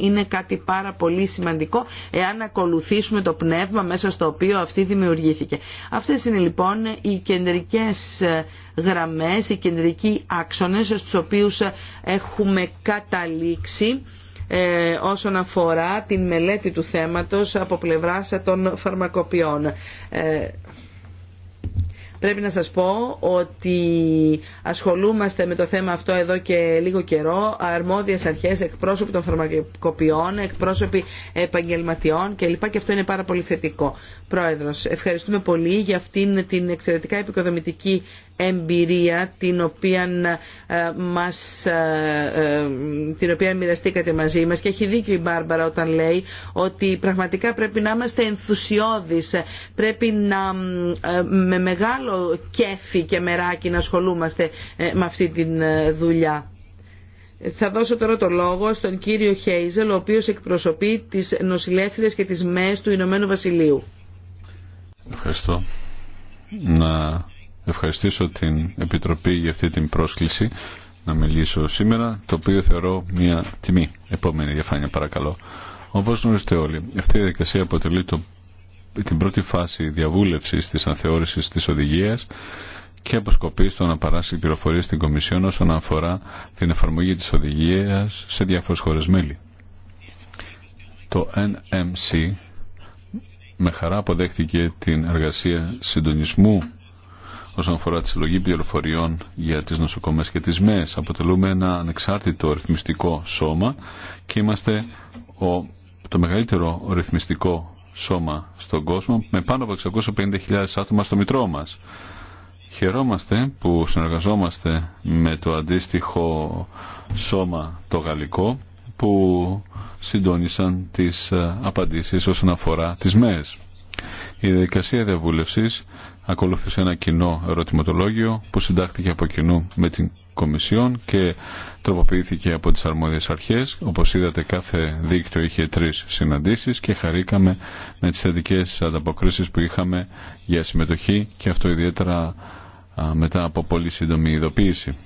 είναι κάτι πάρα πολύ σημαντικό εάν ακολουθήσουμε το πνεύμα μέσα στο οποίο αυτή δημιουργήθηκε. Αυτές είναι λοιπόν οι κεντρικές γραμμές, οι κεντρικοί άξονες στους οποίους έχουμε καταλήξει ε, όσον αφορά την μελέτη του θέματος από πλευράς των φαρμακοποιών. Ε, πρέπει να σας πω ότι ασχολούμαστε με το θέμα αυτό εδώ και λίγο καιρό. Αρμόδιες αρχές, εκπρόσωποι των φαρμακοποιών, εκπρόσωποι επαγγελματιών κλπ. Και αυτό είναι πάρα πολύ θετικό. Πρόεδρος, ευχαριστούμε πολύ για αυτήν την εξαιρετικά επικοδομητική εμπειρία την οποία, ε, μας, ε, ε, την οποία μοιραστήκατε μαζί μας και έχει δίκιο η Μπάρμπαρα όταν λέει ότι πραγματικά πρέπει να είμαστε ενθουσιώδεις, πρέπει να με μεγάλο κέφι και μεράκι να ασχολούμαστε με αυτή τη δουλειά. Θα δώσω τώρα το λόγο στον κύριο Χέιζελ, ο οποίος εκπροσωπεί τις νοσηλεύθερες και τις ΜΕΣ του Ηνωμένου Βασιλείου. Ευχαριστώ. Να ευχαριστήσω την Επιτροπή για αυτή την πρόσκληση να μιλήσω σήμερα, το οποίο θεωρώ μια τιμή. Επόμενη διαφάνεια παρακαλώ. Όπω γνωρίζετε όλοι, αυτή η διαδικασία αποτελεί το, την πρώτη φάση διαβούλευση τη ανθεώρησης τη οδηγία και αποσκοπεί στο να παράσει πληροφορίε στην Κομισιόν όσον αφορά την εφαρμογή τη οδηγία σε διάφορε χώρε μέλη. Το NMC με χαρά αποδέχτηκε την εργασία συντονισμού όσον αφορά τη συλλογή πληροφοριών για τις νοσοκομές και τις ΜΕΕΣ. Αποτελούμε ένα ανεξάρτητο ρυθμιστικό σώμα και είμαστε το μεγαλύτερο ρυθμιστικό σώμα στον κόσμο με πάνω από 650.000 άτομα στο μητρό μας. Χαιρόμαστε που συνεργαζόμαστε με το αντίστοιχο σώμα το γαλλικό που συντόνισαν τις ε, απαντήσεις όσον αφορά τις ΜΕΕΣ. Η διαδικασία διαβούλευσης ακολούθησε ένα κοινό ερωτηματολόγιο που συντάχθηκε από κοινού με την Κομισιόν και τροποποιήθηκε από τις αρμόδιες αρχές. Όπως είδατε κάθε δίκτυο είχε τρεις συναντήσεις και χαρήκαμε με τις θετικέ ανταποκρίσεις που είχαμε για συμμετοχή και αυτό ιδιαίτερα μετά από πολύ σύντομη ειδοποίηση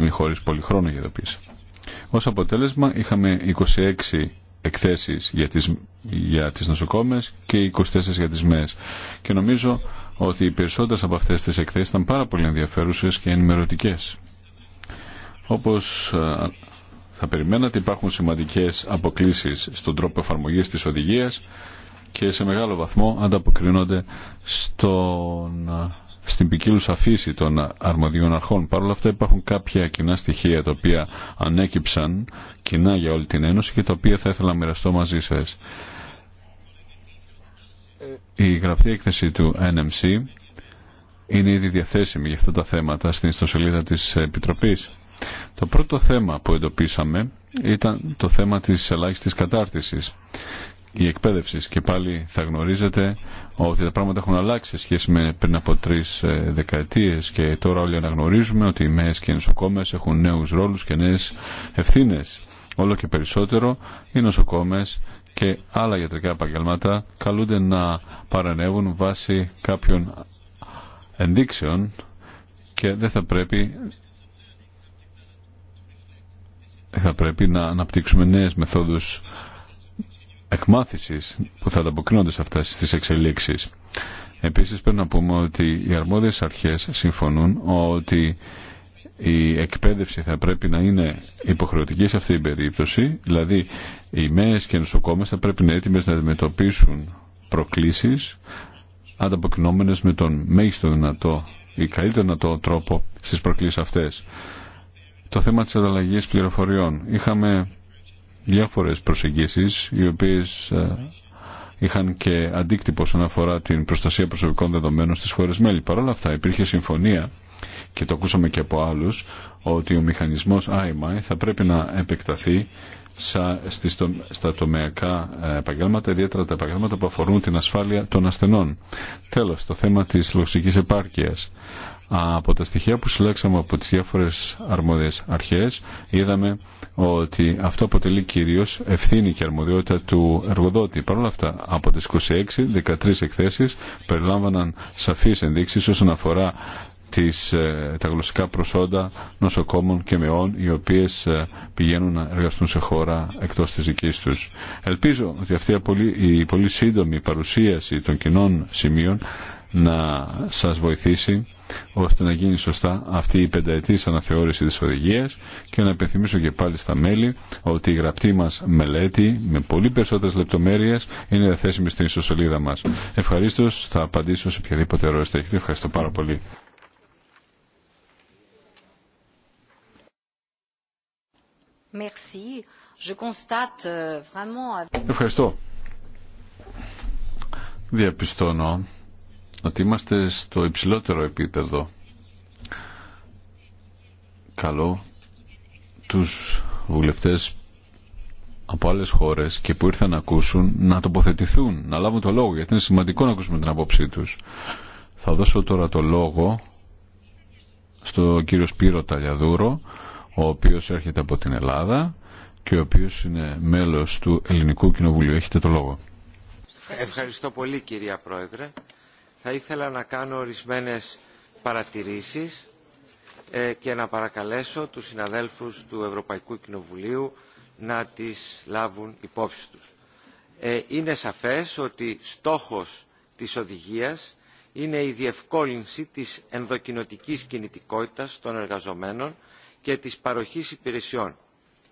ή χωρίς πολύ χρόνο για ειδοποίηση. Ως αποτέλεσμα είχαμε 26 εκθέσεις για τις, για τις νοσοκόμες και 24 για τις ΜΕΣ. Και νομίζω ότι οι περισσότερες από αυτές τις εκθέσεις ήταν πάρα πολύ ενδιαφέρουσες και ενημερωτικές. Όπως ε, θα περιμένατε υπάρχουν σημαντικές αποκλήσεις στον τρόπο εφαρμογής της οδηγίας και σε μεγάλο βαθμό ανταποκρίνονται στον, ε, στην ποικίλουσα φύση των αρμοδίων αρχών. Παρ' όλα αυτά υπάρχουν κάποια κοινά στοιχεία τα οποία ανέκυψαν κοινά για όλη την Ένωση και τα οποία θα ήθελα να μοιραστώ μαζί σας. Η γραφική έκθεση του NMC είναι ήδη διαθέσιμη για αυτά τα θέματα στην ιστοσελίδα της Επιτροπής. Το πρώτο θέμα που εντοπίσαμε ήταν το θέμα της ελάχιστης κατάρτισης η εκπαίδευση και πάλι θα γνωρίζετε ότι τα πράγματα έχουν αλλάξει σε σχέση με πριν από τρει ε, δεκαετίε και τώρα όλοι αναγνωρίζουμε ότι οι ΜΕΣ και οι νοσοκόμε έχουν νέου ρόλου και νέε ευθύνε. Όλο και περισσότερο οι νοσοκόμε και άλλα ιατρικά επαγγελμάτα καλούνται να παρανεύουν βάσει κάποιων ενδείξεων και δεν θα πρέπει θα πρέπει να αναπτύξουμε νέες μεθόδους εκμάθησης που θα ανταποκρίνονται σε αυτές τις εξελίξεις. Επίσης πρέπει να πούμε ότι οι αρμόδιες αρχές συμφωνούν ότι η εκπαίδευση θα πρέπει να είναι υποχρεωτική σε αυτή την περίπτωση, δηλαδή οι ΜΕΕΣ και οι νοσοκόμες θα πρέπει να είναι έτοιμες να αντιμετωπίσουν προκλήσεις ανταποκρινόμενες με τον μέγιστο δυνατό ή καλύτερο δυνατό τρόπο στις προκλήσεις αυτές. Το θέμα της ανταλλαγή πληροφοριών. Είχαμε διάφορες προσεγγίσεις οι οποίες ε, είχαν και αντίκτυπο όσον αφορά την προστασία προσωπικών δεδομένων στις χώρες μέλη. Παρ' όλα αυτά υπήρχε συμφωνία και το ακούσαμε και από άλλους ότι ο μηχανισμός IMI θα πρέπει να επεκταθεί στα τομεακά ε, επαγγέλματα, ιδιαίτερα τα επαγγέλματα που αφορούν την ασφάλεια των ασθενών. Τέλος, το θέμα της λογιστικής επάρκειας. Από τα στοιχεία που συλλέξαμε από τις διάφορες αρμόδιες αρχές είδαμε ότι αυτό αποτελεί κυρίως ευθύνη και αρμοδιότητα του εργοδότη. Παρ' όλα αυτά, από τις 26, 13 εκθέσεις περιλάμβαναν σαφείς ενδείξεις όσον αφορά τις, ε, τα γλωσσικά προσόντα νοσοκόμων και μεών οι οποίες ε, πηγαίνουν να εργαστούν σε χώρα εκτός της δικής τους. Ελπίζω ότι αυτή η πολύ σύντομη παρουσίαση των κοινών σημείων να σας βοηθήσει ώστε να γίνει σωστά αυτή η πενταετής αναθεώρηση της οδηγίας και να επιθυμίσω και πάλι στα μέλη ότι η γραπτή μας μελέτη με πολύ περισσότερες λεπτομέρειες είναι διαθέσιμη στην ιστοσελίδα μας. Ευχαρίστως θα απαντήσω σε οποιαδήποτε ερώτηση έχετε. Ευχαριστώ πάρα πολύ. Euh, Ευχαριστώ. Διαπιστώνω ότι είμαστε στο υψηλότερο επίπεδο. Καλό τους βουλευτές από άλλες χώρες και που ήρθαν να ακούσουν να τοποθετηθούν, να λάβουν το λόγο γιατί είναι σημαντικό να ακούσουμε την απόψή τους. Θα δώσω τώρα το λόγο στον κύριο Σπύρο Ταλιαδούρο ο οποίος έρχεται από την Ελλάδα και ο οποίος είναι μέλος του Ελληνικού Κοινοβουλίου. Έχετε το λόγο. Ευχαριστώ πολύ κυρία Πρόεδρε. Θα ήθελα να κάνω ορισμένες παρατηρήσεις ε, και να παρακαλέσω τους συναδέλφους του Ευρωπαϊκού Κοινοβουλίου να τις λάβουν υπόψη τους. Ε, είναι σαφές ότι στόχος της οδηγίας είναι η διευκόλυνση της ενδοκινοτικής κινητικότητας των εργαζομένων και της παροχής υπηρεσιών.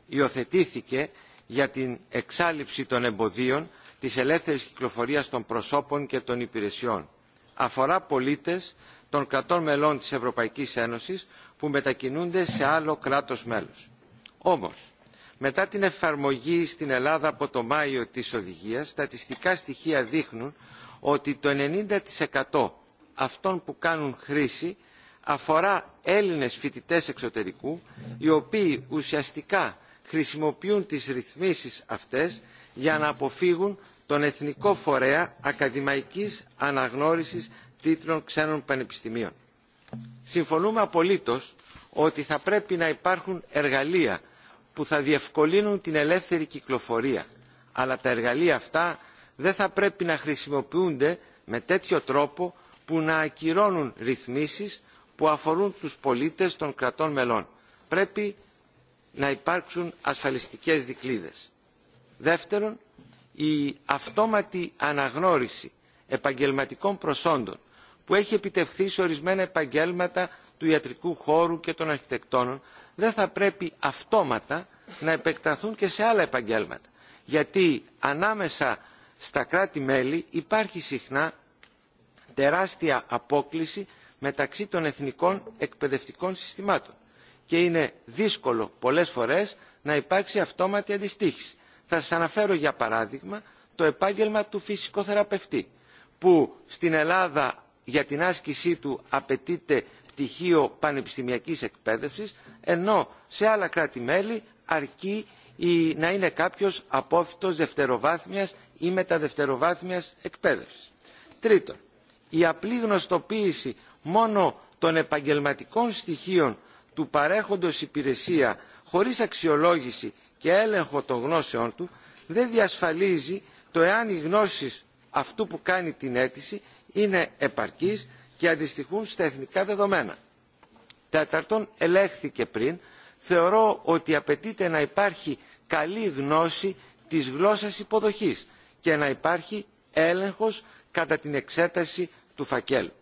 Υιοθετήθηκε για την εξάλληψη των εμποδίων της ελεύθερης κυκλοφορίας των προσώπων και των υπηρεσιών. Αφορά πολίτες των κρατών μελών της Ευρωπαϊκής Ένωσης που μετακινούνται σε άλλο κράτος μέλος. Όμως, μετά την εφαρμογή στην Ελλάδα από το Μάιο της οδηγίας, στατιστικά στοιχεία δείχνουν ότι το 90% αυτών που κάνουν χρήση αφορά Έλληνες φοιτητές εξωτερικού οι οποίοι ουσιαστικά χρησιμοποιούν τις ρυθμίσεις αυτές για να αποφύγουν τον εθνικό φορέα ακαδημαϊκής αναγνώρισης τίτλων ξένων πανεπιστημίων. Συμφωνούμε απολύτως ότι θα πρέπει να υπάρχουν εργαλεία που θα διευκολύνουν την ελεύθερη κυκλοφορία, αλλά τα εργαλεία αυτά δεν θα πρέπει να χρησιμοποιούνται με τέτοιο τρόπο που να ακυρώνουν ρυθμίσεις που αφορούν τους πολίτες των κρατών μελών. Πρέπει να υπάρξουν ασφαλιστικές δικλίδες. Δεύτερον, η αυτόματη αναγνώριση επαγγελματικών προσόντων που έχει επιτευχθεί σε ορισμένα επαγγέλματα του ιατρικού χώρου και των αρχιτεκτόνων δεν θα πρέπει αυτόματα να επεκταθούν και σε άλλα επαγγέλματα. Γιατί ανάμεσα στα κράτη-μέλη υπάρχει συχνά τεράστια απόκληση μεταξύ των εθνικών εκπαιδευτικών συστημάτων και είναι δύσκολο πολλές φορές να υπάρξει αυτόματη αντιστοίχηση. Θα σας αναφέρω για παράδειγμα το επάγγελμα του φυσικοθεραπευτή που στην Ελλάδα για την άσκησή του απαιτείται πτυχίο πανεπιστημιακής εκπαίδευσης ενώ σε άλλα κράτη-μέλη αρκεί ή να είναι κάποιος απόφυτος δευτεροβάθμιας ή μεταδευτεροβάθμιας εκπαίδευσης. Τρίτον, η απλή γνωστοποίηση μόνο των επαγγελματικών στοιχείων του παρέχοντος υπηρεσία χωρίς αξιολόγηση και έλεγχο των γνώσεών του δεν διασφαλίζει το εάν οι γνώσεις αυτού που κάνει την αίτηση είναι επαρκής και αντιστοιχούν στα εθνικά δεδομένα. Τέταρτον, ελέγχθηκε πριν, θεωρώ ότι απαιτείται να υπάρχει καλή γνώση της γλώσσας υποδοχής και να υπάρχει έλεγχος κατά την εξέταση του φακέλου.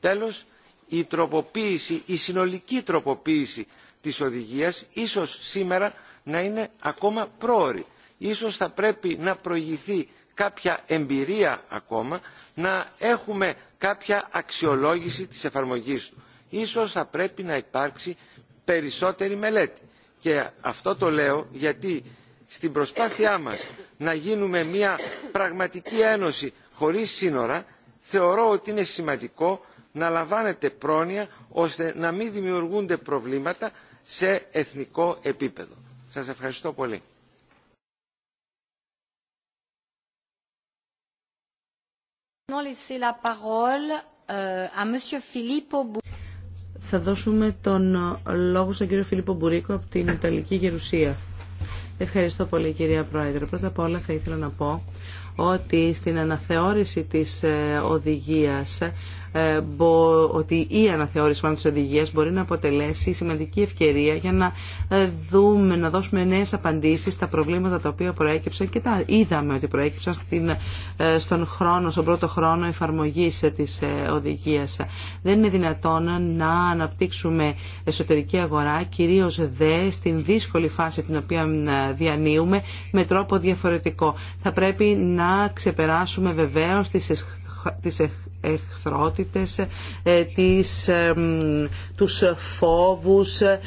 Τέλος, η τροποποίηση, η συνολική τροποποίηση της οδηγίας ίσως σήμερα να είναι ακόμα πρόωρη. Ίσως θα πρέπει να προηγηθεί κάποια εμπειρία ακόμα, να έχουμε κάποια αξιολόγηση της εφαρμογής του. Ίσως θα πρέπει να υπάρξει περισσότερη μελέτη. Και αυτό το λέω γιατί στην προσπάθειά μας να γίνουμε μια πραγματική ένωση χωρίς σύνορα θεωρώ ότι είναι σημαντικό να λαμβάνεται πρόνοια ώστε να μην δημιουργούνται προβλήματα σε εθνικό επίπεδο. Σας ευχαριστώ πολύ. Euh, θα δώσουμε τον ε, λόγο στον κύριο Φιλίππο Μπουρίκο από την Ιταλική Γερουσία. Ευχαριστώ πολύ κυρία Πρόεδρε. Πρώτα απ' όλα θα ήθελα να πω ότι στην αναθεώρηση της ε, οδηγίας ε, ότι η αναθεώρηση πάνω της οδηγίας μπορεί να αποτελέσει σημαντική ευκαιρία για να ε, δούμε, να δώσουμε νέες απαντήσεις στα προβλήματα τα οποία προέκυψαν και τα είδαμε ότι προέκυψαν στην, ε, στον χρόνο, στον πρώτο χρόνο εφαρμογής της οδηγίας. Δεν είναι δυνατόν να αναπτύξουμε εσωτερική αγορά, κυρίως δε στην δύσκολη φάση την οποία διανύουμε με τρόπο διαφορετικό. Θα πρέπει να ξεπεράσουμε βεβαίως τις τις εχθρότητες, ε, τις, τους φόβους, ε,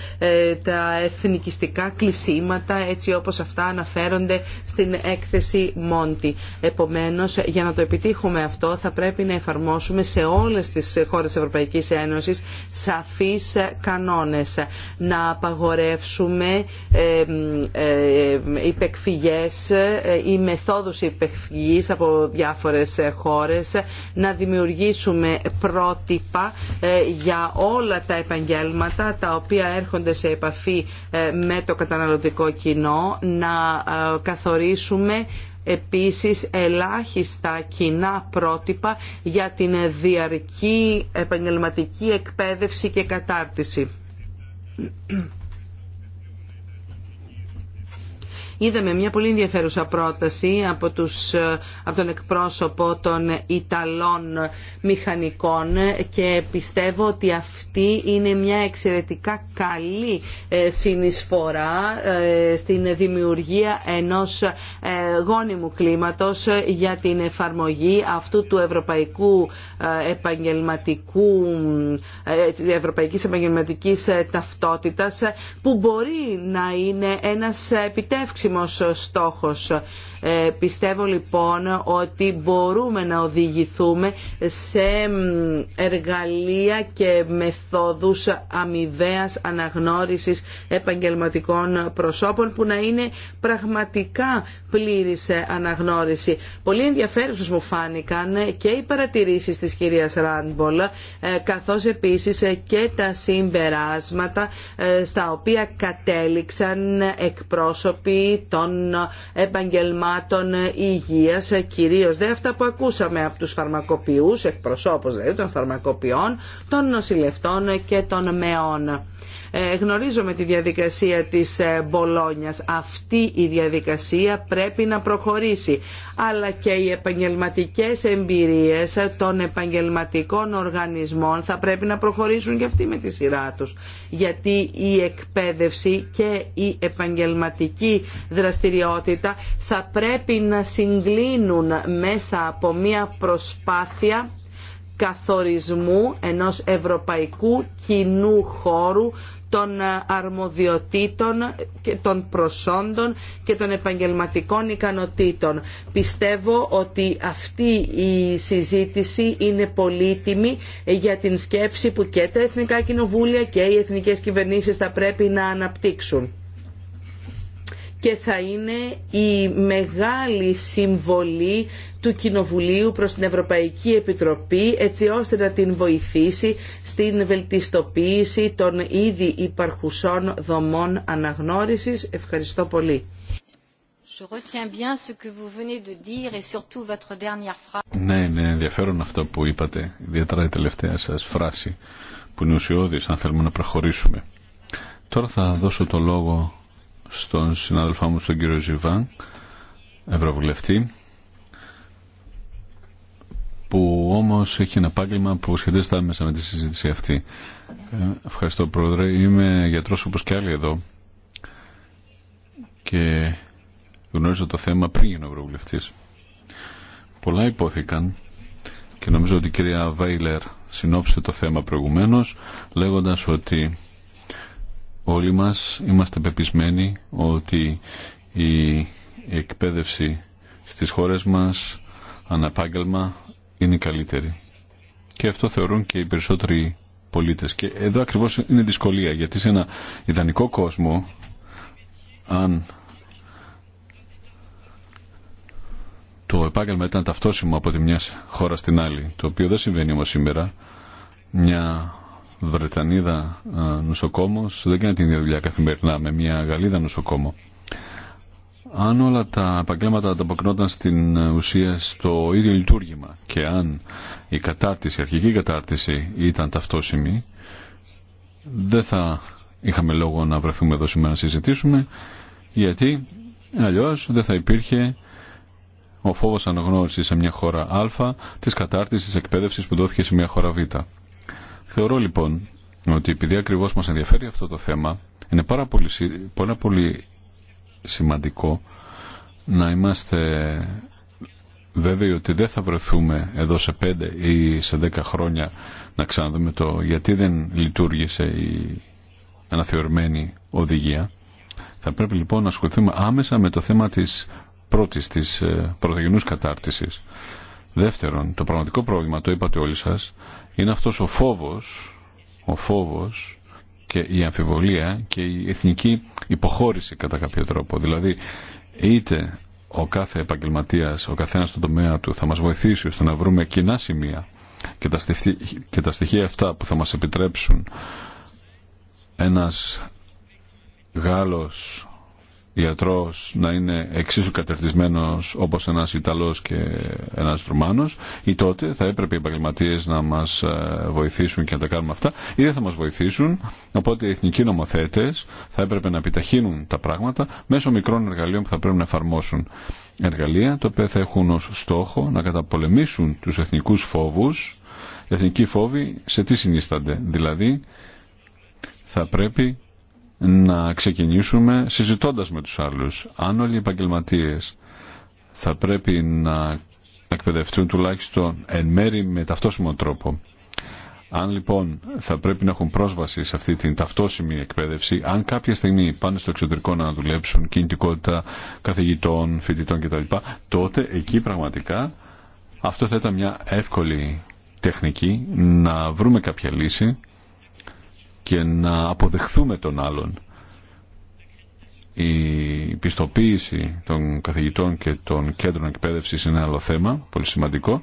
τα εθνικιστικά κλεισίματα έτσι όπως αυτά αναφέρονται στην έκθεση Μόντι. Επομένως, για να το επιτύχουμε αυτό θα πρέπει να εφαρμόσουμε σε όλες τις χώρες της Ευρωπαϊκής Ένωσης σαφείς κανόνες. Να απαγορεύσουμε υπεκφυγές ε, ή μεθόδους υπεκφυγής από διάφορες χώρες, να δημιουργήσουμε δημιουργήσουμε πρότυπα ε, για όλα τα επαγγέλματα τα οποία έρχονται σε επαφή ε, με το καταναλωτικό κοινό, να ε, καθορίσουμε επίσης ελάχιστα κοινά πρότυπα για την διαρκή επαγγελματική εκπαίδευση και κατάρτιση. Είδαμε μια πολύ ενδιαφέρουσα πρόταση από, τους, ε, από τον εκπρόσωπο των Ιταλών μηχανικών και πιστεύω ότι αυτή είναι μια εξαιρετικά καλή ε, συνεισφορά ε, στην δημιουργία ενός γόνιμου κλίματος για την εφαρμογή αυτού του ευρωπαϊκού επαγγελματικού ευρωπαϊκής επαγγελματικής ταυτότητας που μπορεί να είναι ένας επιτεύξιμος στόχος ε, πιστεύω λοιπόν ότι μπορούμε να οδηγηθούμε σε εργαλεία και μεθόδους αμοιβαία αναγνώρισης επαγγελματικών προσώπων που να είναι πραγματικά πλήρης αναγνώριση. Πολύ ενδιαφέρουσες μου φάνηκαν και οι παρατηρήσεις της κυρίας Ράνμπολ ε, καθώς επίσης και τα συμπεράσματα ε, στα οποία κατέληξαν εκπρόσωποι των επαγγελμάτων θεμάτων υγείας ε, κυρίως δε αυτά που ακούσαμε από τους φαρμακοποιούς, εκπροσώπους δηλαδή των φαρμακοποιών, των νοσηλευτών και των μεών με τη διαδικασία της ε, Μπολόνιας. Αυτή η διαδικασία πρέπει να προχωρήσει. Αλλά και οι επαγγελματικές εμπειρίες των επαγγελματικών οργανισμών θα πρέπει να προχωρήσουν και αυτοί με τη σειρά τους. Γιατί η εκπαίδευση και η επαγγελματική δραστηριότητα θα πρέπει να συγκλίνουν μέσα από μια προσπάθεια καθορισμού ενός ευρωπαϊκού κοινού χώρου των αρμοδιοτήτων και των προσόντων και των επαγγελματικών ικανοτήτων. Πιστεύω ότι αυτή η συζήτηση είναι πολύτιμη για την σκέψη που και τα Εθνικά Κοινοβούλια και οι Εθνικές Κυβερνήσεις θα πρέπει να αναπτύξουν και θα είναι η μεγάλη συμβολή του Κοινοβουλίου προς την Ευρωπαϊκή Επιτροπή έτσι ώστε να την βοηθήσει στην βελτιστοποίηση των ήδη υπαρχουσών δομών αναγνώρισης. Ευχαριστώ πολύ. Ναι, είναι ενδιαφέρον αυτό που είπατε, ιδιαίτερα η τελευταία σας φράση που είναι ουσιώδης αν θέλουμε να προχωρήσουμε. Τώρα θα δώσω το λόγο στον συνάδελφά μου, στον κύριο Ζιβάν, ευρωβουλευτή, που όμως έχει ένα επάγγελμα που σχετίζεται άμεσα με τη συζήτηση αυτή. Ε, ευχαριστώ πρόεδρε. Είμαι γιατρός όπως και άλλοι εδώ και γνωρίζω το θέμα πριν γίνω ευρωβουλευτής. Πολλά υπόθηκαν και νομίζω ότι η κυρία Βέιλερ συνόψε το θέμα προηγουμένως λέγοντας ότι Όλοι μας είμαστε πεπισμένοι ότι η εκπαίδευση στις χώρες μας αναπάγγελμα είναι καλύτερη. Και αυτό θεωρούν και οι περισσότεροι πολίτες. Και εδώ ακριβώς είναι δυσκολία, γιατί σε ένα ιδανικό κόσμο, αν το επάγγελμα ήταν ταυτόσιμο από τη μια χώρα στην άλλη, το οποίο δεν συμβαίνει όμως σήμερα, μια Βρετανίδα ε, νοσοκόμο, δεν κάνει την ίδια δουλειά καθημερινά με μια Γαλλίδα νοσοκόμο. Αν όλα τα επαγγέλματα ανταποκρινόταν στην ε, ουσία στο ίδιο λειτουργήμα και αν η κατάρτιση, η αρχική κατάρτιση ήταν ταυτόσιμη, δεν θα είχαμε λόγο να βρεθούμε εδώ σήμερα να συζητήσουμε, γιατί αλλιώ δεν θα υπήρχε ο φόβος αναγνώρισης σε μια χώρα Α της κατάρτισης εκπαίδευσης που δόθηκε σε μια χώρα Β. Θεωρώ λοιπόν ότι επειδή ακριβώ μα ενδιαφέρει αυτό το θέμα, είναι πάρα πολύ, σημαντικό να είμαστε βέβαιοι ότι δεν θα βρεθούμε εδώ σε πέντε ή σε δέκα χρόνια να ξαναδούμε το γιατί δεν λειτουργήσε η αναθεωρημένη οδηγία. Θα πρέπει λοιπόν να ασχοληθούμε άμεσα με το θέμα της πρώτης, της ε, πρωτογενούς κατάρτισης. Δεύτερον, το πραγματικό πρόβλημα, το είπατε όλοι σας, είναι αυτός ο φόβος, ο φόβος και η αμφιβολία και η εθνική υποχώρηση κατά κάποιο τρόπο. Δηλαδή είτε ο κάθε επαγγελματίας, ο καθένας στον τομέα του θα μας βοηθήσει ώστε να βρούμε κοινά σημεία και τα, στοιχεία, και τα στοιχεία αυτά που θα μας επιτρέψουν ένας Γάλλος ιατρός να είναι εξίσου κατερτισμένος όπως ένας Ιταλός και ένας Ρουμάνος ή τότε θα έπρεπε οι επαγγελματίε να μας ε, βοηθήσουν και να τα κάνουμε αυτά ή δεν θα μας βοηθήσουν οπότε οι εθνικοί νομοθέτες θα έπρεπε να επιταχύνουν τα πράγματα μέσω μικρών εργαλείων που θα πρέπει να εφαρμόσουν εργαλεία τα οποία θα έχουν ως στόχο να καταπολεμήσουν τους εθνικούς φόβους οι εθνικοί φόβοι σε τι συνίστανται δηλαδή θα πρέπει να ξεκινήσουμε συζητώντας με τους άλλους. Αν όλοι οι επαγγελματίες θα πρέπει να εκπαιδευτούν τουλάχιστον εν μέρη με ταυτόσιμο τρόπο. Αν λοιπόν θα πρέπει να έχουν πρόσβαση σε αυτή την ταυτόσιμη εκπαίδευση, αν κάποια στιγμή πάνε στο εξωτερικό να δουλέψουν κινητικότητα καθηγητών, φοιτητών κτλ., τότε εκεί πραγματικά αυτό θα ήταν μια εύκολη τεχνική να βρούμε κάποια λύση και να αποδεχθούμε τον άλλον. Η πιστοποίηση των καθηγητών και των κέντρων εκπαίδευση είναι ένα άλλο θέμα, πολύ σημαντικό.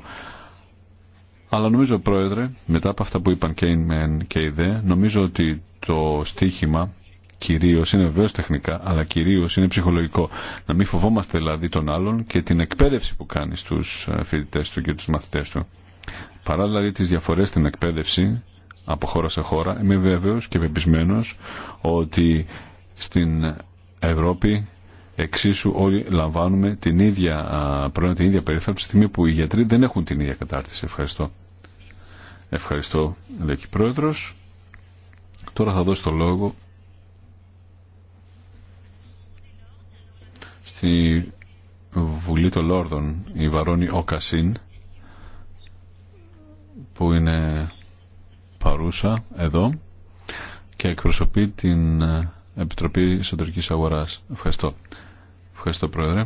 Αλλά νομίζω, Πρόεδρε, μετά από αυτά που είπαν και οι μεν και οι δε, νομίζω ότι το στίχημα κυρίω είναι βεβαίω τεχνικά, αλλά κυρίω είναι ψυχολογικό. Να μην φοβόμαστε δηλαδή τον άλλον και την εκπαίδευση που κάνει στου ε, φοιτητέ του και του μαθητέ του. Παρά δηλαδή τι διαφορέ στην εκπαίδευση, από χώρα σε χώρα. Είμαι βέβαιος και πεπισμένο ότι στην Ευρώπη εξίσου όλοι λαμβάνουμε την ίδια την ίδια περίθαλψη, τη στιγμή που οι γιατροί δεν έχουν την ίδια κατάρτιση. Ευχαριστώ. Ευχαριστώ, λέει και πρόεδρος. Τώρα θα δώσω το λόγο στη Βουλή των Λόρδων, η Βαρόνη Οκασίν, που είναι παρούσα εδώ και εκπροσωπεί την ε, Επιτροπή εσωτερική Αγοράς. Ευχαριστώ. Ευχαριστώ Πρόεδρε.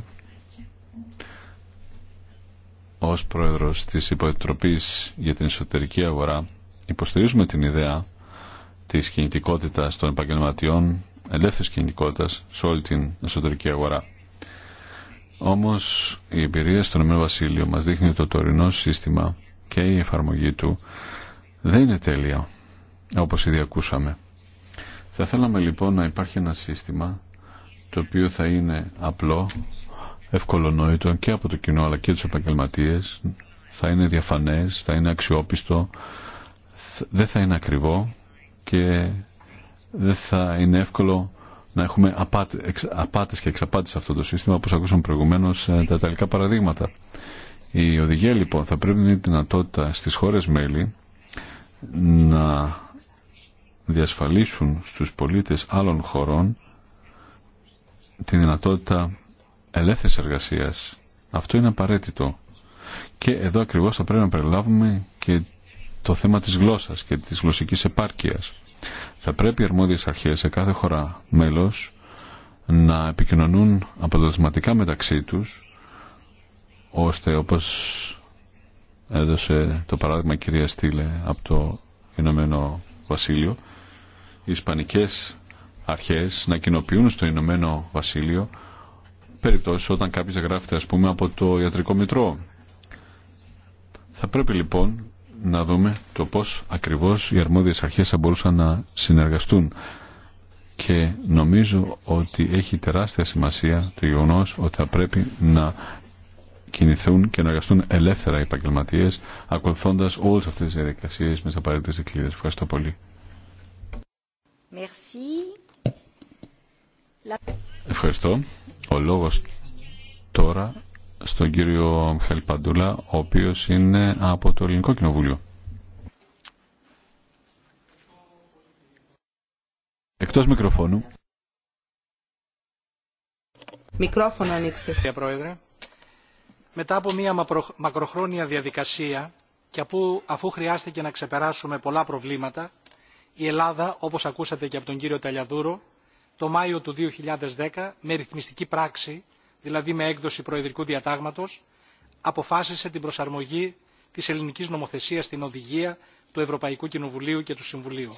Ω Πρόεδρος της Υποεπιτροπή για την Εσωτερική Αγορά υποστηρίζουμε την ιδέα της κινητικότητα των επαγγελματιών ελεύθερη κινητικότητας σε όλη την εσωτερική αγορά. Όμως η εμπειρία στον Βασίλειο μας δείχνει το τωρινό σύστημα και η εφαρμογή του δεν είναι τέλεια, όπως ήδη ακούσαμε. Θα θέλαμε λοιπόν να υπάρχει ένα σύστημα το οποίο θα είναι απλό, ευκολονόητο και από το κοινό αλλά και τους επαγγελματίε, θα είναι διαφανές, θα είναι αξιόπιστο, δεν θα είναι ακριβό και δεν θα είναι εύκολο να έχουμε απάτες και εξαπάτες σε αυτό το σύστημα όπως ακούσαμε προηγουμένως ε, τα ιταλικά παραδείγματα. Η οδηγία λοιπόν θα πρέπει να είναι δυνατότητα στις χώρες μέλη να διασφαλίσουν στους πολίτες άλλων χωρών τη δυνατότητα ελεύθερης εργασίας. Αυτό είναι απαραίτητο. Και εδώ ακριβώς θα πρέπει να περιλάβουμε και το θέμα της γλώσσας και της γλωσσικής επάρκειας. Θα πρέπει οι αρμόδιες αρχές σε κάθε χώρα μέλος να επικοινωνούν αποτελεσματικά μεταξύ τους ώστε όπως έδωσε το παράδειγμα κυρία Στήλε από το Ηνωμένο Βασίλειο οι ισπανικές αρχές να κοινοποιούν στο Ηνωμένο Βασίλειο περιπτώσει όταν κάποιος γράφεται ας πούμε από το ιατρικό μητρό θα πρέπει λοιπόν να δούμε το πώς ακριβώς οι αρμόδιες αρχές θα μπορούσαν να συνεργαστούν και νομίζω ότι έχει τεράστια σημασία το γεγονό ότι θα πρέπει να κινηθούν και να εργαστούν ελεύθερα οι επαγγελματίε, ακολουθώντα όλε αυτέ τι διαδικασίε με τι απαραίτητε δικλείδε. Ευχαριστώ πολύ. Ευχαριστώ. Ο λόγο τώρα στον κύριο Μιχαήλ Παντούλα, ο οποίο είναι από το Ελληνικό Κοινοβούλιο. Εκτός μικροφώνου. Μικρόφωνο ανοίξτε. Κύριε Πρόεδρε, μετά από μια μακροχρόνια διαδικασία και αφού χρειάστηκε να ξεπεράσουμε πολλά προβλήματα, η Ελλάδα, όπως ακούσατε και από τον κύριο Ταλιαδούρο, το Μάιο του 2010 με ρυθμιστική πράξη, δηλαδή με έκδοση προεδρικού διατάγματος, αποφάσισε την προσαρμογή της ελληνικής νομοθεσίας στην οδηγία του Ευρωπαϊκού Κοινοβουλίου και του Συμβουλίου.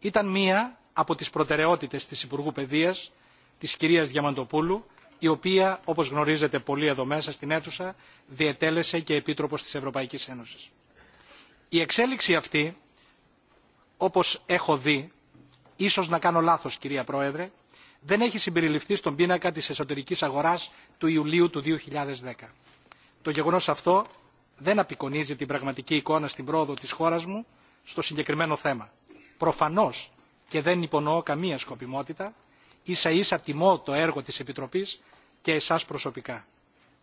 Ήταν μία από τις προτεραιότητες της Υπουργού Παιδείας, της κυρίας Διαμαντοπούλου, η οποία, όπως γνωρίζετε πολύ εδώ μέσα στην αίθουσα, διετέλεσε και επίτροπος της Ευρωπαϊκής Ένωσης. Η εξέλιξη αυτή, όπως έχω δει, ίσως να κάνω λάθος κυρία Πρόεδρε, δεν έχει συμπεριληφθεί στον πίνακα της εσωτερικής αγοράς του Ιουλίου του 2010. Το γεγονός αυτό δεν απεικονίζει την πραγματική εικόνα στην πρόοδο της χώρας μου στο συγκεκριμένο θέμα. Προφανώς και δεν υπονοώ καμία σκοπιμότητα, ίσα ίσα τιμώ το έργο της Επιτροπής και εσάς προσωπικά.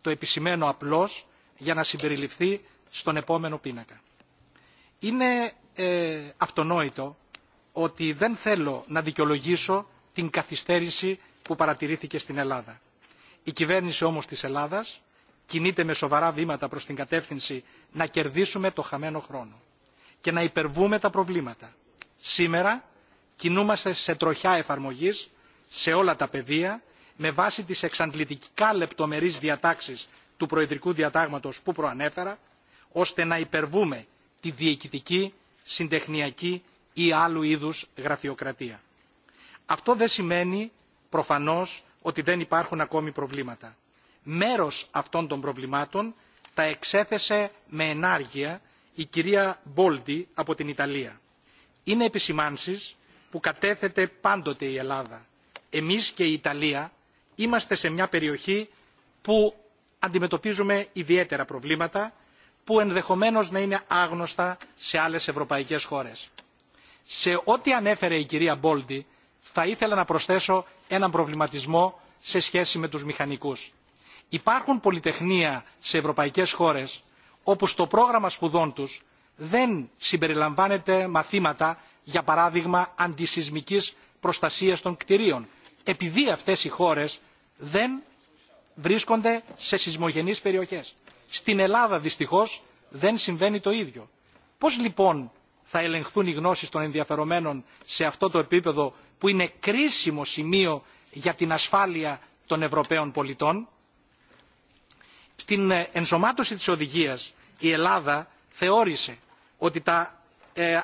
Το επισημαίνω απλώς για να συμπεριληφθεί στον επόμενο πίνακα. Είναι ε, αυτονόητο ότι δεν θέλω να δικαιολογήσω την καθυστέρηση που παρατηρήθηκε στην Ελλάδα. Η κυβέρνηση όμως της Ελλάδας κινείται με σοβαρά βήματα προς την κατεύθυνση να κερδίσουμε το χαμένο χρόνο και να υπερβούμε τα προβλήματα. Σήμερα κινούμαστε σε τροχιά εφαρμογής σε όλα τα πεδία με βάση τις εξαντλητικά λεπτομερείς διατάξεις του προεδρικού διατάγματος που προανέφερα, ώστε να υπερβούμε τη διοικητική, συντεχνιακή ή άλλου είδους γραφειοκρατία. Αυτό δεν σημαίνει προφανώς ότι δεν υπάρχουν ακόμη προβλήματα. Μέρος αυτών των προβλημάτων τα εξέθεσε με ενάργεια η κυρία Μπόλντι από την Ιταλία. Είναι επισημάνσεις που κατέθετε πάντοτε η Ελλάδα. Εμείς και η Ιταλία είμαστε σε μια περιοχή που αντιμετωπίζουμε ιδιαίτερα προβλήματα που ενδεχομένως να είναι άγνωστα σε άλλες ευρωπαϊκές χώρες. Σε ό,τι ανέφερε η κυρία Μπόλντι θα ήθελα να προσθέσω έναν προβληματισμό σε σχέση με τους μηχανικούς. Υπάρχουν πολυτεχνία σε ευρωπαϊκές χώρες όπου στο πρόγραμμα σπουδών τους δεν συμπεριλαμβάνεται μαθήματα για παράδειγμα αντισυσμικής προστασίας των κτηρίων επειδή αυτές οι χώρες δεν βρίσκονται σε σεισμογενείς περιοχές. Στην Ελλάδα δυστυχώς δεν συμβαίνει το ίδιο. Πώς λοιπόν θα ελεγχθούν οι γνώσεις των ενδιαφερομένων σε αυτό το επίπεδο που είναι κρίσιμο σημείο για την ασφάλεια των Ευρωπαίων πολιτών. Στην ε, ενσωμάτωση της οδηγίας η Ελλάδα θεώρησε ότι τα ε, ε,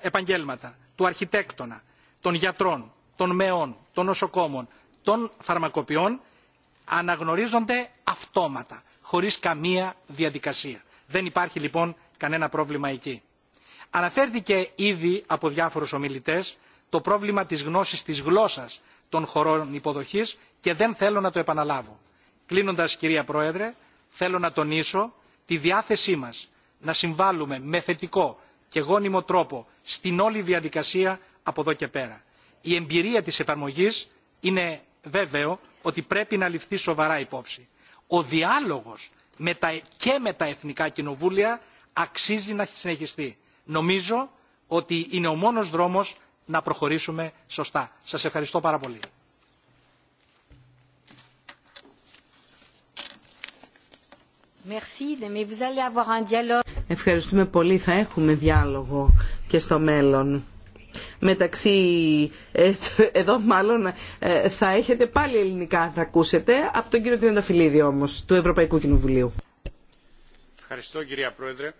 επαγγέλματα του αρχιτέκτονα, των γιατρών, των μεών, των νοσοκόμων, των φαρμακοποιών αναγνωρίζονται αυτόματα, χωρίς καμία διαδικασία. Δεν υπάρχει λοιπόν κανένα πρόβλημα εκεί. Αναφέρθηκε ήδη από διάφορους ομιλητές το πρόβλημα της γνώσης της γλώσσας των χωρών υποδοχής και δεν θέλω να το επαναλάβω. Κλείνοντας κυρία Πρόεδρε, θέλω να τονίσω τη διάθεσή μας να συμβάλλουμε με θετικό και γόνιμο τρόπο στην όλη διαδικασία από εδώ και πέρα η εμπειρία της εφαρμογής είναι βέβαιο ότι πρέπει να ληφθεί σοβαρά υπόψη. Ο διάλογος και με τα εθνικά κοινοβούλια αξίζει να συνεχιστεί. Νομίζω ότι είναι ο μόνος δρόμος να προχωρήσουμε σωστά. Σας ευχαριστώ πάρα πολύ. Ευχαριστούμε πολύ. Θα έχουμε διάλογο και στο μέλλον μεταξύ... Ε, εδώ μάλλον ε, θα έχετε πάλι ελληνικά θα ακούσετε από τον κύριο Τριανταφυλλίδη όμως του Ευρωπαϊκού Κοινοβουλίου. Ευχαριστώ κυρία Πρόεδρε.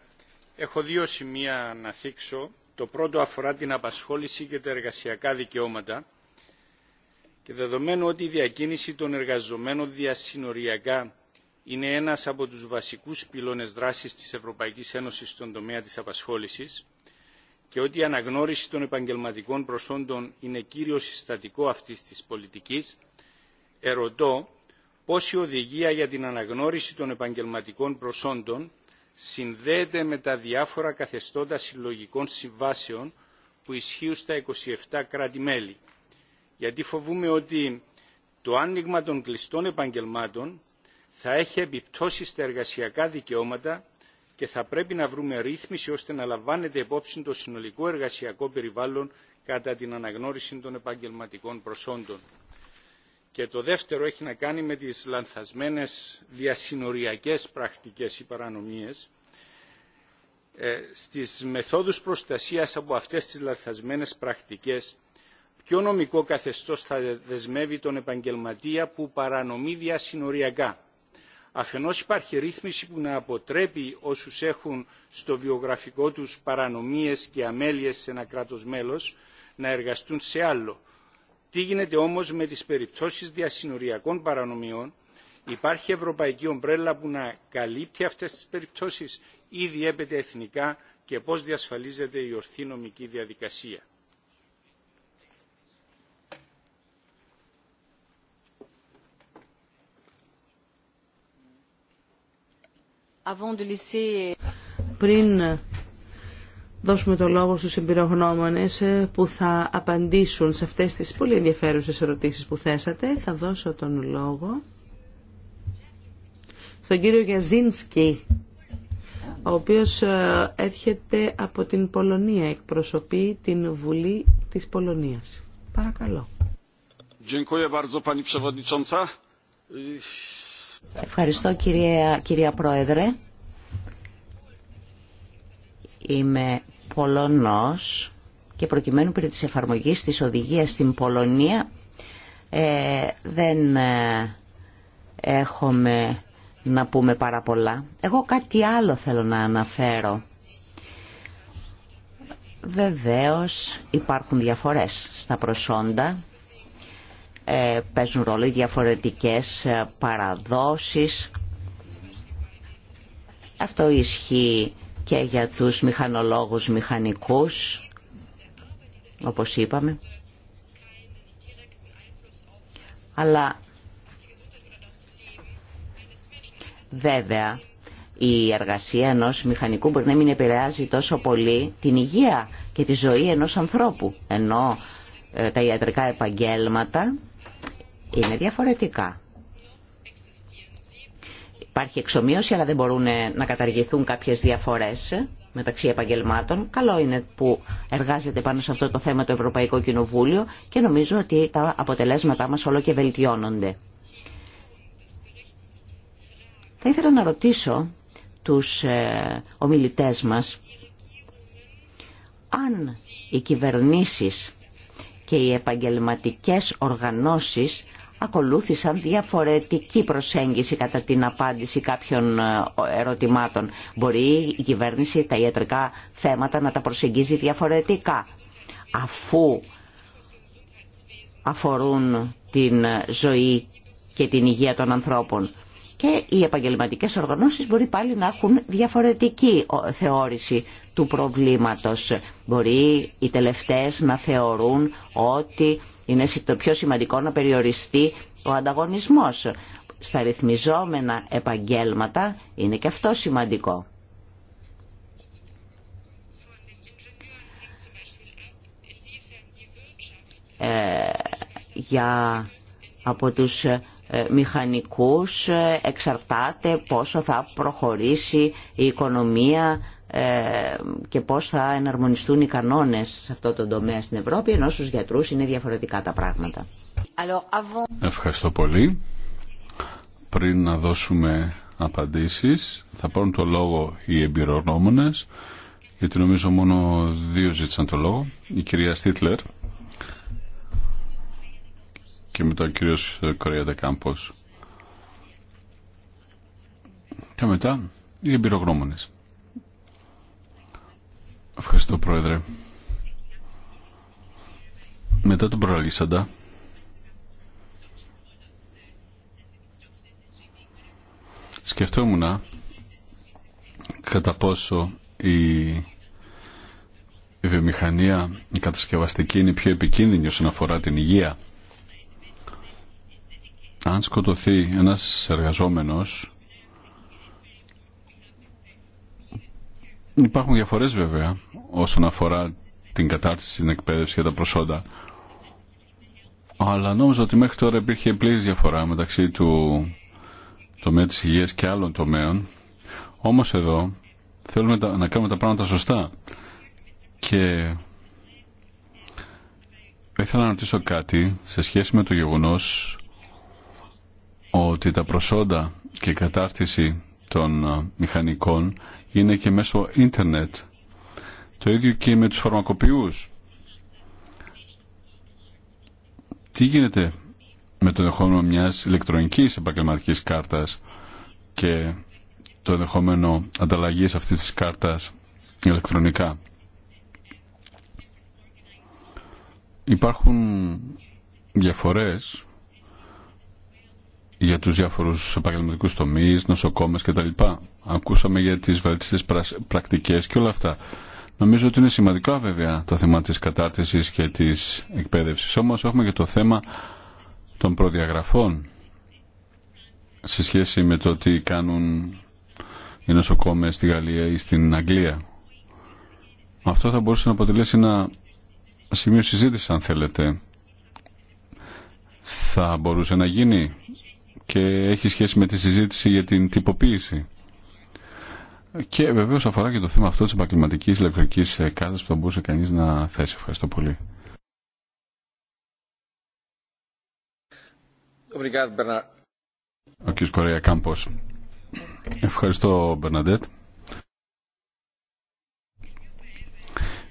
Έχω δύο σημεία να θίξω. Το πρώτο αφορά την απασχόληση και τα εργασιακά δικαιώματα και δεδομένου ότι η διακίνηση των εργαζομένων διασυνοριακά είναι ένας από τους βασικούς πυλώνες δράσης της Ευρωπαϊκής Ένωσης στον τομέα της απασχόλησης, και ότι η αναγνώριση των επαγγελματικών προσόντων είναι κύριο συστατικό αυτής της πολιτικής, ερωτώ πώς η οδηγία για την αναγνώριση των επαγγελματικών προσόντων συνδέεται με τα διάφορα καθεστώτα συλλογικών συμβάσεων που ισχύουν στα 27 κράτη-μέλη. Γιατί φοβούμε ότι το άνοιγμα των κλειστών επαγγελμάτων θα έχει επιπτώσει στα εργασιακά δικαιώματα και θα πρέπει να βρούμε ρύθμιση ώστε να λαμβάνεται υπόψη το συνολικό εργασιακό περιβάλλον κατά την αναγνώριση των επαγγελματικών προσόντων. Και το δεύτερο έχει να κάνει με τις λανθασμένες διασυνοριακές πρακτικές ή παρανομίες. Ε, στις μεθόδους προστασίας από αυτές τις λανθασμένες πρακτικές ποιο νομικό καθεστώς θα δεσμεύει τον επαγγελματία που παρανομεί διασυνοριακά Αφενός υπάρχει ρύθμιση που να αποτρέπει όσους έχουν στο βιογραφικό τους παρανομίες και αμέλειες σε ένα κράτος μέλος να εργαστούν σε άλλο. Τι γίνεται όμως με τις περιπτώσεις διασυνοριακών παρανομιών, υπάρχει ευρωπαϊκή ομπρέλα που να καλύπτει αυτές τις περιπτώσεις ή διέπεται εθνικά και πώς διασφαλίζεται η ορθή νομική διαδικασία. Πριν δώσουμε το λόγο στους εμπειρογνώμονες ε, που θα απαντήσουν σε αυτές τις πολύ ενδιαφέρουσες ερωτήσεις που θέσατε, θα δώσω τον λόγο στον κύριο Γιαζίνσκι, ο οποίος ε, έρχεται από την Πολωνία, εκπροσωπεί την Βουλή της Πολωνίας. Παρακαλώ. Ευχαριστώ πολύ, Pani Przewodnicząca. Ευχαριστώ κυρία, κυρία Πρόεδρε. Είμαι Πολωνός και προκειμένου περί της εφαρμογής της οδηγίας στην Πολωνία ε, δεν ε, έχουμε να πούμε πάρα πολλά. Εγώ κάτι άλλο θέλω να αναφέρω. Βεβαίως υπάρχουν διαφορές στα προσόντα ε, παίζουν ρόλο οι διαφορετικές ε, παραδόσεις. Αυτό ισχύει και για τους μηχανολόγους μηχανικούς, όπως είπαμε. Αλλά βέβαια η εργασία ενός μηχανικού μπορεί να μην επηρεάζει τόσο πολύ την υγεία και τη ζωή ενός ανθρώπου. Ενώ ε, τα ιατρικά επαγγέλματα είναι διαφορετικά. Υπάρχει εξομοίωση, αλλά δεν μπορούν να καταργηθούν κάποιες διαφορές μεταξύ επαγγελμάτων. Καλό είναι που εργάζεται πάνω σε αυτό το θέμα το Ευρωπαϊκό Κοινοβούλιο και νομίζω ότι τα αποτελέσματά μας όλο και βελτιώνονται. Θα ήθελα να ρωτήσω τους ε, ομιλητές μας αν οι κυβερνήσεις και οι επαγγελματικές οργανώσεις ακολούθησαν διαφορετική προσέγγιση κατά την απάντηση κάποιων ε, ερωτημάτων. Μπορεί η κυβέρνηση τα ιατρικά θέματα να τα προσεγγίζει διαφορετικά αφού αφορούν την ζωή και την υγεία των ανθρώπων και οι επαγγελματικές οργανώσεις μπορεί πάλι να έχουν διαφορετική θεώρηση του προβλήματος. Μπορεί οι τελευταίες να θεωρούν ότι είναι το πιο σημαντικό να περιοριστεί ο ανταγωνισμός. Στα ρυθμιζόμενα επαγγέλματα είναι και αυτό σημαντικό. Ε, για από τους ε, μηχανικούς ε, εξαρτάται πόσο θα προχωρήσει η οικονομία ε, και πώς θα εναρμονιστούν οι κανόνες σε αυτό το τομέα στην Ευρώπη ενώ στους γιατρούς είναι διαφορετικά τα πράγματα. Ευχαριστώ πολύ. Πριν να δώσουμε απαντήσεις θα πάρουν το λόγο οι εμπειρογνώμονες γιατί νομίζω μόνο δύο ζήτησαν το λόγο. Η κυρία Στίτλερ και μετά τον κύριο Κορέα Κάμπος. Και μετά οι εμπειρογνώμονες. Ευχαριστώ Πρόεδρε. Μετά τον προαλήσαντα σκεφτόμουν κατά πόσο η η βιομηχανία η κατασκευαστική είναι πιο επικίνδυνη όσον αφορά την υγεία αν σκοτωθεί ένας εργαζόμενος υπάρχουν διαφορές βέβαια όσον αφορά την κατάρτιση, την εκπαίδευση και τα προσόντα αλλά νόμιζα ότι μέχρι τώρα υπήρχε πλήρης διαφορά μεταξύ του τομέα της υγείας και άλλων τομέων όμως εδώ θέλουμε να κάνουμε τα πράγματα σωστά και ήθελα να ρωτήσω κάτι σε σχέση με το γεγονός ότι τα προσόντα και η κατάρτιση των ε, μηχανικών είναι και μέσω ίντερνετ. Το ίδιο και με τους φαρμακοποιούς. Τι γίνεται με το ενδεχόμενο μιας ηλεκτρονικής επαγγελματικής κάρτας και το ενδεχόμενο ανταλλαγής αυτής της κάρτας ηλεκτρονικά. Υπάρχουν διαφορές για τους διάφορους επαγγελματικού τομείς, νοσοκόμες κτλ. Ακούσαμε για τις βαλτιστές πρακτικές και όλα αυτά. Νομίζω ότι είναι σημαντικό βέβαια το θέμα της κατάρτισης και της εκπαίδευσης. Όμως έχουμε και το θέμα των προδιαγραφών σε σχέση με το τι κάνουν οι νοσοκόμες στη Γαλλία ή στην Αγγλία. Αυτό θα μπορούσε να αποτελέσει ένα σημείο συζήτηση αν θέλετε. Θα μπορούσε να γίνει και έχει σχέση με τη συζήτηση για την τυποποίηση. Και βεβαίως αφορά και το θέμα αυτό της επαγγελματική ηλεκτρικής κάρτας που θα μπορούσε κανείς να θέσει. Ευχαριστώ πολύ. Ο κ. Κορέα Κάμπος. Ευχαριστώ, Μπερναντέτ.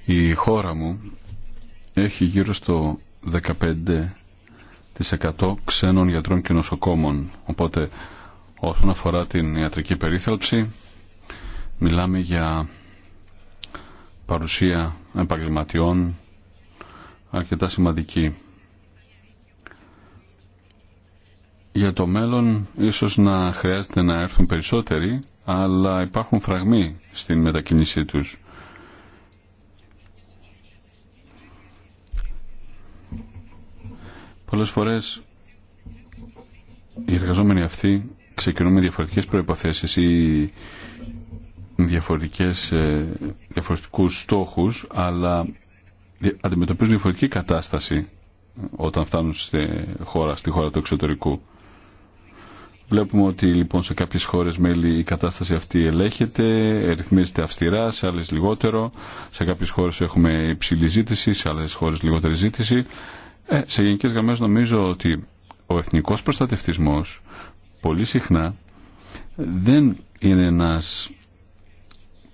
Η χώρα μου έχει γύρω στο 15 100 ξένων γιατρών και νοσοκόμων. Οπότε όσον αφορά την ιατρική περίθαλψη μιλάμε για παρουσία επαγγελματιών αρκετά σημαντική. Για το μέλλον ίσως να χρειάζεται να έρθουν περισσότεροι αλλά υπάρχουν φραγμοί στην μετακίνησή τους. Πολλές φορές οι εργαζόμενοι αυτοί ξεκινούν με διαφορετικές προϋποθέσεις ή διαφορετικές, ε, διαφορετικούς στόχους, αλλά αντιμετωπίζουν διαφορετική κατάσταση όταν φτάνουν στη χώρα, στη χώρα του εξωτερικού. Βλέπουμε ότι λοιπόν σε κάποιες χώρες μέλη η κατάσταση αυτή ελέγχεται, ρυθμίζεται αυστηρά, σε άλλες λιγότερο. Σε κάποιες χώρες έχουμε υψηλή ζήτηση, σε άλλες χώρες λιγότερη ζήτηση. Ε, σε γενικές γραμμές νομίζω ότι ο εθνικός προστατευτισμός πολύ συχνά δεν είναι ένας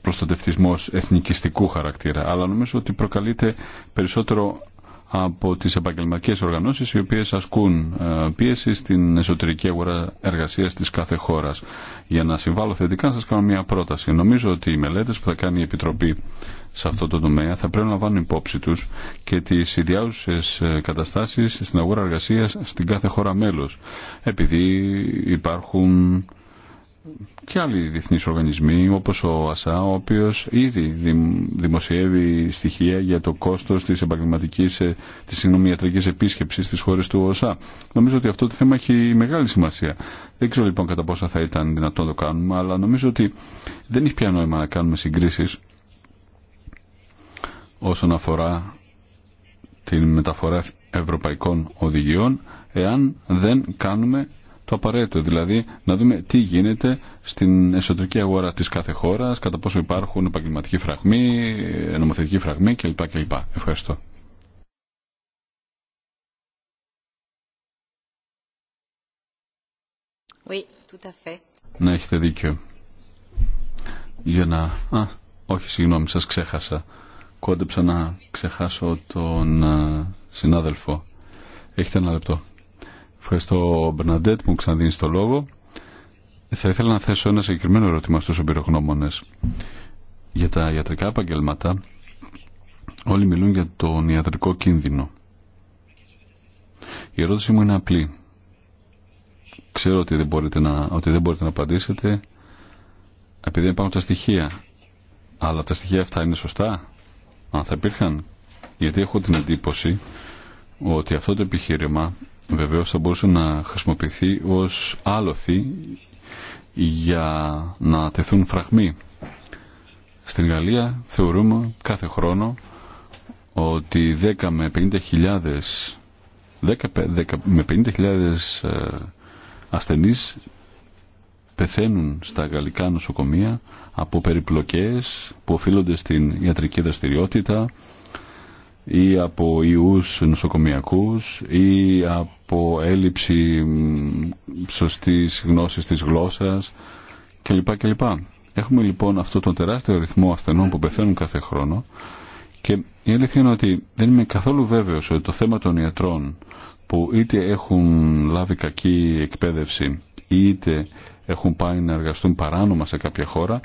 προστατευτισμός εθνικιστικού χαρακτήρα, αλλά νομίζω ότι προκαλείται περισσότερο από τις επαγγελματικές οργανώσεις οι οποίες ασκούν ε, πίεση στην εσωτερική αγορά εργασίας της κάθε χώρας. Για να συμβάλλω θετικά σας κάνω μια πρόταση. Νομίζω ότι οι μελέτες που θα κάνει η Επιτροπή σε αυτό το τομέα θα πρέπει να λαμβάνουν υπόψη τους και τις ιδιάζουσες ε, καταστάσεις στην αγορά εργασίας στην κάθε χώρα μέλος επειδή υπάρχουν και άλλοι διεθνείς οργανισμοί όπως ο ΑΣΑ ο οποίος ήδη δημοσιεύει στοιχεία για το κόστος της επαγγελματικής ε, της συνομιατρικής επίσκεψης στις χώρες του ΟΣΑ. Νομίζω ότι αυτό το θέμα έχει μεγάλη σημασία. Δεν ξέρω λοιπόν κατά πόσα θα ήταν δυνατόν να το κάνουμε αλλά νομίζω ότι δεν έχει πια νόημα να κάνουμε συγκρίσεις όσον αφορά την μεταφορά ευρωπαϊκών οδηγιών εάν δεν κάνουμε το απαραίτητο, δηλαδή να δούμε τι γίνεται στην εσωτερική αγορά της κάθε χώρας, κατά πόσο υπάρχουν επαγγελματικοί φραγμοί, νομοθετικοί φραγμοί κλπ. κλπ. Ευχαριστώ. Oui, Να έχετε δίκιο. Για να... Α, όχι, συγγνώμη, σας ξέχασα. Κόντεψα να ξεχάσω τον ε, συνάδελφο. Έχετε ένα λεπτό. Ευχαριστώ, Μπερναντέτ, που μου ξαναδίνει το λόγο. Θα ήθελα να θέσω ένα συγκεκριμένο ερώτημα στους εμπειρογνώμονε Για τα ιατρικά επαγγελματά όλοι μιλούν για τον ιατρικό κίνδυνο. Η ερώτησή μου είναι απλή. Ξέρω ότι δεν μπορείτε να, ότι δεν μπορείτε να απαντήσετε επειδή δεν υπάρχουν τα στοιχεία. Αλλά τα στοιχεία αυτά είναι σωστά. Αν θα υπήρχαν. Γιατί έχω την εντύπωση ότι αυτό το επιχείρημα βεβαίως θα μπορούσε να χρησιμοποιηθεί ως άλοθη για να τεθούν φραγμοί. Στην Γαλλία θεωρούμε κάθε χρόνο ότι 10 με 50.000 10, με 50.000 ε, ασθενείς πεθαίνουν στα γαλλικά νοσοκομεία από περιπλοκές που οφείλονται στην ιατρική δραστηριότητα, ή από ιούς νοσοκομιακούς ή από έλλειψη σωστής γνώσης της γλώσσας κλπ. κλπ. Έχουμε λοιπόν αυτό τον τεράστιο ρυθμό ασθενών που πεθαίνουν κάθε χρόνο και η αλήθεια είναι ότι δεν είμαι καθόλου βέβαιος ότι το θέμα των ιατρών που είτε έχουν λάβει κακή εκπαίδευση είτε έχουν πάει να εργαστούν παράνομα σε κάποια χώρα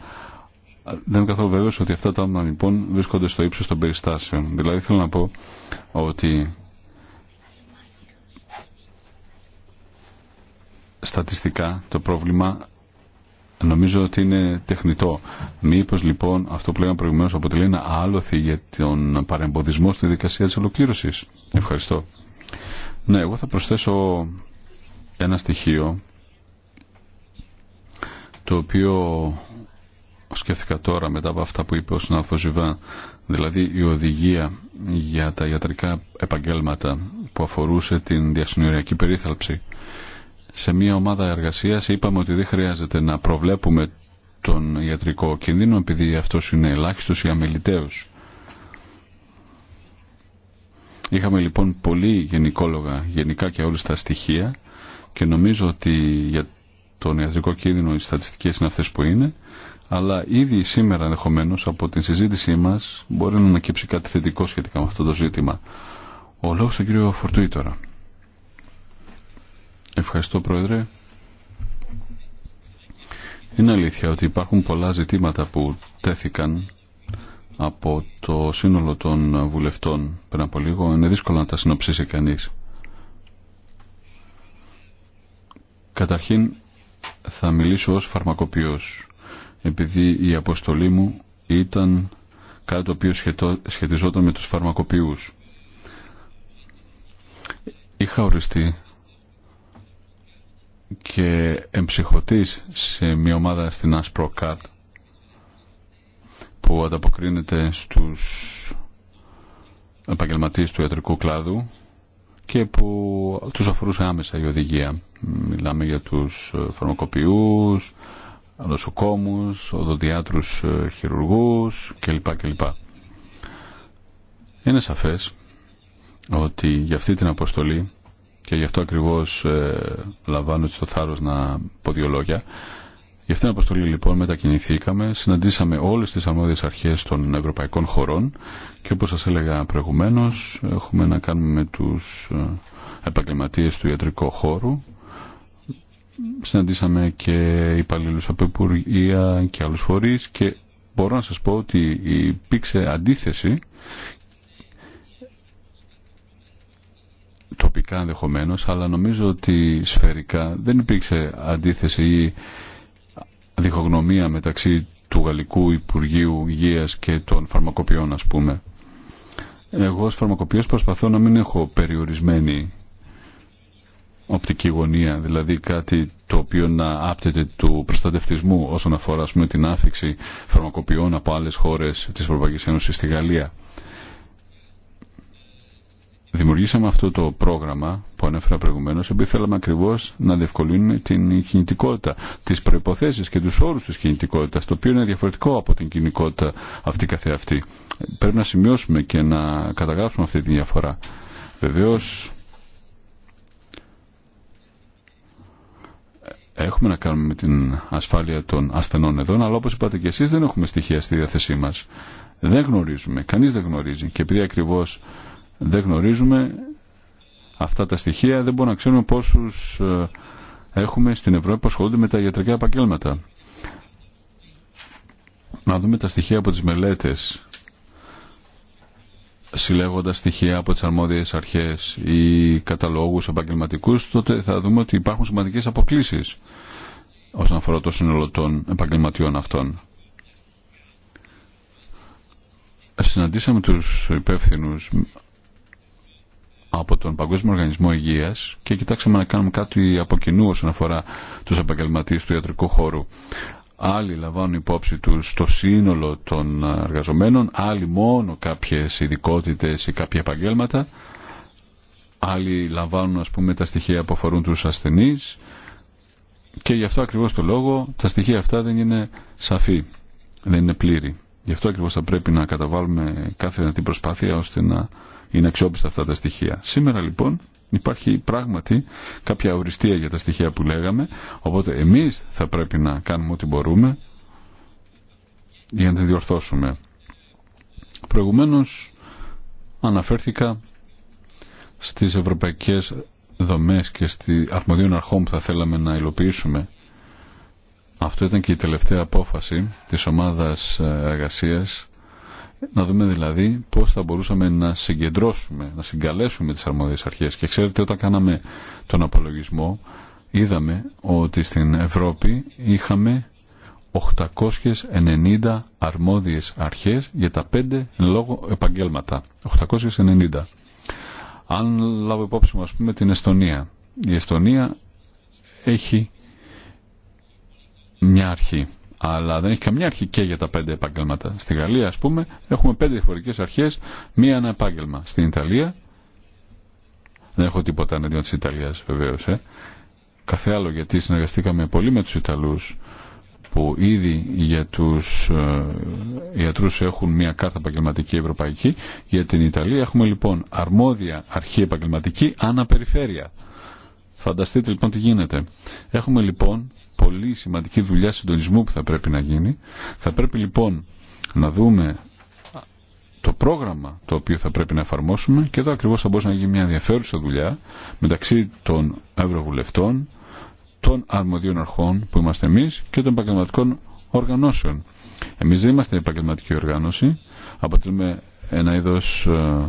δεν είμαι καθόλου βέβαιο ότι αυτά τα άτομα λοιπόν βρίσκονται στο ύψο των περιστάσεων. Δηλαδή θέλω να πω ότι στατιστικά το πρόβλημα νομίζω ότι είναι τεχνητό. Μήπως λοιπόν αυτό που λέγαμε προηγουμένω αποτελεί ένα άλοθη για τον παρεμποδισμό στη δικασία τη ολοκλήρωση. Ευχαριστώ. Ναι, εγώ θα προσθέσω ένα στοιχείο το οποίο σκέφτηκα τώρα μετά από αυτά που είπε ο συνάδελφος Ζιβά, δηλαδή η οδηγία για τα ιατρικά επαγγέλματα που αφορούσε την διασυνοριακή περίθαλψη. Σε μια ομάδα εργασίας είπαμε ότι δεν χρειάζεται να προβλέπουμε τον ιατρικό κίνδυνο επειδή αυτό είναι ελάχιστο ή αμεληταίος. Είχαμε λοιπόν πολύ γενικόλογα, γενικά και όλες τα στοιχεία και νομίζω ότι για τον ιατρικό κίνδυνο οι στατιστικές είναι αυτές που είναι αλλά ήδη σήμερα ενδεχομένω από την συζήτησή μας μπορεί να ανακύψει κάτι θετικό σχετικά με αυτό το ζήτημα. Ο λόγο στον κύριο Φορτούι τώρα. Ευχαριστώ Πρόεδρε. Είναι αλήθεια ότι υπάρχουν πολλά ζητήματα που τέθηκαν από το σύνολο των βουλευτών πριν από λίγο. Είναι δύσκολο να τα συνοψίσει κανείς. Καταρχήν θα μιλήσω ως φαρμακοποιός επειδή η αποστολή μου ήταν κάτι το οποίο σχετιζόταν με τους φαρμακοποιούς. Είχα οριστεί και εμψυχωτής σε μια ομάδα στην Asprocard που ανταποκρίνεται στους επαγγελματίες του ιατρικού κλάδου και που τους αφορούσε άμεσα η οδηγία. Μιλάμε για τους φαρμακοποιούς, νοσοκόμους, οδοντιάτρους ε, χειρουργούς κλπ. κλπ. Είναι σαφές ότι για αυτή την αποστολή και γι' αυτό ακριβώς ε, λαμβάνω το θάρρος να πω δύο λόγια. Γι' αυτή την αποστολή λοιπόν μετακινηθήκαμε, συναντήσαμε όλες τις αρμόδιες αρχές των ευρωπαϊκών χωρών και όπως σας έλεγα προηγουμένως έχουμε να κάνουμε με τους ε, επαγγελματίες του ιατρικού χώρου συναντήσαμε και υπαλλήλου από Υπουργεία και άλλους φορείς και μπορώ να σας πω ότι υπήρξε αντίθεση τοπικά ενδεχομένω, αλλά νομίζω ότι σφαιρικά δεν υπήρξε αντίθεση ή διχογνωμία μεταξύ του Γαλλικού Υπουργείου Υγείας και των φαρμακοποιών ας πούμε. Εγώ ως φαρμακοποιός προσπαθώ να μην έχω περιορισμένη οπτική γωνία, δηλαδή κάτι το οποίο να άπτεται του προστατευτισμού όσον αφορά ας πούμε, την άφηξη φαρμακοποιών από άλλε χώρε τη Ευρωπαϊκή Ένωση στη Γαλλία. Δημιουργήσαμε αυτό το πρόγραμμα που ανέφερα προηγουμένω, επειδή θέλαμε ακριβώ να διευκολύνουμε την κινητικότητα, τι προποθέσει και του όρου τη κινητικότητα, το οποίο είναι διαφορετικό από την κινητικότητα αυτή καθεαυτή. Πρέπει να σημειώσουμε και να καταγράψουμε αυτή τη διαφορά. Βεβαίω, έχουμε να κάνουμε με την ασφάλεια των ασθενών εδώ, αλλά όπως είπατε και εσείς δεν έχουμε στοιχεία στη διάθεσή μας. Δεν γνωρίζουμε, κανείς δεν γνωρίζει και επειδή ακριβώς δεν γνωρίζουμε αυτά τα στοιχεία δεν μπορούμε να ξέρουμε πόσους ε, έχουμε στην Ευρώπη που ασχολούνται με τα ιατρικά επαγγέλματα. Να δούμε τα στοιχεία από τις μελέτες συλλέγοντα στοιχεία από τι αρμόδιε αρχέ ή καταλόγου επαγγελματικού, τότε θα δούμε ότι υπάρχουν σημαντικέ αποκλήσει όσον αφορά το σύνολο των επαγγελματιών αυτών. Συναντήσαμε τους υπεύθυνου από τον Παγκόσμιο Οργανισμό Υγείας και κοιτάξαμε να κάνουμε κάτι από κοινού όσον αφορά τους επαγγελματίες του ιατρικού χώρου. Άλλοι λαμβάνουν υπόψη του στο σύνολο των εργαζομένων, άλλοι μόνο κάποιες ειδικότητε ή κάποια επαγγέλματα, άλλοι λαμβάνουν ας πούμε τα στοιχεία που αφορούν τους ασθενείς και γι' αυτό ακριβώς το λόγο τα στοιχεία αυτά δεν είναι σαφή, δεν είναι πλήρη. Γι' αυτό ακριβώς θα πρέπει να καταβάλουμε κάθε δυνατή προσπάθεια ώστε να είναι αξιόπιστα αυτά τα στοιχεία. Σήμερα λοιπόν υπάρχει πράγματι κάποια οριστία για τα στοιχεία που λέγαμε, οπότε εμείς θα πρέπει να κάνουμε ό,τι μπορούμε για να τη διορθώσουμε. Προηγουμένως αναφέρθηκα στις ευρωπαϊκές δομές και στη αρμοδίων αρχών που θα θέλαμε να υλοποιήσουμε. Αυτό ήταν και η τελευταία απόφαση της ομάδας εργασίας να δούμε δηλαδή πώς θα μπορούσαμε να συγκεντρώσουμε, να συγκαλέσουμε τις αρμόδιες αρχές. Και ξέρετε όταν κάναμε τον απολογισμό είδαμε ότι στην Ευρώπη είχαμε 890 αρμόδιες αρχές για τα πέντε λόγω επαγγέλματα. 890. Αν λάβω υπόψη μου α πούμε την Εστονία. Η Εστονία έχει μια αρχή αλλά δεν έχει καμιά αρχή και για τα πέντε επάγγελματα. Στη Γαλλία, α πούμε, έχουμε πέντε διαφορετικέ αρχέ, μία ένα επάγγελμα. Στην Ιταλία, δεν έχω τίποτα εναντίον τη Ιταλία βεβαίω. Ε. άλλο γιατί συνεργαστήκαμε πολύ με του Ιταλού που ήδη για τους ε, ιατρούς έχουν μια κάρτα επαγγελματική ευρωπαϊκή. Για την Ιταλία έχουμε λοιπόν αρμόδια αρχή επαγγελματική αναπεριφέρεια. περιφέρεια. Φανταστείτε λοιπόν τι γίνεται. Έχουμε λοιπόν πολύ σημαντική δουλειά συντονισμού που θα πρέπει να γίνει. Θα πρέπει λοιπόν να δούμε το πρόγραμμα το οποίο θα πρέπει να εφαρμόσουμε και εδώ ακριβώς θα μπορούσε να γίνει μια ενδιαφέρουσα δουλειά μεταξύ των ευρωβουλευτών, των αρμοδίων αρχών που είμαστε εμείς και των επαγγελματικών οργανώσεων. Εμείς δεν είμαστε επαγγελματική οργάνωση, αποτελούμε ένα είδος ε,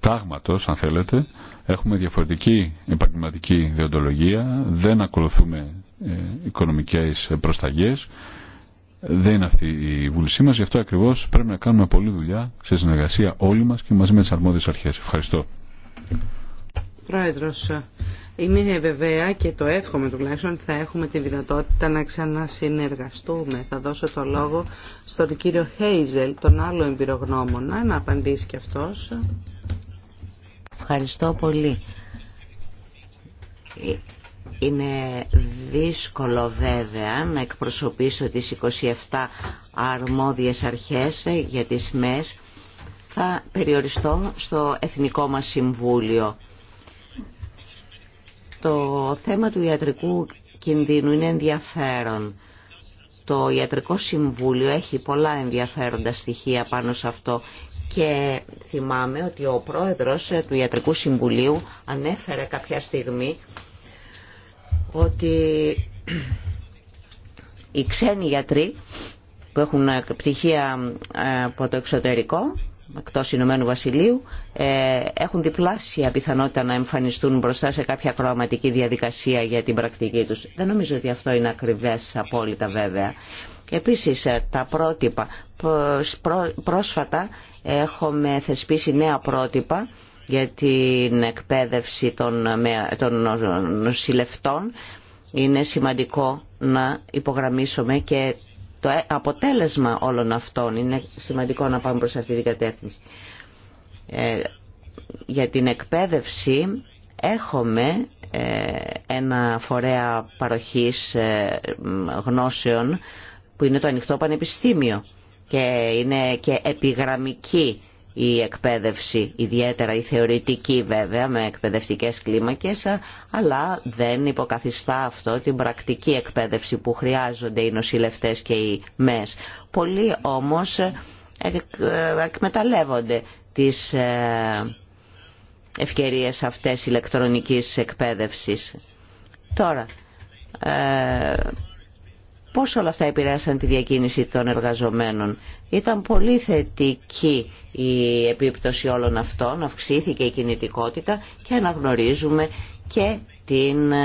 τάγματος αν θέλετε Έχουμε διαφορετική επαγγελματική διοντολογία, δεν ακολουθούμε ε, οικονομικές προσταγές, δεν είναι αυτή η βούλησή μας, γι' αυτό ακριβώς πρέπει να κάνουμε πολλή δουλειά σε συνεργασία όλοι μας και μαζί με τις αρμόδιες αρχές. Ευχαριστώ. Πρόεδρος, είμαι βεβαία και το εύχομαι τουλάχιστον ότι θα έχουμε τη δυνατότητα να ξανασυνεργαστούμε. Θα δώσω το λόγο στον κύριο Χέιζελ, τον άλλο εμπειρογνώμονα, να απαντήσει κι αυτός. Ευχαριστώ πολύ. Ε, είναι δύσκολο βέβαια να εκπροσωπήσω τις 27 αρμόδιες αρχές ε, για τις ΜΕΣ. Θα περιοριστώ στο Εθνικό μας Συμβούλιο. Το θέμα του ιατρικού κινδύνου είναι ενδιαφέρον. Το Ιατρικό Συμβούλιο έχει πολλά ενδιαφέροντα στοιχεία πάνω σε αυτό και θυμάμαι ότι ο πρόεδρος του Ιατρικού Συμβουλίου ανέφερε κάποια στιγμή ότι οι ξένοι γιατροί που έχουν πτυχία ε, από το εξωτερικό, εκτός Ηνωμένου Βασιλείου, ε, έχουν διπλάσια πιθανότητα να εμφανιστούν μπροστά σε κάποια κροαματική διαδικασία για την πρακτική τους. Δεν νομίζω ότι αυτό είναι ακριβές απόλυτα βέβαια. Επίσης ε, τα πρότυπα πρόσφατα Έχουμε θεσπίσει νέα πρότυπα για την εκπαίδευση των νοσηλευτών. Είναι σημαντικό να υπογραμμίσουμε και το ε, αποτέλεσμα όλων αυτών. Είναι σημαντικό να πάμε προς αυτή την κατεύθυνση. Ε, για την εκπαίδευση έχουμε ε, ένα φορέα παροχής γνώσεων που είναι το Ανοιχτό Πανεπιστήμιο και είναι και επιγραμμική η εκπαίδευση, ιδιαίτερα η θεωρητική βέβαια με εκπαιδευτικές κλίμακες, αλλά δεν υποκαθιστά αυτό την πρακτική εκπαίδευση που χρειάζονται οι νοσηλευτές και οι ΜΕΣ. Πολλοί όμως εκμεταλλεύονται τις ε, ευκαιρίες αυτές ηλεκτρονικής εκπαίδευσης. Τώρα, ε, Πώς όλα αυτά επηρέασαν τη διακίνηση των εργαζομένων. Ήταν πολύ θετική η επίπτωση όλων αυτών, αυξήθηκε η κινητικότητα και αναγνωρίζουμε και την ε,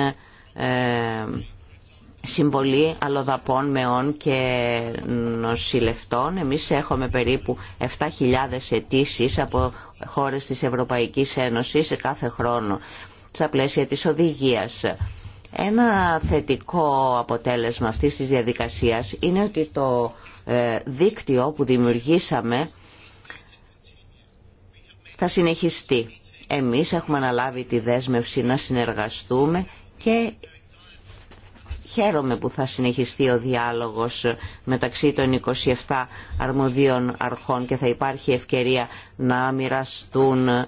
συμβολή αλλοδαπών, μεών και νοσηλευτών. Εμείς έχουμε περίπου 7.000 αιτήσει από χώρες της Ευρωπαϊκής Ένωσης κάθε χρόνο στα πλαίσια της οδηγίας. Ένα θετικό αποτέλεσμα αυτής της διαδικασίας είναι ότι το ε, δίκτυο που δημιουργήσαμε θα συνεχιστεί. Εμείς έχουμε αναλάβει τη δέσμευση να συνεργαστούμε και Χαίρομαι που θα συνεχιστεί ο διάλογος μεταξύ των 27 αρμοδίων αρχών και θα υπάρχει ευκαιρία να μοιραστούν ε,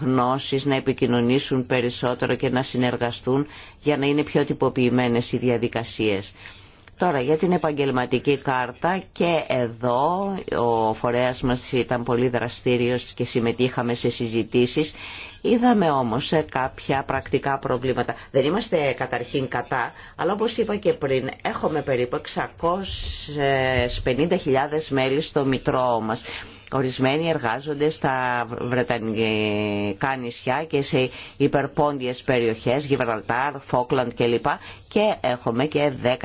γνώσεις, να επικοινωνήσουν περισσότερο και να συνεργαστούν για να είναι πιο τυποποιημένες οι διαδικασίες. Τώρα για την επαγγελματική κάρτα και εδώ ο φορέας μας ήταν πολύ δραστήριος και συμμετείχαμε σε συζητήσεις. Είδαμε όμως ε, κάποια πρακτικά προβλήματα. Δεν είμαστε ε, καταρχήν κατά, αλλά όπως είπα και πριν έχουμε περίπου 650.000 μέλη στο μητρό μας. Ορισμένοι εργάζονται στα βρετανικά νησιά και σε υπερπόντιες περιοχές, Γιβραλτάρ, Φόκλαντ κλπ. Και έχουμε και 10.000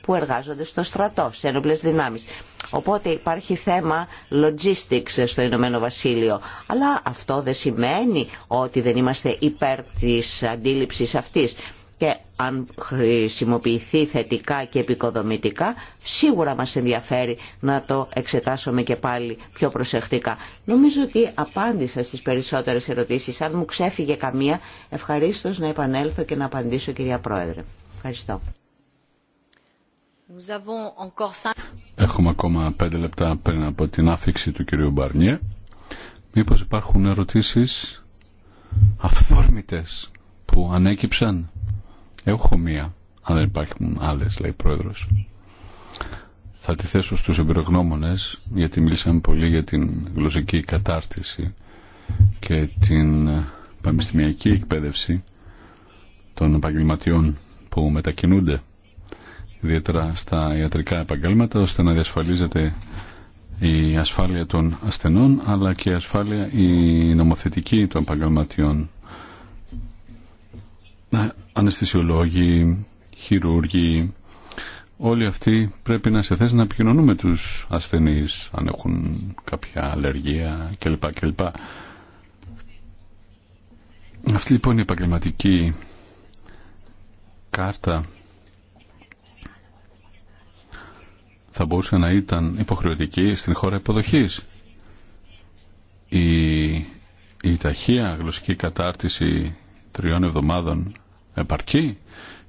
που εργάζονται στο στρατό, σε ένοπλες δυνάμεις. Οπότε υπάρχει θέμα logistics στο Ηνωμένο Βασίλειο. Αλλά αυτό δεν σημαίνει ότι δεν είμαστε υπέρ της αντίληψης αυτής και αν χρησιμοποιηθεί θετικά και επικοδομητικά, σίγουρα μας ενδιαφέρει να το εξετάσουμε και πάλι πιο προσεκτικά. Νομίζω ότι απάντησα στις περισσότερες ερωτήσεις. Αν μου ξέφυγε καμία, ευχαρίστω να επανέλθω και να απαντήσω, κυρία Πρόεδρε. Ευχαριστώ. Έχουμε ακόμα πέντε λεπτά πριν από την άφηξη του κυρίου Μπαρνιέ. Μήπως υπάρχουν ερωτήσεις αυθόρμητες που ανέκυψαν. Έχω μία, αν δεν υπάρχουν άλλες, λέει πρόεδρος. Θα τη θέσω στους εμπειρογνώμονες, γιατί μιλήσαμε πολύ για την γλωσσική κατάρτιση και την ε, πανεπιστημιακή εκπαίδευση των επαγγελματιών που μετακινούνται ιδιαίτερα στα ιατρικά επαγγέλματα ώστε να διασφαλίζεται η ασφάλεια των ασθενών αλλά και η ασφάλεια η νομοθετική των επαγγελματιών Αναστησιολόγοι, χειρούργοι, όλοι αυτοί πρέπει να σε να επικοινωνούν τους ασθενείς αν έχουν κάποια αλλεργία κλπ. Αυτή λοιπόν η επαγγελματική κάρτα θα μπορούσε να ήταν υποχρεωτική στην χώρα υποδοχής. Η, η ταχεία γλωσσική κατάρτιση τριών εβδομάδων επαρκεί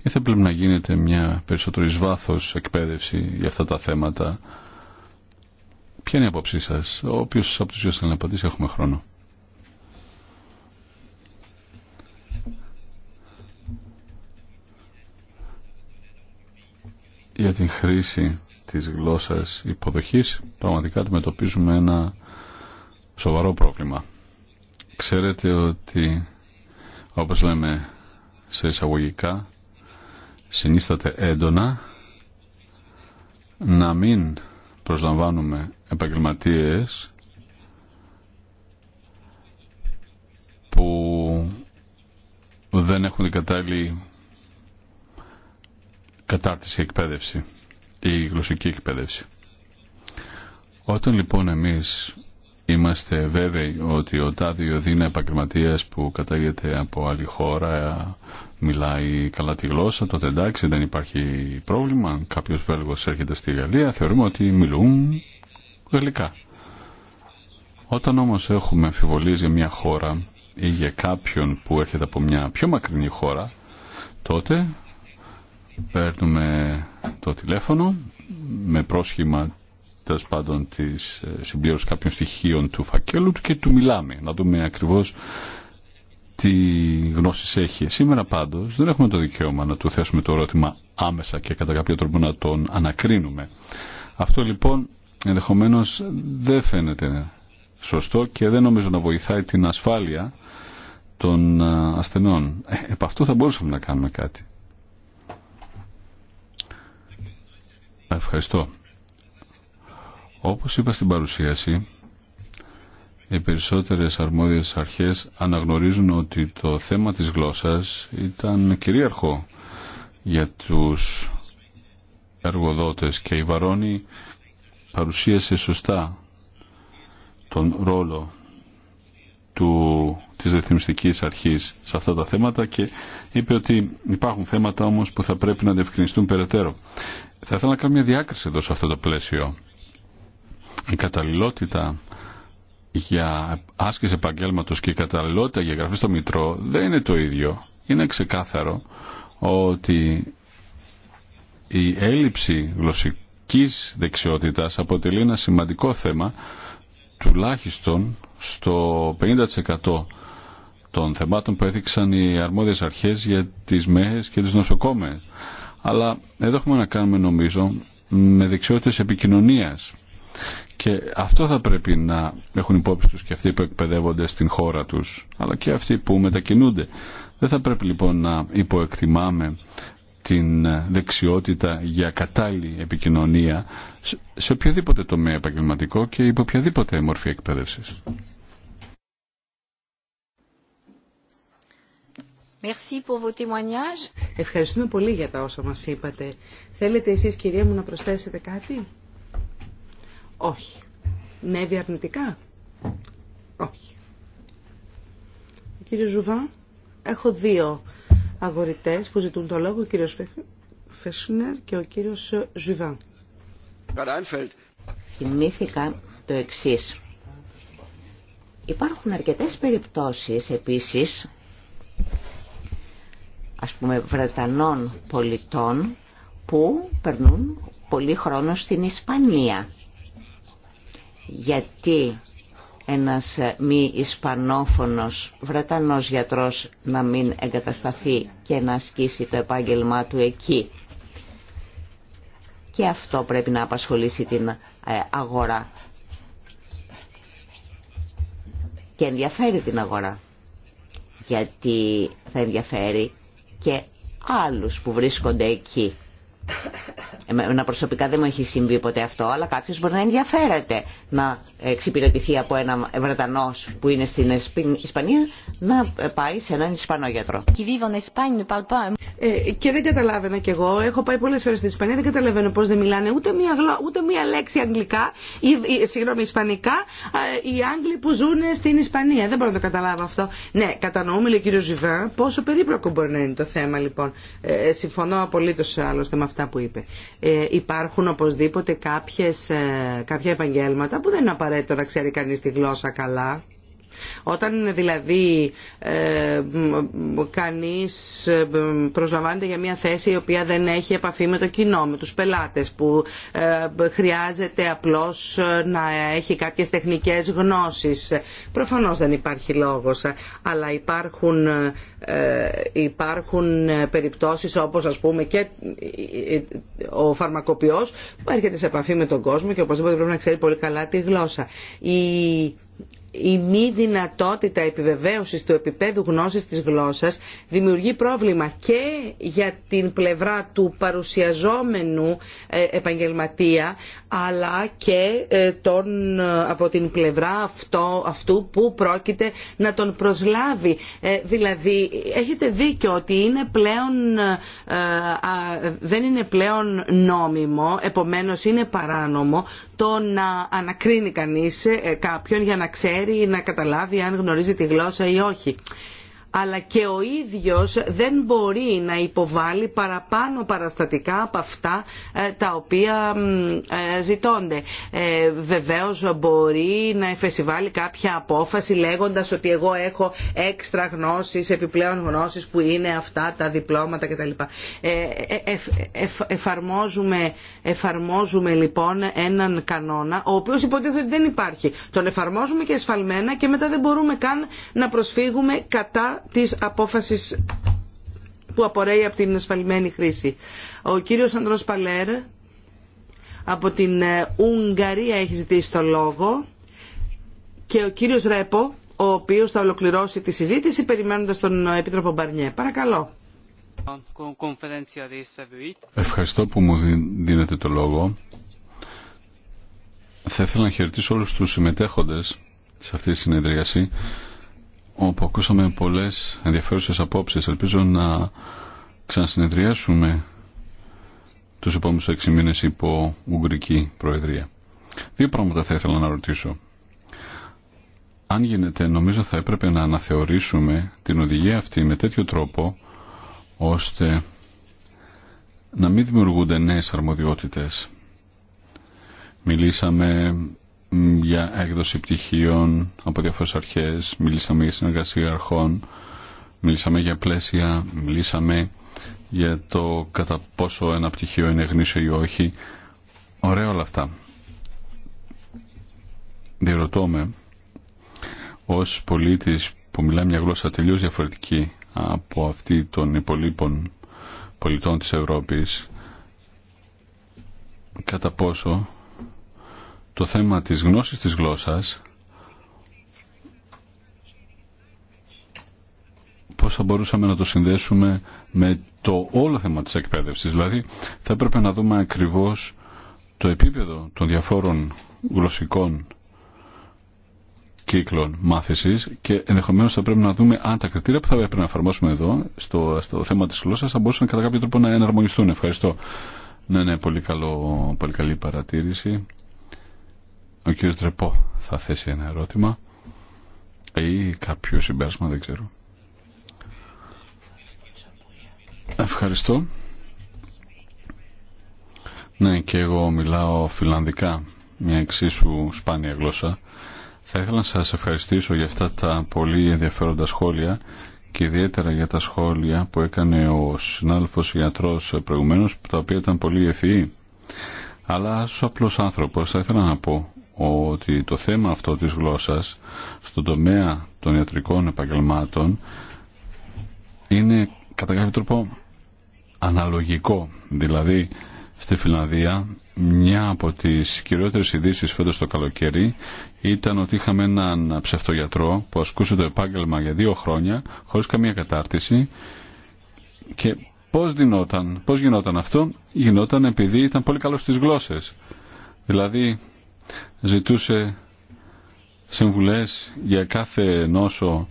ή θα πρέπει να γίνεται μια περισσότερο εις βάθος εκπαίδευση για αυτά τα θέματα. Ποια είναι η απόψη σας. Όποιος από τους δύο θέλει να γινεται μια περισσοτερο εις εκπαιδευση για αυτα έχουμε χρόνο. Για την χρήση της γλώσσας υποδοχής πραγματικά αντιμετωπίζουμε ένα σοβαρό πρόβλημα. Ξέρετε ότι όπως λέμε σε εισαγωγικά συνίσταται έντονα να μην προσλαμβάνουμε επαγγελματίες που δεν έχουν την κατάλληλη κατάρτιση εκπαίδευση ή γλωσσική εκπαίδευση. Όταν λοιπόν εμείς είμαστε βέβαιοι ότι ο Τάδιο Δίνα επαγγελματία που κατάγεται από άλλη χώρα μιλάει καλά τη γλώσσα, τότε εντάξει δεν υπάρχει πρόβλημα. Αν κάποιος Βέλγος έρχεται στη Γαλλία θεωρούμε ότι μιλούν γαλλικά. Όταν όμως έχουμε αμφιβολίες για μια χώρα ή για κάποιον που έρχεται από μια πιο μακρινή χώρα, τότε παίρνουμε το τηλέφωνο με πρόσχημα τέλο πάντων τη ε, συμπλήρωση κάποιων στοιχείων του φακέλου του και του μιλάμε. Να δούμε ακριβώ τι γνώσει έχει. Σήμερα πάντω δεν έχουμε το δικαίωμα να του θέσουμε το ερώτημα άμεσα και κατά κάποιο τρόπο να τον ανακρίνουμε. Αυτό λοιπόν ενδεχομένω δεν φαίνεται σωστό και δεν νομίζω να βοηθάει την ασφάλεια των ε, ασθενών. Ε, επ' αυτού θα μπορούσαμε να κάνουμε κάτι. Ευχαριστώ. Όπως είπα στην παρουσίαση, οι περισσότερες αρμόδιες αρχές αναγνωρίζουν ότι το θέμα της γλώσσας ήταν κυρίαρχο για τους εργοδότες και η Βαρόνη παρουσίασε σωστά τον ρόλο του, της ρυθμιστικής αρχής σε αυτά τα θέματα και είπε ότι υπάρχουν θέματα όμως που θα πρέπει να διευκρινιστούν περαιτέρω. Θα ήθελα να κάνω μια διάκριση εδώ σε αυτό το πλαίσιο η καταλληλότητα για άσκηση επαγγέλματο και η καταλληλότητα για γραφή στο Μητρό δεν είναι το ίδιο. Είναι ξεκάθαρο ότι η έλλειψη γλωσσικής δεξιότητας αποτελεί ένα σημαντικό θέμα τουλάχιστον στο 50% των θεμάτων που έθιξαν οι αρμόδιες αρχές για τις ΜΕΕΣ και τις νοσοκόμες. Αλλά εδώ έχουμε να κάνουμε νομίζω με δεξιότητες επικοινωνίας και αυτό θα πρέπει να έχουν υπόψη τους και αυτοί που εκπαιδεύονται στην χώρα τους, αλλά και αυτοί που μετακινούνται. Δεν θα πρέπει λοιπόν να υποεκτιμάμε την δεξιότητα για κατάλληλη επικοινωνία σε οποιοδήποτε τομέα επαγγελματικό και υπό οποιαδήποτε μορφή εκπαίδευσης. Ευχαριστούμε πολύ για τα όσα μας είπατε. Θέλετε εσείς κυρία μου να προσθέσετε κάτι? Όχι. Ναι, αρνητικά. Όχι. Κύριε Ζουβά, έχω δύο αγορητές που ζητούν το λόγο, ο κύριος Φεσνερ και ο κύριος Ζουβά. Θυμήθηκα το εξής. Υπάρχουν αρκετές περιπτώσεις επίσης, ας πούμε Βρετανών πολιτών, που περνούν πολύ χρόνο στην Ισπανία γιατί ένας μη ισπανόφωνος Βρετανός γιατρός να μην εγκατασταθεί και να ασκήσει το επάγγελμά του εκεί. Και αυτό πρέπει να απασχολήσει την ε, αγορά. Και ενδιαφέρει την αγορά. Γιατί θα ενδιαφέρει και άλλους που βρίσκονται εκεί. Εμένα προσωπικά δεν μου έχει συμβεί ποτέ αυτό, αλλά κάποιο μπορεί να ενδιαφέρεται να εξυπηρετηθεί από ένα Βρετανό που είναι στην Ισπανία να πάει σε έναν Ισπανό γιατρό. Ε, και δεν καταλάβαινα κι εγώ. Έχω πάει πολλέ φορέ στην Ισπανία, δεν καταλαβαίνω πώ δεν μιλάνε ούτε μία, γλω... ούτε μία λέξη αγγλικά, ή, συγγνώμη, ισπανικά, οι Άγγλοι που ζουν στην Ισπανία. Δεν μπορώ να το καταλάβω αυτό. Ναι, κατανοούμε, λέει ο κύριο Ζιβάν πόσο περίπλοκο μπορεί να είναι το θέμα, λοιπόν. Ε, συμφωνώ απολύτω άλλωστε με αυτό αυτά που είπε. Ε, υπάρχουν οπωσδήποτε κάποιες, ε, κάποια επαγγέλματα που δεν είναι απαραίτητο να ξέρει κανείς τη γλώσσα καλά. Όταν δηλαδή ε, κανείς ε, προσλαμβάνεται για μια θέση η οποία δεν έχει επαφή με το κοινό, με τους πελάτες που ε, χρειάζεται απλώς ε, να έχει κάποιες τεχνικές γνώσεις. Προφανώς δεν υπάρχει λόγος, αλλά υπάρχουν, ε, υπάρχουν περιπτώσεις όπως ας πούμε και ο φαρμακοποιός που έρχεται σε επαφή με τον κόσμο και οπωσδήποτε πρέπει να ξέρει πολύ καλά τη γλώσσα. Η η μη δυνατότητα επιβεβαίωσης του επίπεδου γνώσης της γλώσσας δημιουργεί πρόβλημα και για την πλευρά του παρουσιαζόμενου ε, επαγγελματία αλλά και ε, τον, ε, από την πλευρά αυτού που πρόκειται να τον προσλάβει. Δηλαδή έχετε δίκιο ότι είναι πλέον, δεν είναι πλέον νόμιμο, επομένως είναι παράνομο το να ανακρίνει κανείς ε, κάποιον για να ξέρει ή να καταλάβει αν γνωρίζει τη γλώσσα ή όχι αλλά και ο ίδιος δεν μπορεί να υποβάλει παραπάνω παραστατικά από αυτά ε, τα οποία ε, ζητώνται. Ε, βεβαίως μπορεί να εφεσιβάλει κάποια απόφαση λέγοντας ότι εγώ έχω έξτρα γνώσεις, επιπλέον γνώσεις που είναι αυτά τα διπλώματα κτλ. Εφαρμόζουμε, εφαρμόζουμε λοιπόν έναν κανόνα ο οποίος υποτίθεται ότι δεν υπάρχει. Τον εφαρμόζουμε και εσφαλμένα και μετά δεν μπορούμε καν να προσφύγουμε κατά της απόφασης που απορρέει από την ασφαλμένη χρήση. Ο κύριος Αντρός Παλέρ από την ε, Ουγγαρία έχει ζητήσει το λόγο και ο κύριος Ρέπο, ο οποίος θα ολοκληρώσει τη συζήτηση περιμένοντας τον Επίτροπο Μπαρνιέ. Παρακαλώ. Ευχαριστώ που μου δίνετε το λόγο. Θα ήθελα να χαιρετήσω όλους τους συμμετέχοντες σε αυτή τη συνεδρίαση όπου ακούσαμε πολλές ενδιαφέρουσες απόψεις. Ελπίζω να ξανασυνεδριάσουμε τους επόμενους έξι μήνες υπό Ουγγρική Προεδρία. Δύο πράγματα θα ήθελα να ρωτήσω. Αν γίνεται, νομίζω θα έπρεπε να αναθεωρήσουμε την οδηγία αυτή με τέτοιο τρόπο, ώστε να μην δημιουργούνται νέες αρμοδιότητες. Μιλήσαμε για έκδοση πτυχίων από διάφορες αρχές, μιλήσαμε για συνεργασία αρχών, μιλήσαμε για πλαίσια, μιλήσαμε για το κατά πόσο ένα πτυχίο είναι γνήσιο ή όχι. Ωραία όλα αυτά. Διερωτώ με, ως πολίτης που μιλάει μια γλώσσα τελείως διαφορετική από αυτή των υπολείπων πολιτών της Ευρώπης, κατά πόσο το θέμα της γνώσης της γλώσσας πώς θα μπορούσαμε να το συνδέσουμε με το όλο θέμα της εκπαίδευσης. Δηλαδή θα έπρεπε να δούμε ακριβώς το επίπεδο των διαφόρων γλωσσικών κύκλων μάθησης και ενδεχομένως θα πρέπει να δούμε αν τα κριτήρια που θα έπρεπε να εφαρμόσουμε εδώ στο, στο θέμα της γλώσσας θα μπορούσαν κατά κάποιο τρόπο να εναρμονιστούν. Ευχαριστώ. Ναι, ναι, πολύ, καλό, πολύ καλή παρατήρηση. Ο κύριος Τρεπό θα θέσει ένα ερώτημα ή κάποιο συμπέρασμα, δεν ξέρω. Ευχαριστώ. Ναι, και εγώ μιλάω φιλανδικά, μια εξίσου σπάνια γλώσσα. Θα ήθελα να σας ευχαριστήσω για αυτά τα πολύ ενδιαφέροντα σχόλια και ιδιαίτερα για τα σχόλια που έκανε ο συνάδελφος γιατρός προηγουμένως, τα οποία ήταν πολύ ευφυή. Αλλά ως απλός άνθρωπος θα ήθελα να πω ότι το θέμα αυτό της γλώσσας στον τομέα των ιατρικών επαγγελμάτων είναι κατά κάποιο τρόπο αναλογικό. Δηλαδή στη Φιλανδία μια από τις κυριότερες ειδήσει φέτος το καλοκαίρι ήταν ότι είχαμε έναν ψευτογιατρό που ασκούσε το επάγγελμα για δύο χρόνια χωρίς καμία κατάρτιση και πώς, δινόταν, πώς γινόταν αυτό γινόταν επειδή ήταν πολύ καλός στις γλώσσες. Δηλαδή ζητούσε συμβουλές για κάθε νόσο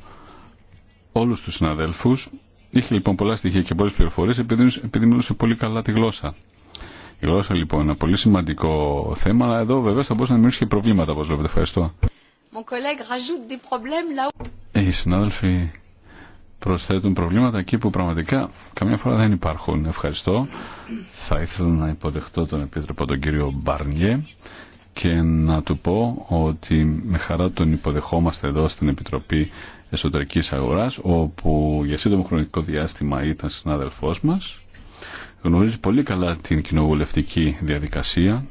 όλους τους συναδέλφους. Είχε λοιπόν πολλά στοιχεία και πολλές πληροφορίες επειδή μιλούσε πολύ καλά τη γλώσσα. Η γλώσσα λοιπόν είναι ένα πολύ σημαντικό θέμα, αλλά εδώ βεβαίω θα μπορούσε να δημιουργήσει και προβλήματα όπως βλέπετε. Ευχαριστώ. Ε, οι συνάδελφοι προσθέτουν προβλήματα εκεί που πραγματικά καμιά φορά δεν υπάρχουν. Ευχαριστώ. Θα ήθελα να υποδεχτώ τον Επίτροπο τον κύριο Μπαρνιέ και να του πω ότι με χαρά τον υποδεχόμαστε εδώ στην Επιτροπή Εσωτερικής Αγοράς όπου για σύντομο χρονικό διάστημα ήταν συνάδελφός μας γνωρίζει πολύ καλά την κοινοβουλευτική διαδικασία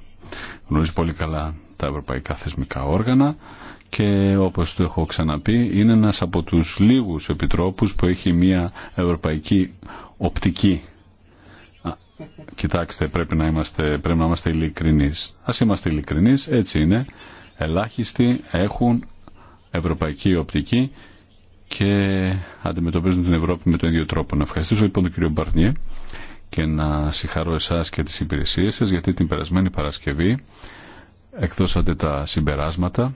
γνωρίζει πολύ καλά τα ευρωπαϊκά θεσμικά όργανα και όπως το έχω ξαναπεί είναι ένας από τους λίγους επιτρόπους που έχει μια ευρωπαϊκή οπτική Κοιτάξτε, πρέπει να είμαστε, πρέπει να είμαστε ειλικρινείς. Ας είμαστε ειλικρινείς, έτσι είναι. Ελάχιστοι έχουν ευρωπαϊκή οπτική και αντιμετωπίζουν την Ευρώπη με τον ίδιο τρόπο. Να ευχαριστήσω λοιπόν τον κύριο Μπαρνιέ και να συγχαρώ εσά και τις υπηρεσίες σας γιατί την περασμένη Παρασκευή εκδώσατε τα συμπεράσματα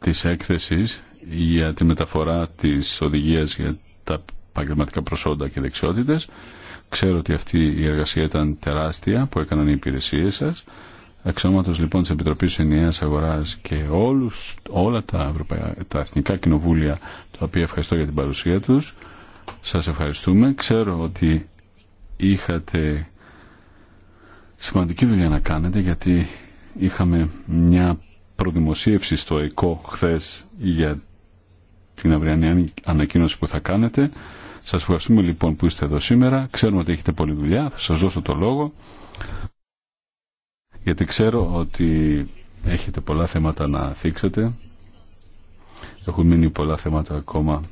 της έκθεσης για τη μεταφορά της οδηγίας για τα επαγγελματικά προσόντα και δεξιότητε. Ξέρω ότι αυτή η εργασία ήταν τεράστια που έκαναν οι υπηρεσίε σα. Εξώματο λοιπόν τη Επιτροπή Ενιαία αγορά και όλους, όλα τα, τα εθνικά κοινοβούλια τα οποία ευχαριστώ για την παρουσία του. Σα ευχαριστούμε. Ξέρω ότι είχατε σημαντική δουλειά να κάνετε γιατί είχαμε μια προδημοσίευση στο ΕΚΟ χθες για την αυριανή ανακοίνωση που θα κάνετε. Σας ευχαριστούμε λοιπόν που είστε εδώ σήμερα. Ξέρουμε ότι έχετε πολλή δουλειά. Θα σας δώσω το λόγο. Γιατί ξέρω ότι έχετε πολλά θέματα να θίξετε. Έχουν μείνει πολλά θέματα ακόμα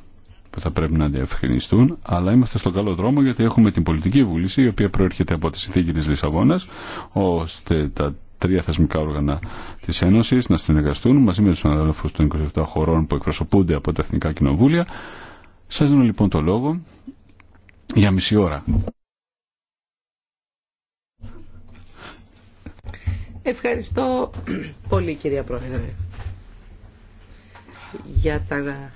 που θα πρέπει να διευκρινιστούν, αλλά είμαστε στον καλό δρόμο γιατί έχουμε την πολιτική βούληση, η οποία προέρχεται από τη συνθήκη της Λισαβόνας, ώστε τα τρία θεσμικά όργανα τη Ένωση, να συνεργαστούν μαζί με του αδέλφου των 27 χωρών που εκπροσωπούνται από τα Εθνικά Κοινοβούλια σας δίνω λοιπόν το λόγο για μισή ώρα. Ευχαριστώ πολύ κυρία Πρόεδρε για τα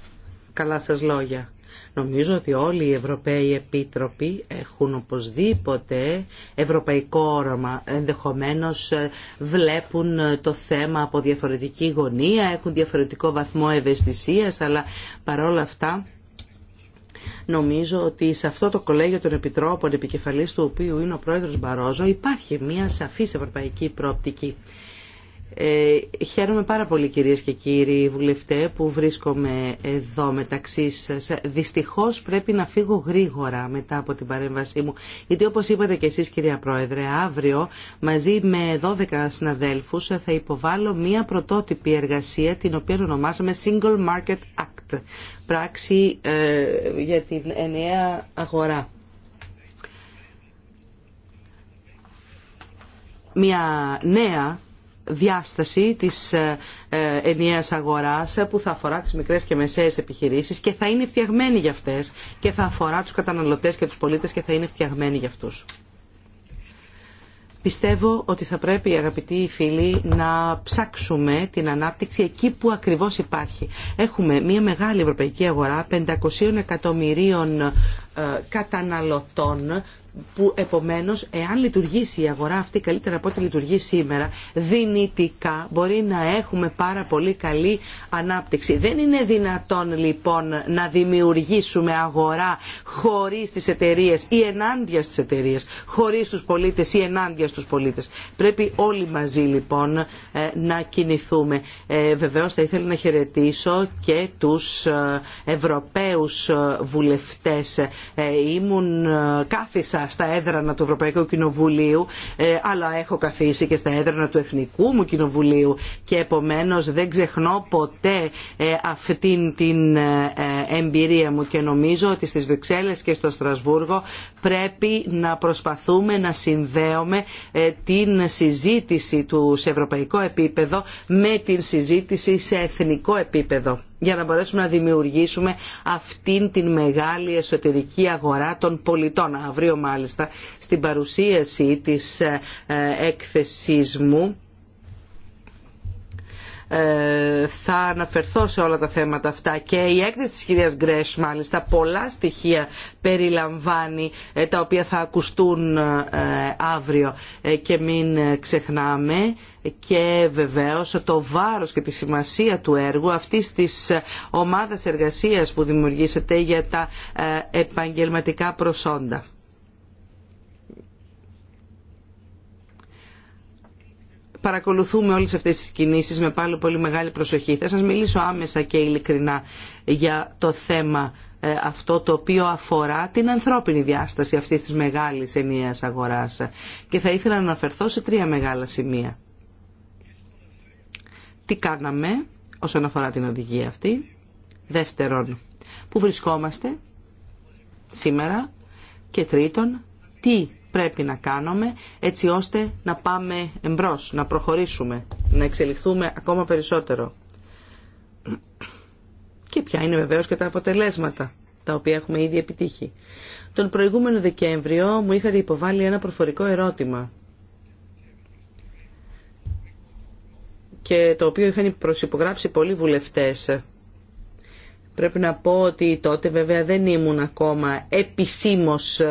καλά σας λόγια. Νομίζω ότι όλοι οι Ευρωπαίοι Επίτροποι έχουν οπωσδήποτε ευρωπαϊκό όραμα. Ενδεχομένως ε, βλέπουν ε, το θέμα από διαφορετική γωνία, έχουν διαφορετικό βαθμό ευαισθησίας, αλλά παρόλα αυτά Νομίζω ότι σε αυτό το κολέγιο των επιτρόπων επικεφαλής του οποίου είναι ο πρόεδρος Μπαρόζο υπάρχει μια σαφής ευρωπαϊκή προοπτική. Ε, χαίρομαι πάρα πολύ κυρίες και κύριοι βουλευτέ που βρίσκομαι εδώ μεταξύ σας. Δυστυχώς πρέπει να φύγω γρήγορα μετά από την παρέμβασή μου, γιατί όπως είπατε και εσείς κυρία Πρόεδρε, αύριο μαζί με 12 συναδέλφους θα υποβάλω μία πρωτότυπη εργασία την οποία ονομάσαμε Single Market Act, πράξη ε, για την ενιαία αγορά. Μια νέα διάσταση της ε, ε, ενιαίας αγοράς ε, που θα αφορά τις μικρές και μεσαίες επιχειρήσεις και θα είναι φτιαγμένη για αυτές και θα αφορά τους καταναλωτές και τους πολίτες και θα είναι φτιαγμένη για αυτούς. Πιστεύω ότι θα πρέπει αγαπητοί φίλοι να ψάξουμε την ανάπτυξη εκεί που ακριβώς υπάρχει. Έχουμε μια μεγάλη ευρωπαϊκή αγορά 500 εκατομμυρίων καταναλωτών που επομένως εάν λειτουργήσει η αγορά αυτή καλύτερα από ό,τι λειτουργεί σήμερα δυνητικά μπορεί να έχουμε πάρα πολύ καλή ανάπτυξη. Δεν είναι δυνατόν λοιπόν να δημιουργήσουμε αγορά χωρίς τις εταιρείε ή ενάντια στις εταιρείε, χωρίς τους πολίτες ή ενάντια στους πολίτες. Πρέπει όλοι μαζί λοιπόν ε, να κινηθούμε. Ε, βεβαίως θα ήθελα να χαιρετήσω και τους ε, Ευρωπαίους βουλευτές. Ήμουν κάθισα στα έδρανα του Ευρωπαϊκού Κοινοβουλίου ε, αλλά έχω καθίσει και στα έδρανα του Εθνικού μου Κοινοβουλίου και επομένως δεν ξεχνώ ποτέ ε, αυτήν την ε, εμπειρία μου και νομίζω ότι στις Βρυξέλλες και στο Στρασβούργο πρέπει να προσπαθούμε να συνδέουμε την συζήτηση του σε ευρωπαϊκό επίπεδο με την συζήτηση σε εθνικό επίπεδο για να μπορέσουμε να δημιουργήσουμε αυτήν την μεγάλη εσωτερική αγορά των πολιτών. Αύριο μάλιστα στην παρουσίαση της ε, ε, έκθεσής μου ε, θα αναφερθώ σε όλα τα θέματα αυτά και η έκθεση της κυρίας Γκρέσ μάλιστα πολλά στοιχεία περιλαμβάνει ε, τα οποία θα ακουστούν ε, αύριο και μην ξεχνάμε και βεβαίως το βάρος και τη σημασία του έργου αυτής της ομάδας εργασίας που δημιουργήσετε για τα επαγγελματικά προσόντα. παρακολουθούμε όλες αυτές τις κινήσεις με πάλι πολύ μεγάλη προσοχή. Θα σας μιλήσω άμεσα και ειλικρινά για το θέμα ε, αυτό το οποίο αφορά την ανθρώπινη διάσταση αυτής της μεγάλης ενιαίας αγοράς. Και θα ήθελα να αναφερθώ σε τρία μεγάλα σημεία. Τι κάναμε όσον αφορά την οδηγία αυτή. Δεύτερον, που βρισκόμαστε σήμερα. Και τρίτον, τι πρέπει να κάνουμε έτσι ώστε να πάμε εμπρός, να προχωρήσουμε, να εξελιχθούμε ακόμα περισσότερο. Και ποια είναι βεβαίως και τα αποτελέσματα τα οποία έχουμε ήδη επιτύχει. Τον προηγούμενο Δεκέμβριο μου είχατε υποβάλει ένα προφορικό ερώτημα και το οποίο είχαν προσυπογράψει πολλοί βουλευτές Πρέπει να πω ότι τότε βέβαια δεν ήμουν ακόμα επισήμως,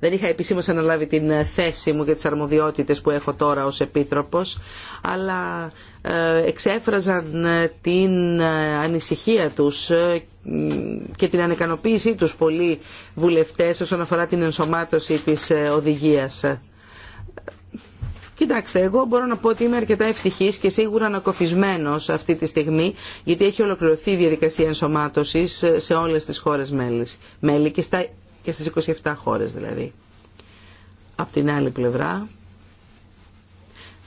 δεν είχα επισήμως αναλάβει την θέση μου και τις αρμοδιότητες που έχω τώρα ως επίτροπος, αλλά ε, εξέφραζαν ε, την ε, ανησυχία τους και την ανεκανοποίησή τους πολλοί βουλευτές όσον αφορά την ενσωμάτωση της οδηγίας. Κοιτάξτε, εγώ μπορώ να πω ότι είμαι αρκετά ευτυχή και σίγουρα ανακοφισμένο αυτή τη στιγμή, γιατί έχει ολοκληρωθεί η διαδικασία ενσωμάτωση σε όλε τι χώρε μέλη και, στα, και στι 27 χώρε δηλαδή. Απ' την άλλη πλευρά,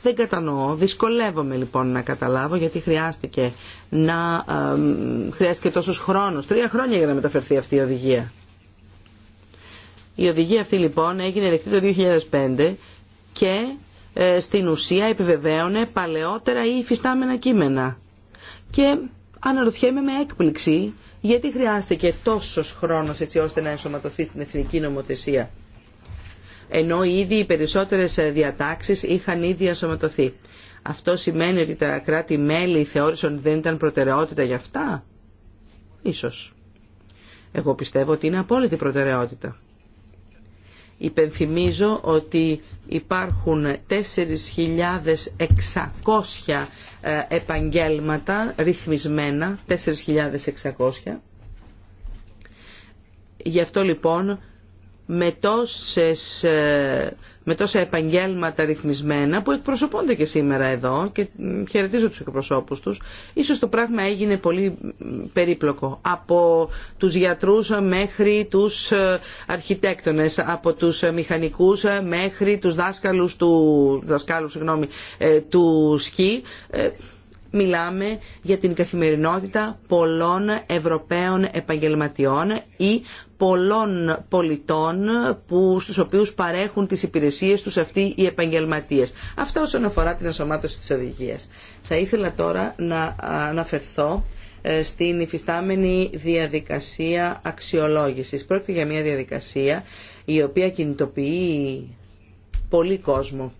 δεν κατανοώ, δυσκολεύομαι λοιπόν να καταλάβω γιατί χρειάστηκε, να, χρειάστηκε τόσους χρόνους, τρία χρόνια για να μεταφερθεί αυτή η οδηγία. Η οδηγία αυτή λοιπόν έγινε δεκτή το 2005 και ε, στην ουσία επιβεβαίωνε παλαιότερα ή υφιστάμενα κείμενα. Και αναρωτιέμαι με έκπληξη γιατί χρειάστηκε τόσος χρόνος έτσι ώστε να ενσωματωθεί στην εθνική νομοθεσία. Ενώ ήδη οι περισσότερες διατάξεις είχαν ήδη ενσωματωθεί. Αυτό σημαίνει ότι τα κράτη-μέλη θεώρησαν ότι δεν ήταν προτεραιότητα για αυτά. Ίσως. Εγώ πιστεύω ότι είναι απόλυτη προτεραιότητα. Υπενθυμίζω ότι υπάρχουν 4.600 ε, επαγγέλματα ρυθμισμένα, 4.600. Γι' αυτό λοιπόν με τόσες ε, με τόσα επαγγέλματα ρυθμισμένα που εκπροσωπώνται και σήμερα εδώ και χαιρετίζω τους εκπροσώπους τους. Ίσως το πράγμα έγινε πολύ περίπλοκο από τους γιατρούς μέχρι τους ε, αρχιτέκτονες, από τους ε, μηχανικούς ε, μέχρι τους δάσκαλους του, δασκάλου, συγγνώμη, του σκι μιλάμε για την καθημερινότητα πολλών Ευρωπαίων επαγγελματιών ή πολλών πολιτών που, στους οποίους παρέχουν τις υπηρεσίες τους αυτοί οι επαγγελματίες. Αυτό όσον αφορά την ασωμάτωση της οδηγίας. Θα ήθελα τώρα να αναφερθώ ε, στην υφιστάμενη διαδικασία αξιολόγησης. Πρόκειται για μια διαδικασία η οποία κινητοποιεί πολύ κόσμο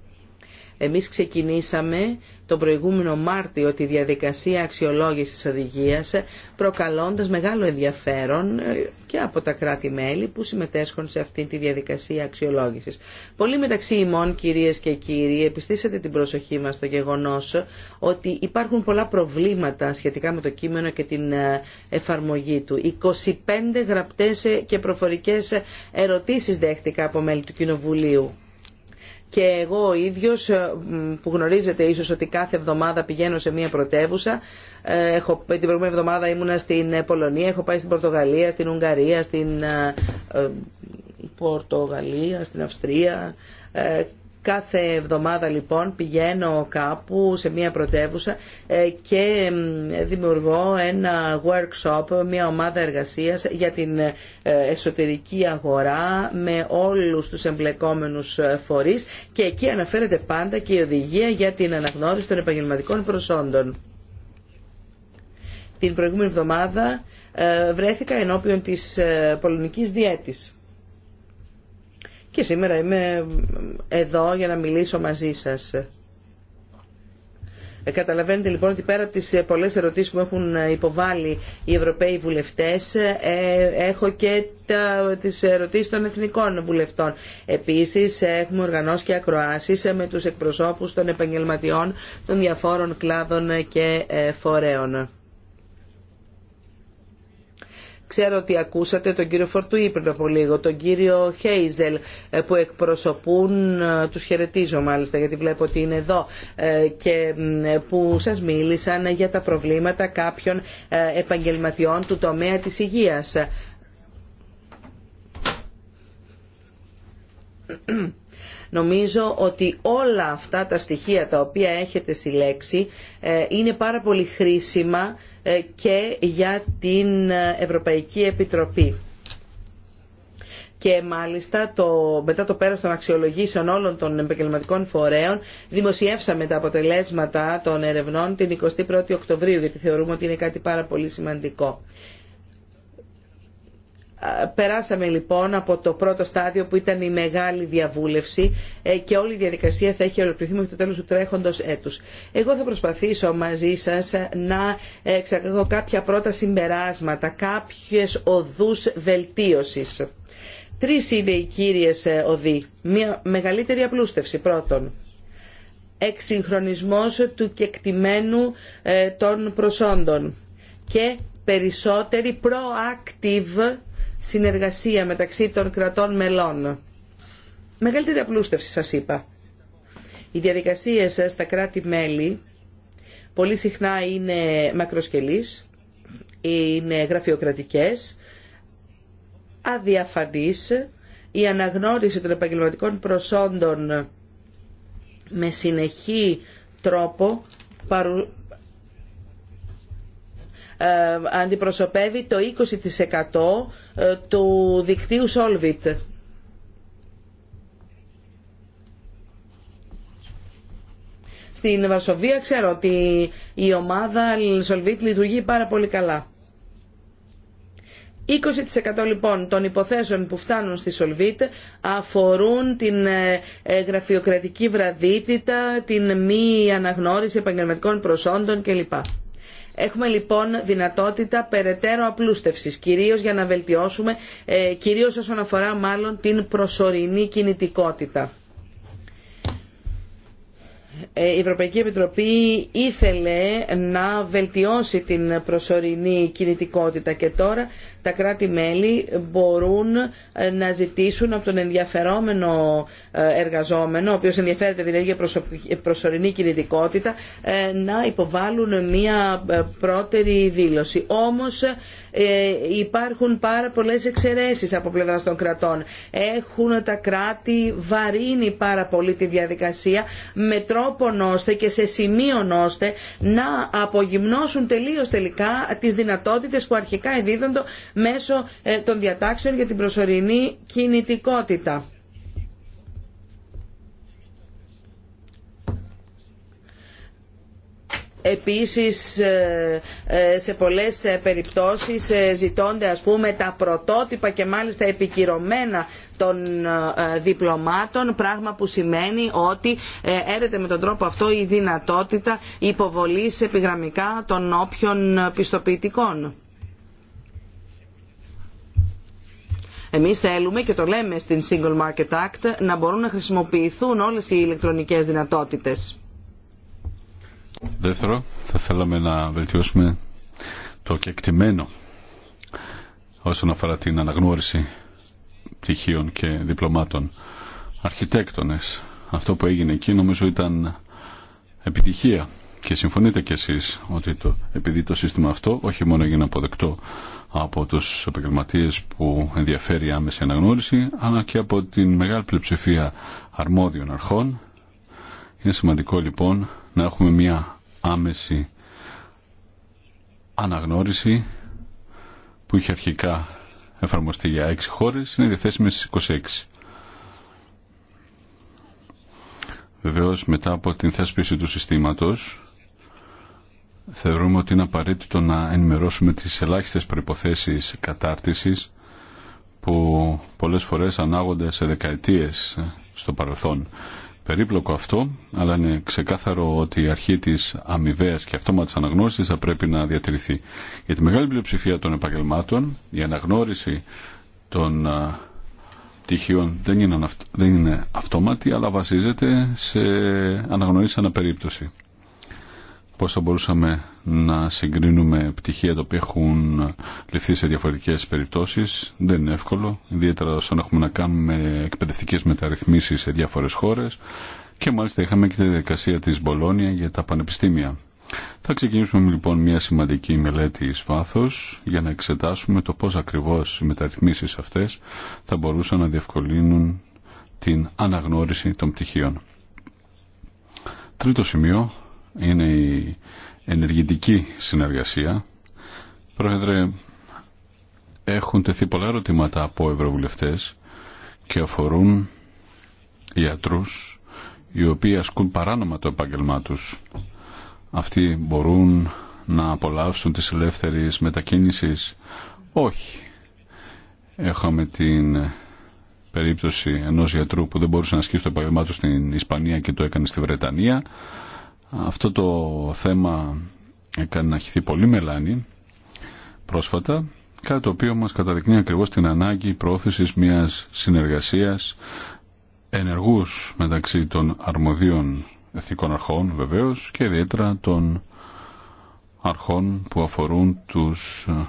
εμείς ξεκινήσαμε τον προηγούμενο Μάρτιο τη διαδικασία αξιολόγησης οδηγίας προκαλώντας μεγάλο ενδιαφέρον ε, και από τα κράτη-μέλη που συμμετέσχουν σε αυτή τη διαδικασία αξιολόγησης. Πολύ μεταξύ ημών κυρίες και κύριοι επιστήσατε την προσοχή μας στο γεγονός ότι υπάρχουν πολλά προβλήματα σχετικά με το κείμενο και την ε, εφαρμογή του. 25 γραπτές ε, και προφορικές ερωτήσεις δέχτηκα από μέλη του Κοινοβουλίου και εγώ ο ίδιος ε, που γνωρίζετε ίσως ότι κάθε εβδομάδα πηγαίνω σε μια πρωτεύουσα ε, έχω, την προηγούμενη εβδομάδα ήμουνα στην ε, Πολωνία, έχω πάει στην Πορτογαλία, στην Ουγγαρία, στην Πορτογαλία, στην Αυστρία Κάθε εβδομάδα λοιπόν πηγαίνω κάπου σε μια πρωτεύουσα ε, και δημιουργώ ένα workshop, μια ομάδα εργασίας για την ε, εσωτερική αγορά με όλους τους εμπλεκόμενους ε, φορείς και εκεί αναφέρεται πάντα και η οδηγία για την αναγνώριση των επαγγελματικών προσόντων. Την προηγούμενη εβδομάδα βρέθηκα ενώπιον της πολωνικής διέτης και σήμερα είμαι εδώ για να μιλήσω μαζί σας. Ε, καταλαβαίνετε λοιπόν ότι πέρα από τις ε, πολλές ερωτήσεις που έχουν ε, υποβάλει οι Ευρωπαίοι βουλευτές έχω και τα, τις ερωτήσεις των εθνικών βουλευτών. Επίσης έχουμε οργανώσει και ακροάσεις με τους εκπροσώπους των επαγγελματιών των διαφόρων κλάδων και φορέων. Ξέρω ότι ακούσατε τον κύριο Φορτουή πριν από λίγο, τον κύριο Χέιζελ ε, που εκπροσωπούν, ε, τους χαιρετίζω μάλιστα γιατί βλέπω ότι είναι εδώ ε, και που σας μίλησαν για τα προβλήματα κάποιων επαγγελματιών του τομέα της υγείας. Νομίζω ότι όλα αυτά τα στοιχεία τα οποία έχετε συλλέξει ε, είναι πάρα πολύ χρήσιμα ε, και για την Ευρωπαϊκή Επιτροπή και μάλιστα το, μετά το πέρας των αξιολογήσεων όλων των επαγγελματικών φορέων δημοσιεύσαμε τα αποτελέσματα των ερευνών την 21η Οκτωβρίου γιατί θεωρούμε ότι είναι κάτι πάρα πολύ σημαντικό. Περάσαμε λοιπόν από το πρώτο στάδιο που ήταν η μεγάλη διαβούλευση ε, και όλη η διαδικασία θα έχει ολοκληρωθεί μέχρι το τέλος του τρέχοντος έτους. Εγώ θα προσπαθήσω μαζί σας ε, να ε, εξαρτηθώ κάποια πρώτα συμπεράσματα, κάποιες οδούς βελτίωσης. Τρεις είναι οι κύριες οδοί. Μια μεγαλύτερη απλούστευση πρώτον εξυγχρονισμός του κεκτημένου των προσόντων και περισσότερη proactive συνεργασία μεταξύ των κρατών μελών. Μεγαλύτερη απλούστευση σας είπα. Οι διαδικασίες στα κράτη-μέλη πολύ συχνά είναι μακροσκελής, είναι γραφειοκρατικές, αδιαφανείς, η αναγνώριση των επαγγελματικών προσόντων με συνεχή τρόπο ε, αντιπροσωπεύει το 20% ε, του δικτύου Solvit. Στην Βασοβία ξέρω ότι η ομάδα Solvit λειτουργεί πάρα πολύ καλά. 20% λοιπόν των υποθέσεων που φτάνουν στη Σολβίτ αφορούν την ε, γραφειοκρατική βραδύτητα, την μη αναγνώριση επαγγελματικών προσόντων κλπ. Έχουμε λοιπόν δυνατότητα περαιτέρω απλούστευσης, κυρίως για να βελτιώσουμε, ε, κυρίως όσον αφορά μάλλον την προσωρινή κινητικότητα. Ε, η Ευρωπαϊκή Επιτροπή ήθελε να βελτιώσει την προσωρινή κινητικότητα και τώρα τα κράτη-μέλη μπορούν ε, να ζητήσουν από τον ενδιαφερόμενο ε, εργαζόμενο, ο οποίος ενδιαφέρεται δηλαδή για προσωρινή κινητικότητα, ε, να υποβάλουν μία ε, πρώτερη δήλωση. Όμως υπάρχουν πάρα πολλές εξαιρέσεις από πλευράς των κρατών. Έχουν τα κράτη βαρύνει πάρα πολύ τη διαδικασία με τρόπον ώστε και σε σημείο ώστε να απογυμνώσουν τελείως τελικά τις δυνατότητες που αρχικά εδίδονται μέσω των διατάξεων για την προσωρινή κινητικότητα. Επίσης ε, ε, σε πολλές ε, περιπτώσεις ζητώνται ας πούμε τα πρωτότυπα και μάλιστα επικυρωμένα των διπλωμάτων πράγμα που σημαίνει ότι έρεται με τον τρόπο αυτό η δυνατότητα υποβολής επιγραμμικά των όποιων πιστοποιητικών. Εμείς θέλουμε και το λέμε στην Single Market Act να μπορούν να χρησιμοποιηθούν όλες οι ηλεκτρονικές δυνατότητες. Δεύτερο, θα θέλαμε να βελτιώσουμε το κεκτημένο όσον αφορά την αναγνώριση πτυχίων και διπλωμάτων αρχιτέκτονες. Αυτό που έγινε εκεί νομίζω ήταν επιτυχία και συμφωνείτε κι εσείς ότι το, επειδή το σύστημα αυτό όχι μόνο έγινε αποδεκτό από τους επαγγελματίε που ενδιαφέρει άμεση αναγνώριση αλλά και από την μεγάλη πλειοψηφία αρμόδιων αρχών είναι σημαντικό λοιπόν να έχουμε μια άμεση αναγνώριση που είχε αρχικά εφαρμοστεί για 6 χώρες είναι διαθέσιμη στις 26. Βεβαίως μετά από την θέσπιση του συστήματος θεωρούμε ότι είναι απαραίτητο να ενημερώσουμε τις ελάχιστες προϋποθέσεις κατάρτισης που πολλές φορές ανάγονται σε δεκαετίες στο παρελθόν περίπλοκο αυτό, αλλά είναι ξεκάθαρο ότι η αρχή τη αμοιβαία και αυτόματη αναγνώριση θα πρέπει να διατηρηθεί. Για τη μεγάλη πλειοψηφία των επαγγελμάτων, η αναγνώριση των πτυχίων δεν είναι, δεν είναι αυτόματη, αλλά βασίζεται σε αναγνωρίσει αναπερίπτωση πώς θα μπορούσαμε να συγκρίνουμε πτυχία τα οποία έχουν ληφθεί σε διαφορετικές περιπτώσεις. Δεν είναι εύκολο, ιδιαίτερα όσον έχουμε να κάνουμε εκπαιδευτικές μεταρρυθμίσεις σε διάφορες χώρες και μάλιστα είχαμε και τη διαδικασία της Μπολόνια για τα πανεπιστήμια. Θα ξεκινήσουμε λοιπόν μια σημαντική μελέτη εις βάθος για να εξετάσουμε το πώς ακριβώς οι μεταρρυθμίσεις αυτές θα μπορούσαν να διευκολύνουν την αναγνώριση των πτυχίων. Τρίτο σημείο είναι η ενεργητική συνεργασία. Πρόεδρε, έχουν τεθεί πολλά ερωτήματα από ευρωβουλευτές και αφορούν ιατρούς οι οποίοι ασκούν παράνομα το επάγγελμά τους. Αυτοί μπορούν να απολαύσουν τις ελεύθερες μετακίνησης. Όχι. Έχαμε την περίπτωση ενός γιατρού που δεν μπορούσε να ασκήσει το επάγγελμά του στην Ισπανία και το έκανε στη Βρετανία. Αυτό το θέμα έκανε να χυθεί πολύ μελάνη πρόσφατα, κάτι το οποίο μας καταδεικνύει ακριβώς την ανάγκη προώθησης μιας συνεργασίας ενεργούς μεταξύ των αρμοδίων εθνικών αρχών βεβαίως και ιδιαίτερα των αρχών που αφορούν τους ε,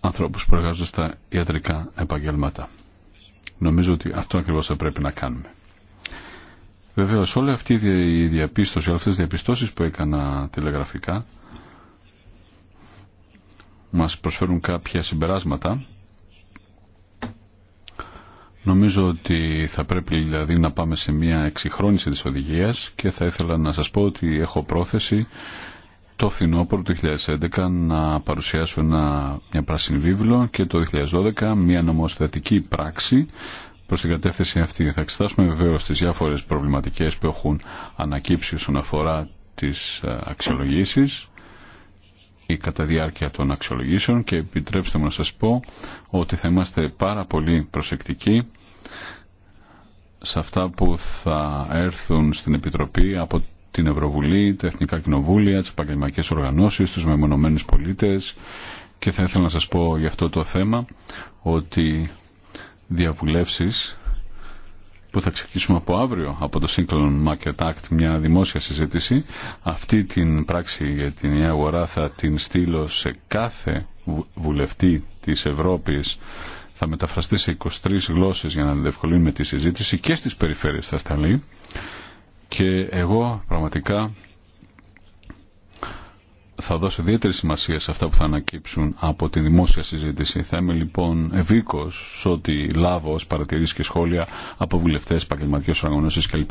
ανθρώπους που εργάζονται στα ιατρικά επαγγέλματα. Νομίζω ότι αυτό ακριβώς θα πρέπει να κάνουμε. Βεβαίω, όλη αυτή η διαπίστωση, όλε αυτέ τι διαπιστώσει που έκανα τηλεγραφικά μα προσφέρουν κάποια συμπεράσματα. Νομίζω ότι θα πρέπει δηλαδή να πάμε σε μια εξυγχρόνηση της οδηγίας και θα ήθελα να σας πω ότι έχω πρόθεση το φθινόπωρο του 2011 να παρουσιάσω ένα, μια πράσινη βίβλο και το 2012 μια νομοθετική πράξη Προ την κατεύθυνση αυτή. Θα εξετάσουμε βεβαίω τι διάφορες προβληματικές που έχουν ανακύψει όσον αφορά τι ε, αξιολογήσει ή κατά διάρκεια των αξιολογήσεων και επιτρέψτε μου να σας πω ότι θα είμαστε πάρα πολύ προσεκτικοί σε αυτά που θα έρθουν στην Επιτροπή από την Ευρωβουλή, τα Εθνικά Κοινοβούλια, τις επαγγελματικές οργανώσεις, τους μεμονωμένους πολίτες και θα ήθελα να σας πω για αυτό το θέμα ότι διαβουλεύσεις που θα ξεκινήσουμε από αύριο από το Synchron Market Act μια δημόσια συζήτηση. Αυτή την πράξη για την νέα αγορά θα την στείλω σε κάθε βουλευτή της Ευρώπης θα μεταφραστεί σε 23 γλώσσες για να διευκολύνουμε τη συζήτηση και στις περιφέρειες θα σταλεί και εγώ πραγματικά θα δώσω ιδιαίτερη σημασία σε αυτά που θα ανακύψουν από τη δημόσια συζήτηση. Θα είμαι λοιπόν ευήκο ό,τι λάβω ω παρατηρήσει και σχόλια από βουλευτέ, επαγγελματικέ οργανώσει κλπ.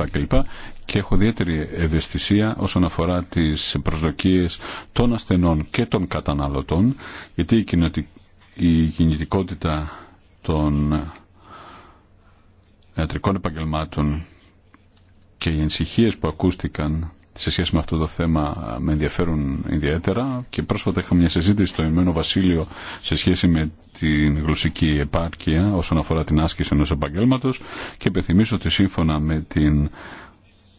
Και έχω ιδιαίτερη ευαισθησία όσον αφορά τι προσδοκίε των ασθενών και των καταναλωτών, γιατί η κινητικότητα των ιατρικών επαγγελμάτων και οι ενσυχίες που ακούστηκαν σε σχέση με αυτό το θέμα με ενδιαφέρουν ιδιαίτερα και πρόσφατα είχαμε μια συζήτηση στο Ηνωμένο Βασίλειο σε σχέση με την γλωσσική επάρκεια όσον αφορά την άσκηση ενός επαγγέλματο και επιθυμίσω ότι σύμφωνα με την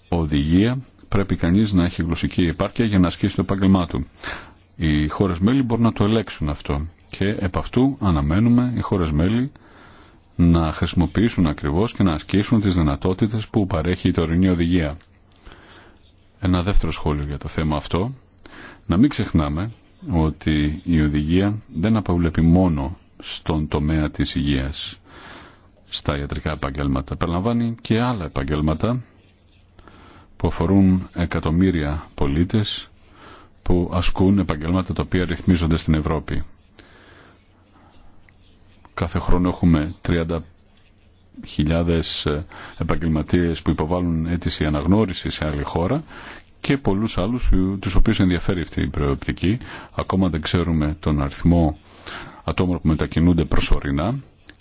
οδηγία πρέπει κανείς να έχει γλωσσική επάρκεια για να ασκήσει το επάγγελμά του. Οι χώρες μέλη μπορούν να το ελέξουν αυτό και επ' αυτού αναμένουμε οι χώρες μέλη να χρησιμοποιήσουν ακριβώς και να ασκήσουν τις δυνατότητες που παρέχει η τωρινή οδηγία. Ένα δεύτερο σχόλιο για το θέμα αυτό. Να μην ξεχνάμε ότι η οδηγία δεν αποβλέπει μόνο στον τομέα της υγείας στα ιατρικά επαγγέλματα. Περιλαμβάνει και άλλα επαγγέλματα που αφορούν εκατομμύρια πολίτες που ασκούν επαγγέλματα τα οποία ρυθμίζονται στην Ευρώπη. Κάθε χρόνο έχουμε χιλιάδες ε, επαγγελματίες που υποβάλλουν αίτηση αναγνώριση σε άλλη χώρα και πολλούς άλλους ε, τους οποίους ενδιαφέρει αυτή η προοπτική. Ακόμα δεν ξέρουμε τον αριθμό ατόμων που μετακινούνται προσωρινά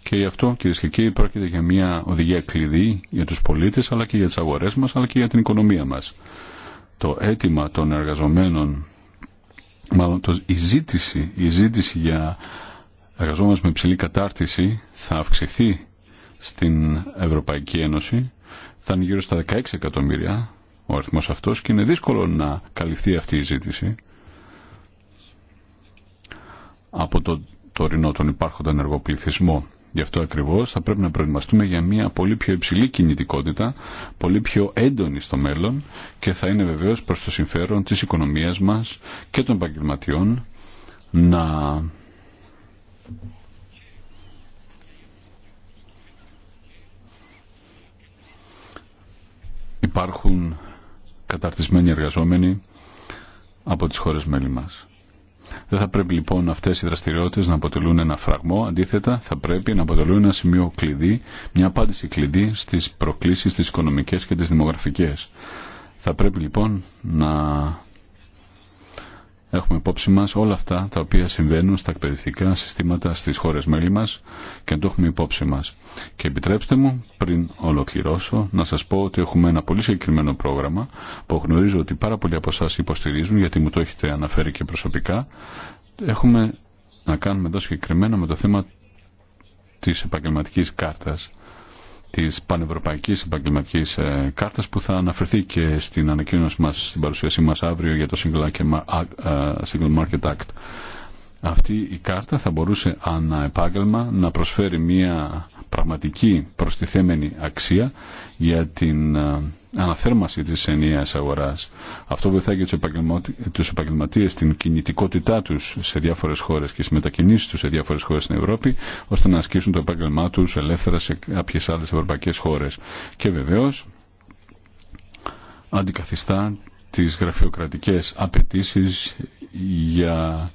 και γι' αυτό κυρίε και κύριοι πρόκειται για μια οδηγία κλειδί για τους πολίτες αλλά και για τις αγορές μας αλλά και για την οικονομία μας. Το αίτημα των εργαζομένων, μάλλον το, η, ζήτηση, η ζήτηση για εργαζόμενους με υψηλή κατάρτιση θα αυξηθεί στην Ευρωπαϊκή Ένωση θα είναι γύρω στα 16 εκατομμύρια ο αριθμός αυτός και είναι δύσκολο να καλυφθεί αυτή η ζήτηση από το τωρινό τον υπάρχοντα ενεργό Γι' αυτό ακριβώς θα πρέπει να προετοιμαστούμε για μια πολύ πιο υψηλή κινητικότητα, πολύ πιο έντονη στο μέλλον και θα είναι βεβαίως προς το συμφέρον της οικονομίας μας και των επαγγελματιών να υπάρχουν καταρτισμένοι εργαζόμενοι από τις χώρες μέλη μας. Δεν θα πρέπει λοιπόν αυτές οι δραστηριότητες να αποτελούν ένα φραγμό, αντίθετα θα πρέπει να αποτελούν ένα σημείο κλειδί, μια απάντηση κλειδί στις προκλήσεις, τις οικονομικές και τις δημογραφικές. Θα πρέπει λοιπόν να έχουμε υπόψη μα όλα αυτά τα οποία συμβαίνουν στα εκπαιδευτικά συστήματα στι χώρε μέλη μα και να το έχουμε υπόψη μα. Και επιτρέψτε μου, πριν ολοκληρώσω, να σα πω ότι έχουμε ένα πολύ συγκεκριμένο πρόγραμμα που γνωρίζω ότι πάρα πολλοί από εσά υποστηρίζουν, γιατί μου το έχετε αναφέρει και προσωπικά. Έχουμε να κάνουμε εδώ συγκεκριμένα με το θέμα τη επαγγελματική κάρτα της Πανευρωπαϊκής Επαγγελματικής ε, Κάρτα που θα αναφερθεί και στην ανακοίνωση μας, στην παρουσίασή μας αύριο για το ε, Single Market Act. Αυτή η κάρτα θα μπορούσε ανά επάγγελμα να προσφέρει μια πραγματική προστιθέμενη αξία για την ε, αναθέρμανση της ενιαίας αγοράς. Αυτό βοηθάει και τους επαγγελματίες στην κινητικότητά τους σε διάφορες χώρες και στις μετακινήσεις τους σε διάφορες χώρες στην Ευρώπη, ώστε να ασκήσουν το επάγγελμά τους ελεύθερα σε κάποιες άλλες ευρωπαϊκές χώρες. Και βεβαίως αντικαθιστά τις γραφειοκρατικές απαιτήσει για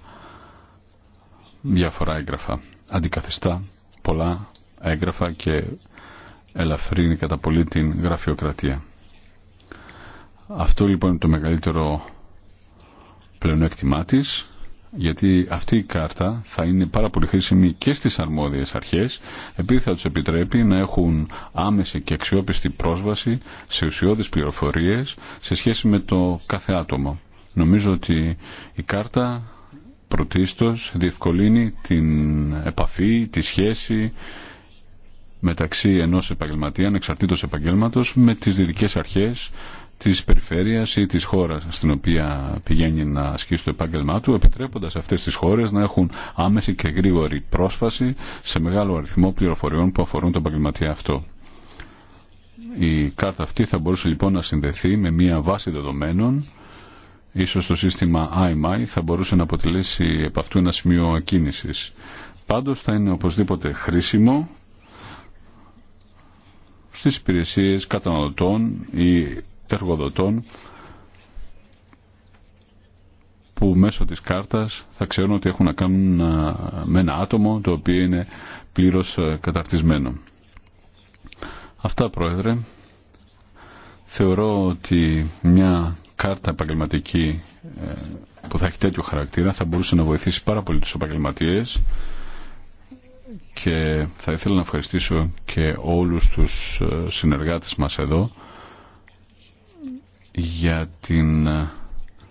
διαφορά έγγραφα. Αντικαθιστά πολλά έγγραφα και ελαφρύνει κατά πολύ την γραφειοκρατία. Αυτό λοιπόν είναι το μεγαλύτερο πλεονέκτημά τη, γιατί αυτή η κάρτα θα είναι πάρα πολύ χρήσιμη και στις αρμόδιε αρχές, επειδή θα τους επιτρέπει να έχουν άμεση και αξιόπιστη πρόσβαση σε ουσιώδει πληροφορίε σε σχέση με το κάθε άτομο. Νομίζω ότι η κάρτα πρωτίστως διευκολύνει την επαφή, τη σχέση μεταξύ ενός επαγγελματία, ανεξαρτήτως επαγγέλματος, με τις δυτικές αρχές, Τη περιφέρεια ή τη χώρα στην οποία πηγαίνει να σχέσει το επάγγελμα του, επιτρέποντα αυτέ τι χώρε να έχουν άμεση και γρήγορη πρόσφαση σε μεγάλο αριθμό πληροφοριών που αφορούν τον επαγγελματίο αυτό. Η κάθε αυτή θα μπορούσε λοιπόν να συνδεθεί με μια βάση δεδομένων Ίσως το σύστημα IMI θα μπορούσε να αποτελέσει από αυτού ένα σημείο κίνησης. Πάντως θα είναι οπωσδήποτε χρήσιμο στις υπηρεσίες καταναλωτών ή εργοδοτών που μέσω της κάρτας θα ξέρουν ότι έχουν να κάνουν με ένα άτομο το οποίο είναι πλήρως καταρτισμένο. Αυτά, Πρόεδρε. Θεωρώ ότι μια κάρτα επαγγελματική ε, που θα έχει τέτοιο χαρακτήρα θα μπορούσε να βοηθήσει πάρα πολύ τους επαγγελματίε και θα ήθελα να ευχαριστήσω και όλους τους ε, συνεργάτες μας εδώ για την ε,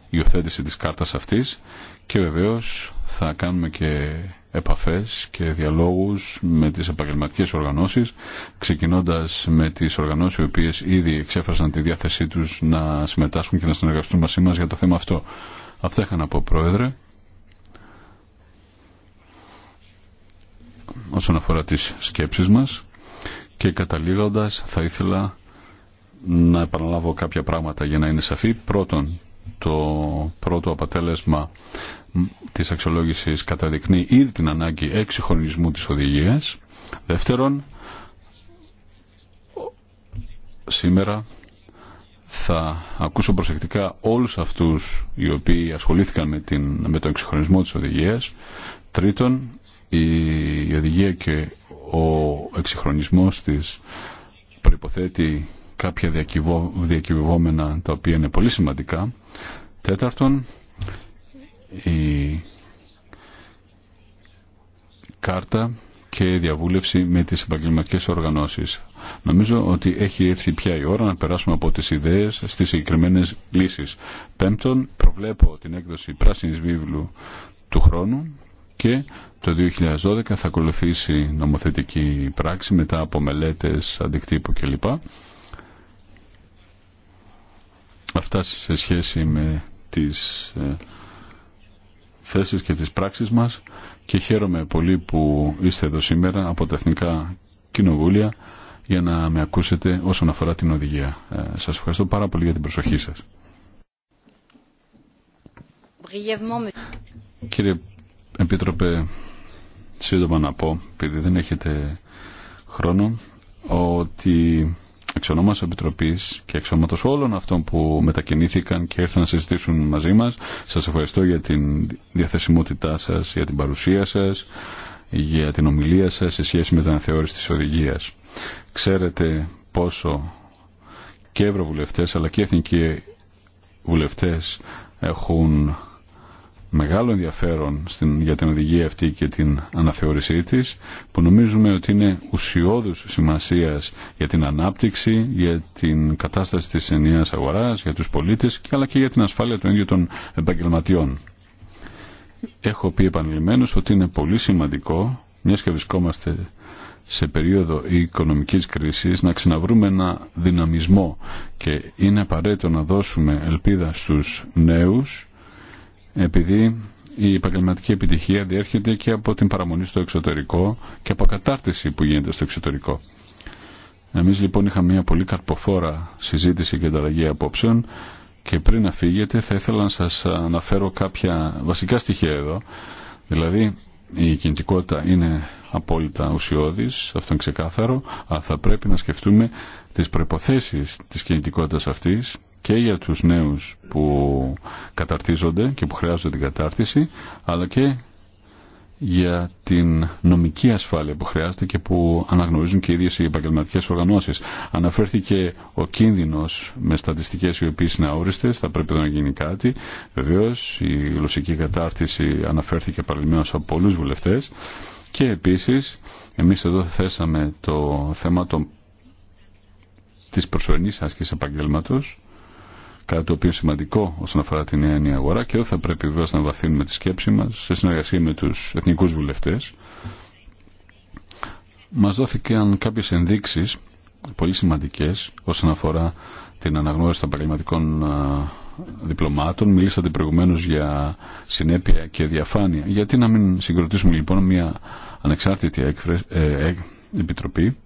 υιοθέτηση της κάρτας αυτής και βεβαίως θα κάνουμε και επαφές και διαλόγους με τις επαγγελματικές οργανώσεις ξεκινώντας με τις οργανώσεις οι οποίες ήδη εξέφρασαν τη διάθεσή τους να συμμετάσχουν και να συνεργαστούν μαζί μας για το θέμα αυτό. Αυτά είχα να πω Πρόεδρε. όσον αφορά τις σκέψεις μας και καταλήγοντας θα ήθελα να επαναλάβω κάποια πράγματα για να είναι σαφή. Πρώτον, το πρώτο αποτέλεσμα της αξιολόγησης καταδεικνύει ήδη την ανάγκη εξυγχρονισμού της οδηγίας. Δεύτερον, σήμερα θα ακούσω προσεκτικά όλους αυτούς οι οποίοι ασχολήθηκαν με, την, με τον εξυγχρονισμό της οδηγίας. Τρίτον, η οδηγία και ο εξυγχρονισμός της προϋποθέτει κάποια διακυβευόμενα τα οποία είναι πολύ σημαντικά. Τέταρτον, η κάρτα και διαβούλευση με τις επαγγελματικέ οργανώσεις. Νομίζω ότι έχει έρθει πια η ώρα να περάσουμε από τις ιδέες στις συγκεκριμένε λύσεις. Πέμπτον, προβλέπω την έκδοση πράσινης βίβλου του χρόνου και το 2012 θα ακολουθήσει νομοθετική πράξη μετά από μελέτες, αντικτύπου κλπ. Αυτά σε σχέση με τις ε, θέσεις και τις πράξεις μας και χαίρομαι πολύ που είστε εδώ σήμερα από τα Εθνικά Κοινοβούλια για να με ακούσετε όσον αφορά την οδηγία. Ε, σας ευχαριστώ πάρα πολύ για την προσοχή σας. Κύριε Επίτροπε, σύντομα να πω, επειδή δεν έχετε χρόνο, ότι εξ ονόμας Επιτροπής και εξ ονόματος όλων αυτών που μετακινήθηκαν και ήρθαν να συζητήσουν μαζί μας. Σας ευχαριστώ για την διαθεσιμότητά σας, για την παρουσία σας, για την ομιλία σας σε σχέση με την αναθεώρηση της οδηγίας. Ξέρετε πόσο και ευρωβουλευτές αλλά και εθνικοί βουλευτές έχουν μεγάλο ενδιαφέρον στην, για την οδηγία αυτή και την αναθεώρησή της που νομίζουμε ότι είναι ουσιώδους σημασίας για την ανάπτυξη, για την κατάσταση της ενιαίας αγοράς, για τους πολίτες και αλλά και για την ασφάλεια των ίδιων των επαγγελματιών. Έχω πει επανειλημμένως ότι είναι πολύ σημαντικό, μιας και βρισκόμαστε σε περίοδο οικονομικής κρίσης να ξαναβρούμε ένα δυναμισμό και είναι απαραίτητο να δώσουμε ελπίδα στους νέους επειδή η επαγγελματική επιτυχία διέρχεται και από την παραμονή στο εξωτερικό και από κατάρτιση που γίνεται στο εξωτερικό. Εμείς λοιπόν είχαμε μια πολύ καρποφόρα συζήτηση και ανταλλαγή απόψεων και πριν να φύγετε θα ήθελα να σας αναφέρω κάποια βασικά στοιχεία εδώ. Δηλαδή η κινητικότητα είναι απόλυτα ουσιώδης, αυτό είναι ξεκάθαρο, αλλά θα πρέπει να σκεφτούμε τις προϋποθέσεις της κινητικότητας αυτής και για τους νέους που καταρτίζονται και που χρειάζονται την κατάρτιση αλλά και για την νομική ασφάλεια που χρειάζεται και που αναγνωρίζουν και οι ίδιες οι επαγγελματικές οργανώσεις. Αναφέρθηκε ο κίνδυνος με στατιστικές οι οποίες είναι αόριστες, θα πρέπει να γίνει κάτι. βεβαίω η γλωσσική κατάρτιση αναφέρθηκε παρελειμμένως από πολλούς βουλευτές και επίσης εμείς εδώ θέσαμε το θέμα των της προσωρινής άσκησης επαγγέλματος κάτι το οποίο σημαντικό όσον αφορά την νέα-νέα αγορά και εδώ θα πρέπει βέβαια να βαθύνουμε τη σκέψη μας σε συνεργασία με τους εθνικούς βουλευτές. Μας δόθηκαν κάποιες ενδείξεις πολύ σημαντικές όσον αφορά την αναγνώριση των επαγγελματικών διπλωμάτων. Μιλήσατε προηγουμένως για συνέπεια και διαφάνεια. Γιατί να μην συγκροτήσουμε λοιπόν μια ανεξάρτητη ε, ε, επιτροπή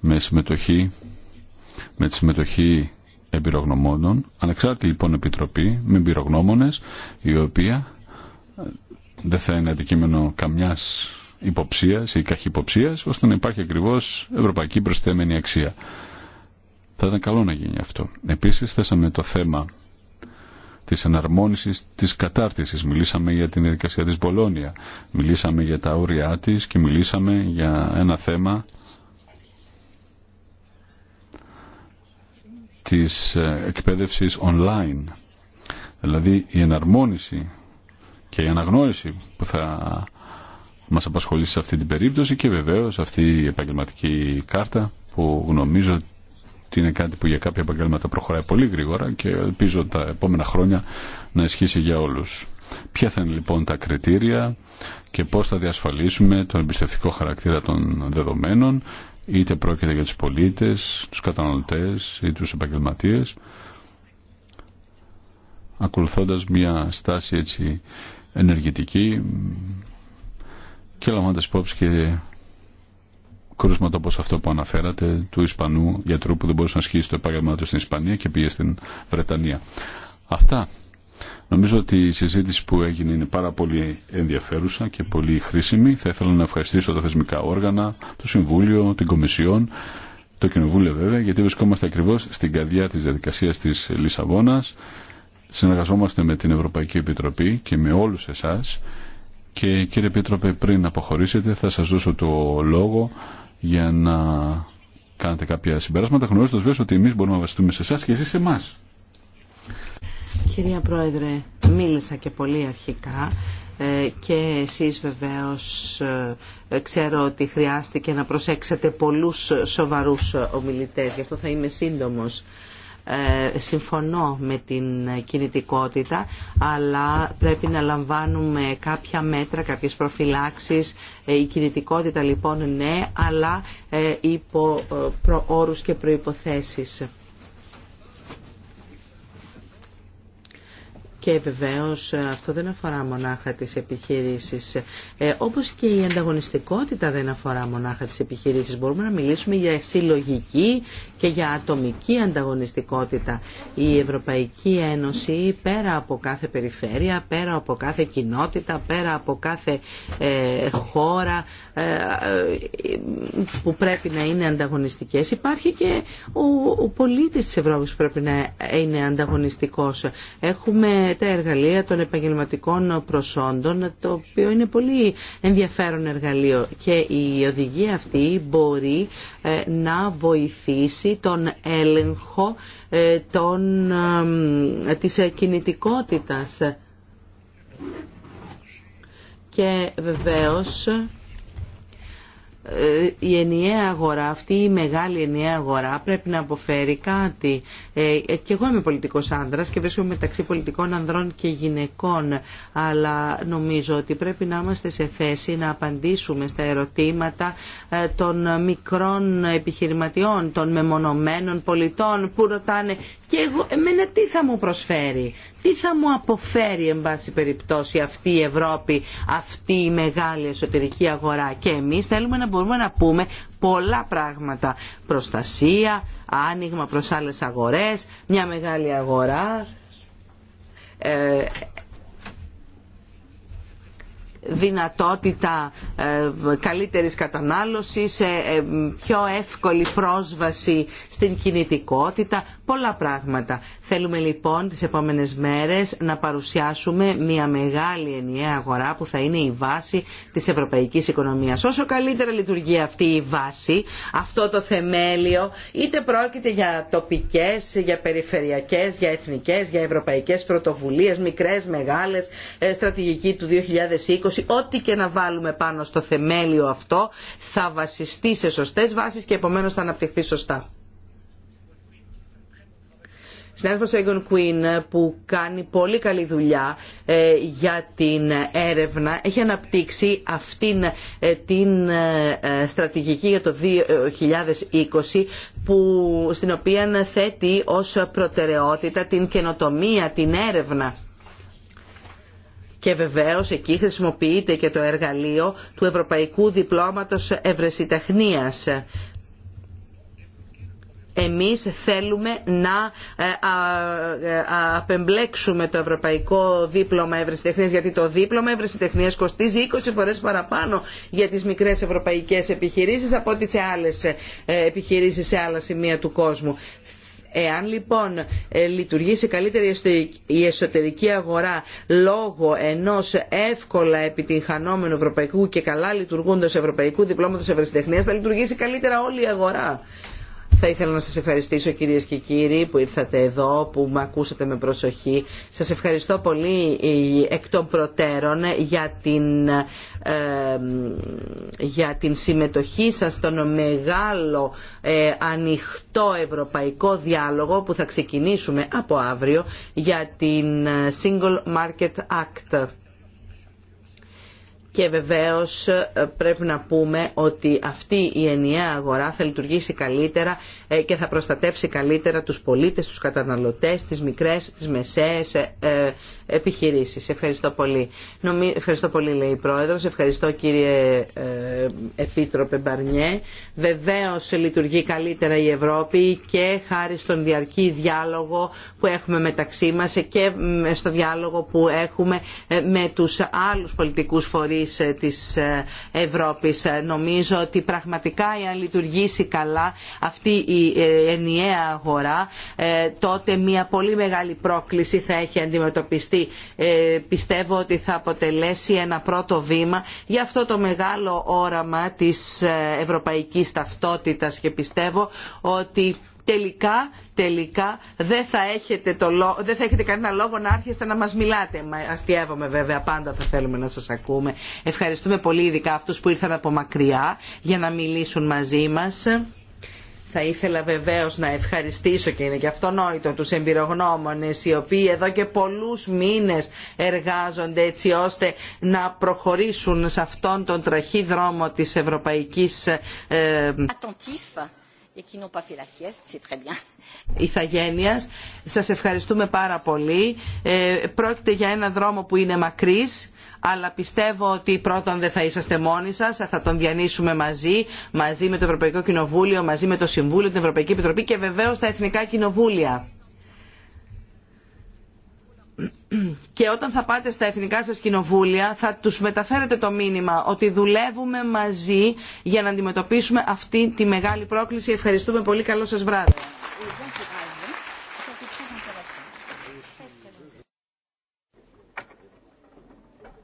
με συμμετοχή με τη συμμετοχή εμπειρογνωμόνων, ανεξάρτητη λοιπόν επιτροπή με εμπειρογνώμονε, η οποία ε, δεν θα είναι αντικείμενο καμιά υποψίας ή καχυποψίας ώστε να υπάρχει ακριβώς ευρωπαϊκή προσθέμενη αξία. Θα ήταν καλό να γίνει αυτό. Επίσης θέσαμε το θέμα της εναρμόνισης της κατάρτισης. Μιλήσαμε για την διαδικασία τη Μπολόνια, μιλήσαμε για τα όρια τη και μιλήσαμε για ένα θέμα της ε, εκπαίδευσης online. Δηλαδή η εναρμόνιση και η αναγνώριση που θα μας απασχολήσει σε αυτή την περίπτωση και βεβαίως αυτή η επαγγελματική κάρτα που γνωρίζω ότι είναι κάτι που για κάποια επαγγέλματα προχωράει πολύ γρήγορα και ελπίζω τα επόμενα χρόνια να ισχύσει για όλους. Ποια θα είναι λοιπόν τα κριτήρια και πώς θα διασφαλίσουμε τον εμπιστευτικό χαρακτήρα των δεδομένων είτε πρόκειται για τους πολίτες, τους καταναλωτές ή τους επαγγελματίες ακολουθώντας μια στάση έτσι ενεργητική και λαμβάνοντας υπόψη και κρούσματα όπως αυτό που αναφέρατε του Ισπανού γιατρού που δεν μπορούσε να ασχίσει το επάγγελμά του στην Ισπανία και πήγε στην Βρετανία. Αυτά Νομίζω ότι η συζήτηση που έγινε είναι πάρα πολύ ενδιαφέρουσα και πολύ χρήσιμη. Θα ήθελα να ευχαριστήσω τα θεσμικά όργανα, το Συμβούλιο, την Κομισιόν, το Κοινοβούλιο βέβαια, γιατί βρισκόμαστε ακριβώ στην καρδιά τη διαδικασία τη Λισαβόνα. Συνεργαζόμαστε με την Ευρωπαϊκή Επιτροπή και με όλους εσά. Και κύριε Επίτροπε, πριν αποχωρήσετε θα σα δώσω το λόγο για να κάνετε κάποια συμπεράσματα γνωρίζοντα βέβαια ότι εμεί μπορούμε να βασιστούμε σε εσά και εσεί σε εμά. Κυρία Πρόεδρε, μίλησα και πολύ αρχικά ε, και εσείς βεβαίως ε, ξέρω ότι χρειάστηκε να προσέξετε πολλούς σοβαρούς ομιλητές, γι' αυτό θα είμαι σύντομος. Ε, συμφωνώ με την κινητικότητα αλλά πρέπει να λαμβάνουμε κάποια μέτρα, κάποιες προφυλάξεις ε, η κινητικότητα λοιπόν ναι αλλά υπό όρους και προϋποθέσεις και βεβαίω ε, αυτό δεν αφορά μονάχα τις επιχειρήσεις. Ε, όπως και η ανταγωνιστικότητα δεν αφορά μονάχα τις επιχειρήσεις. Μπορούμε να μιλήσουμε για συλλογική και για ατομική ανταγωνιστικότητα. Η Ευρωπαϊκή Ένωση πέρα από κάθε περιφέρεια, πέρα από κάθε κοινότητα, πέρα από κάθε ε, χώρα ε, ε, που πρέπει να είναι ανταγωνιστικέ. Υπάρχει και ο, ο πολίτης της που πρέπει να είναι ανταγωνιστικός. Έχουμε τα εργαλεία των επαγγελματικών προσόντων, το οποίο είναι πολύ ενδιαφέρον εργαλείο και η οδηγία αυτή μπορεί ε, να βοηθήσει τον έλεγχο ε, των, της κινητικότητας. Και βεβαίως η ενιαία αγορά, αυτή η μεγάλη ενιαία αγορά πρέπει να αποφέρει κάτι. Ε, και εγώ είμαι πολιτικός άνδρας και βρίσκομαι μεταξύ πολιτικών ανδρών και γυναικών, αλλά νομίζω ότι πρέπει να είμαστε σε θέση να απαντήσουμε στα ερωτήματα ε, των μικρών επιχειρηματιών, των μεμονωμένων πολιτών που ρωτάνε και εγώ, εμένα τι θα μου προσφέρει, τι θα μου αποφέρει εν πάση περιπτώσει αυτή η Ευρώπη, αυτή η μεγάλη εσωτερική αγορά. Και εμείς θέλουμε να μπορούμε να πούμε πολλά πράγματα. Προστασία, άνοιγμα προς άλλες αγορές, μια μεγάλη αγορά. Ε, δυνατότητα ε, καλύτερης κατανάλωσης, ε, ε, πιο εύκολη πρόσβαση στην κινητικότητα πολλά πράγματα. Θέλουμε λοιπόν τις επόμενες μέρες να παρουσιάσουμε μια μεγάλη ενιαία αγορά που θα είναι η βάση της ευρωπαϊκής οικονομίας. Όσο καλύτερα λειτουργεί αυτή η βάση, αυτό το θεμέλιο, είτε πρόκειται για τοπικές, για περιφερειακές, για εθνικές, για ευρωπαϊκές πρωτοβουλίες, μικρές, μεγάλες, ε, στρατηγική του 2020, ό,τι και να βάλουμε πάνω στο θεμέλιο αυτό θα βασιστεί σε σωστές βάσεις και επομένως θα αναπτυχθεί σωστά συνάδελφος Έγκον Κουίν που κάνει πολύ καλή δουλειά ε, για την έρευνα έχει αναπτύξει αυτήν ε, την ε, στρατηγική για το 2020 που, στην οποία θέτει ως προτεραιότητα την καινοτομία, την έρευνα και βεβαίως εκεί χρησιμοποιείται και το εργαλείο του Ευρωπαϊκού Διπλώματος Ευρεσιτεχνίας εμείς θέλουμε να ε, ε, απεμπλέξουμε το ευρωπαϊκό δίπλωμα ευρεσιτεχνίας γιατί το δίπλωμα ευρεσιτεχνίας κοστίζει 20 φορές παραπάνω για τις μικρές ευρωπαϊκές επιχειρήσεις από ό,τι σε άλλες ε, επιχειρήσεις σε άλλα σημεία του κόσμου. Εάν λοιπόν λειτουργήσει καλύτερη η εσωτερική αγορά λόγω ενός εύκολα επιτυγχανόμενου ευρωπαϊκού και καλά λειτουργούντος ευρωπαϊκού διπλώματος ευρεσιτεχνίας θα λειτουργήσει καλύτερα όλη η αγορά. Θα ήθελα να σας ευχαριστήσω κυρίες και κύριοι που ήρθατε εδώ, που με ακούσατε με προσοχή. Σας ευχαριστώ πολύ ε, εκ των προτέρων για την, ε, για την συμμετοχή σας στον μεγάλο ε, ανοιχτό ευρωπαϊκό διάλογο που θα ξεκινήσουμε από αύριο για την Single Market Act και βεβαίως ε, πρέπει να πούμε ότι αυτή η ενιαία αγορά θα λειτουργήσει καλύτερα ε, και θα προστατεύσει καλύτερα τους πολίτες, τους καταναλωτές, τις μικρές, τις μεσαίες ε, Ευχαριστώ πολύ. Νομι... Ευχαριστώ πολύ λέει η Πρόεδρος. Ευχαριστώ κύριε ε, Επίτροπε Μπαρνιέ. Βεβαίω λειτουργεί καλύτερα η Ευρώπη και χάρη στον διαρκή διάλογο που έχουμε μεταξύ μας και στο διάλογο που έχουμε ε, με τους άλλους πολιτικούς φορείς ε, της Ευρώπης. Νομίζω ότι πραγματικά εάν λειτουργήσει καλά αυτή η ενιαία αγορά τότε μια πολύ μεγάλη πρόκληση θα έχει αντιμετωπιστεί ε, πιστεύω ότι θα αποτελέσει ένα πρώτο βήμα για αυτό το μεγάλο όραμα της ε, ευρωπαϊκής ταυτότητας και πιστεύω ότι τελικά, τελικά δεν θα, έχετε κανένα λόγο να άρχιστε να μας μιλάτε. Μα αστειεύομαι βέβαια, πάντα θα θέλουμε να σας ακούμε. Ευχαριστούμε πολύ ειδικά αυτούς που ήρθαν από μακριά για να μιλήσουν μαζί μας. Θα ήθελα βεβαίως να ευχαριστήσω και είναι και αυτονόητο τους εμπειρογνώμονες οι οποίοι εδώ και πολλούς μήνες εργάζονται έτσι ώστε να προχωρήσουν σε αυτόν τον τραχή δρόμο της Ευρωπαϊκής ε, ηθαγένειας. Σας ευχαριστούμε πάρα πολύ. Ε, πρόκειται για ένα δρόμο που είναι μακρύς αλλά πιστεύω ότι πρώτον δεν θα είσαστε μόνοι σας, θα τον διανύσουμε μαζί, μαζί με το Ευρωπαϊκό Κοινοβούλιο, μαζί με το Συμβούλιο, την Ευρωπαϊκή Επιτροπή και βεβαίως τα Εθνικά Κοινοβούλια και όταν θα πάτε στα εθνικά σας κοινοβούλια θα τους μεταφέρετε το μήνυμα ότι δουλεύουμε μαζί για να αντιμετωπίσουμε αυτή τη μεγάλη πρόκληση. Ευχαριστούμε πολύ. Καλό σας βράδυ.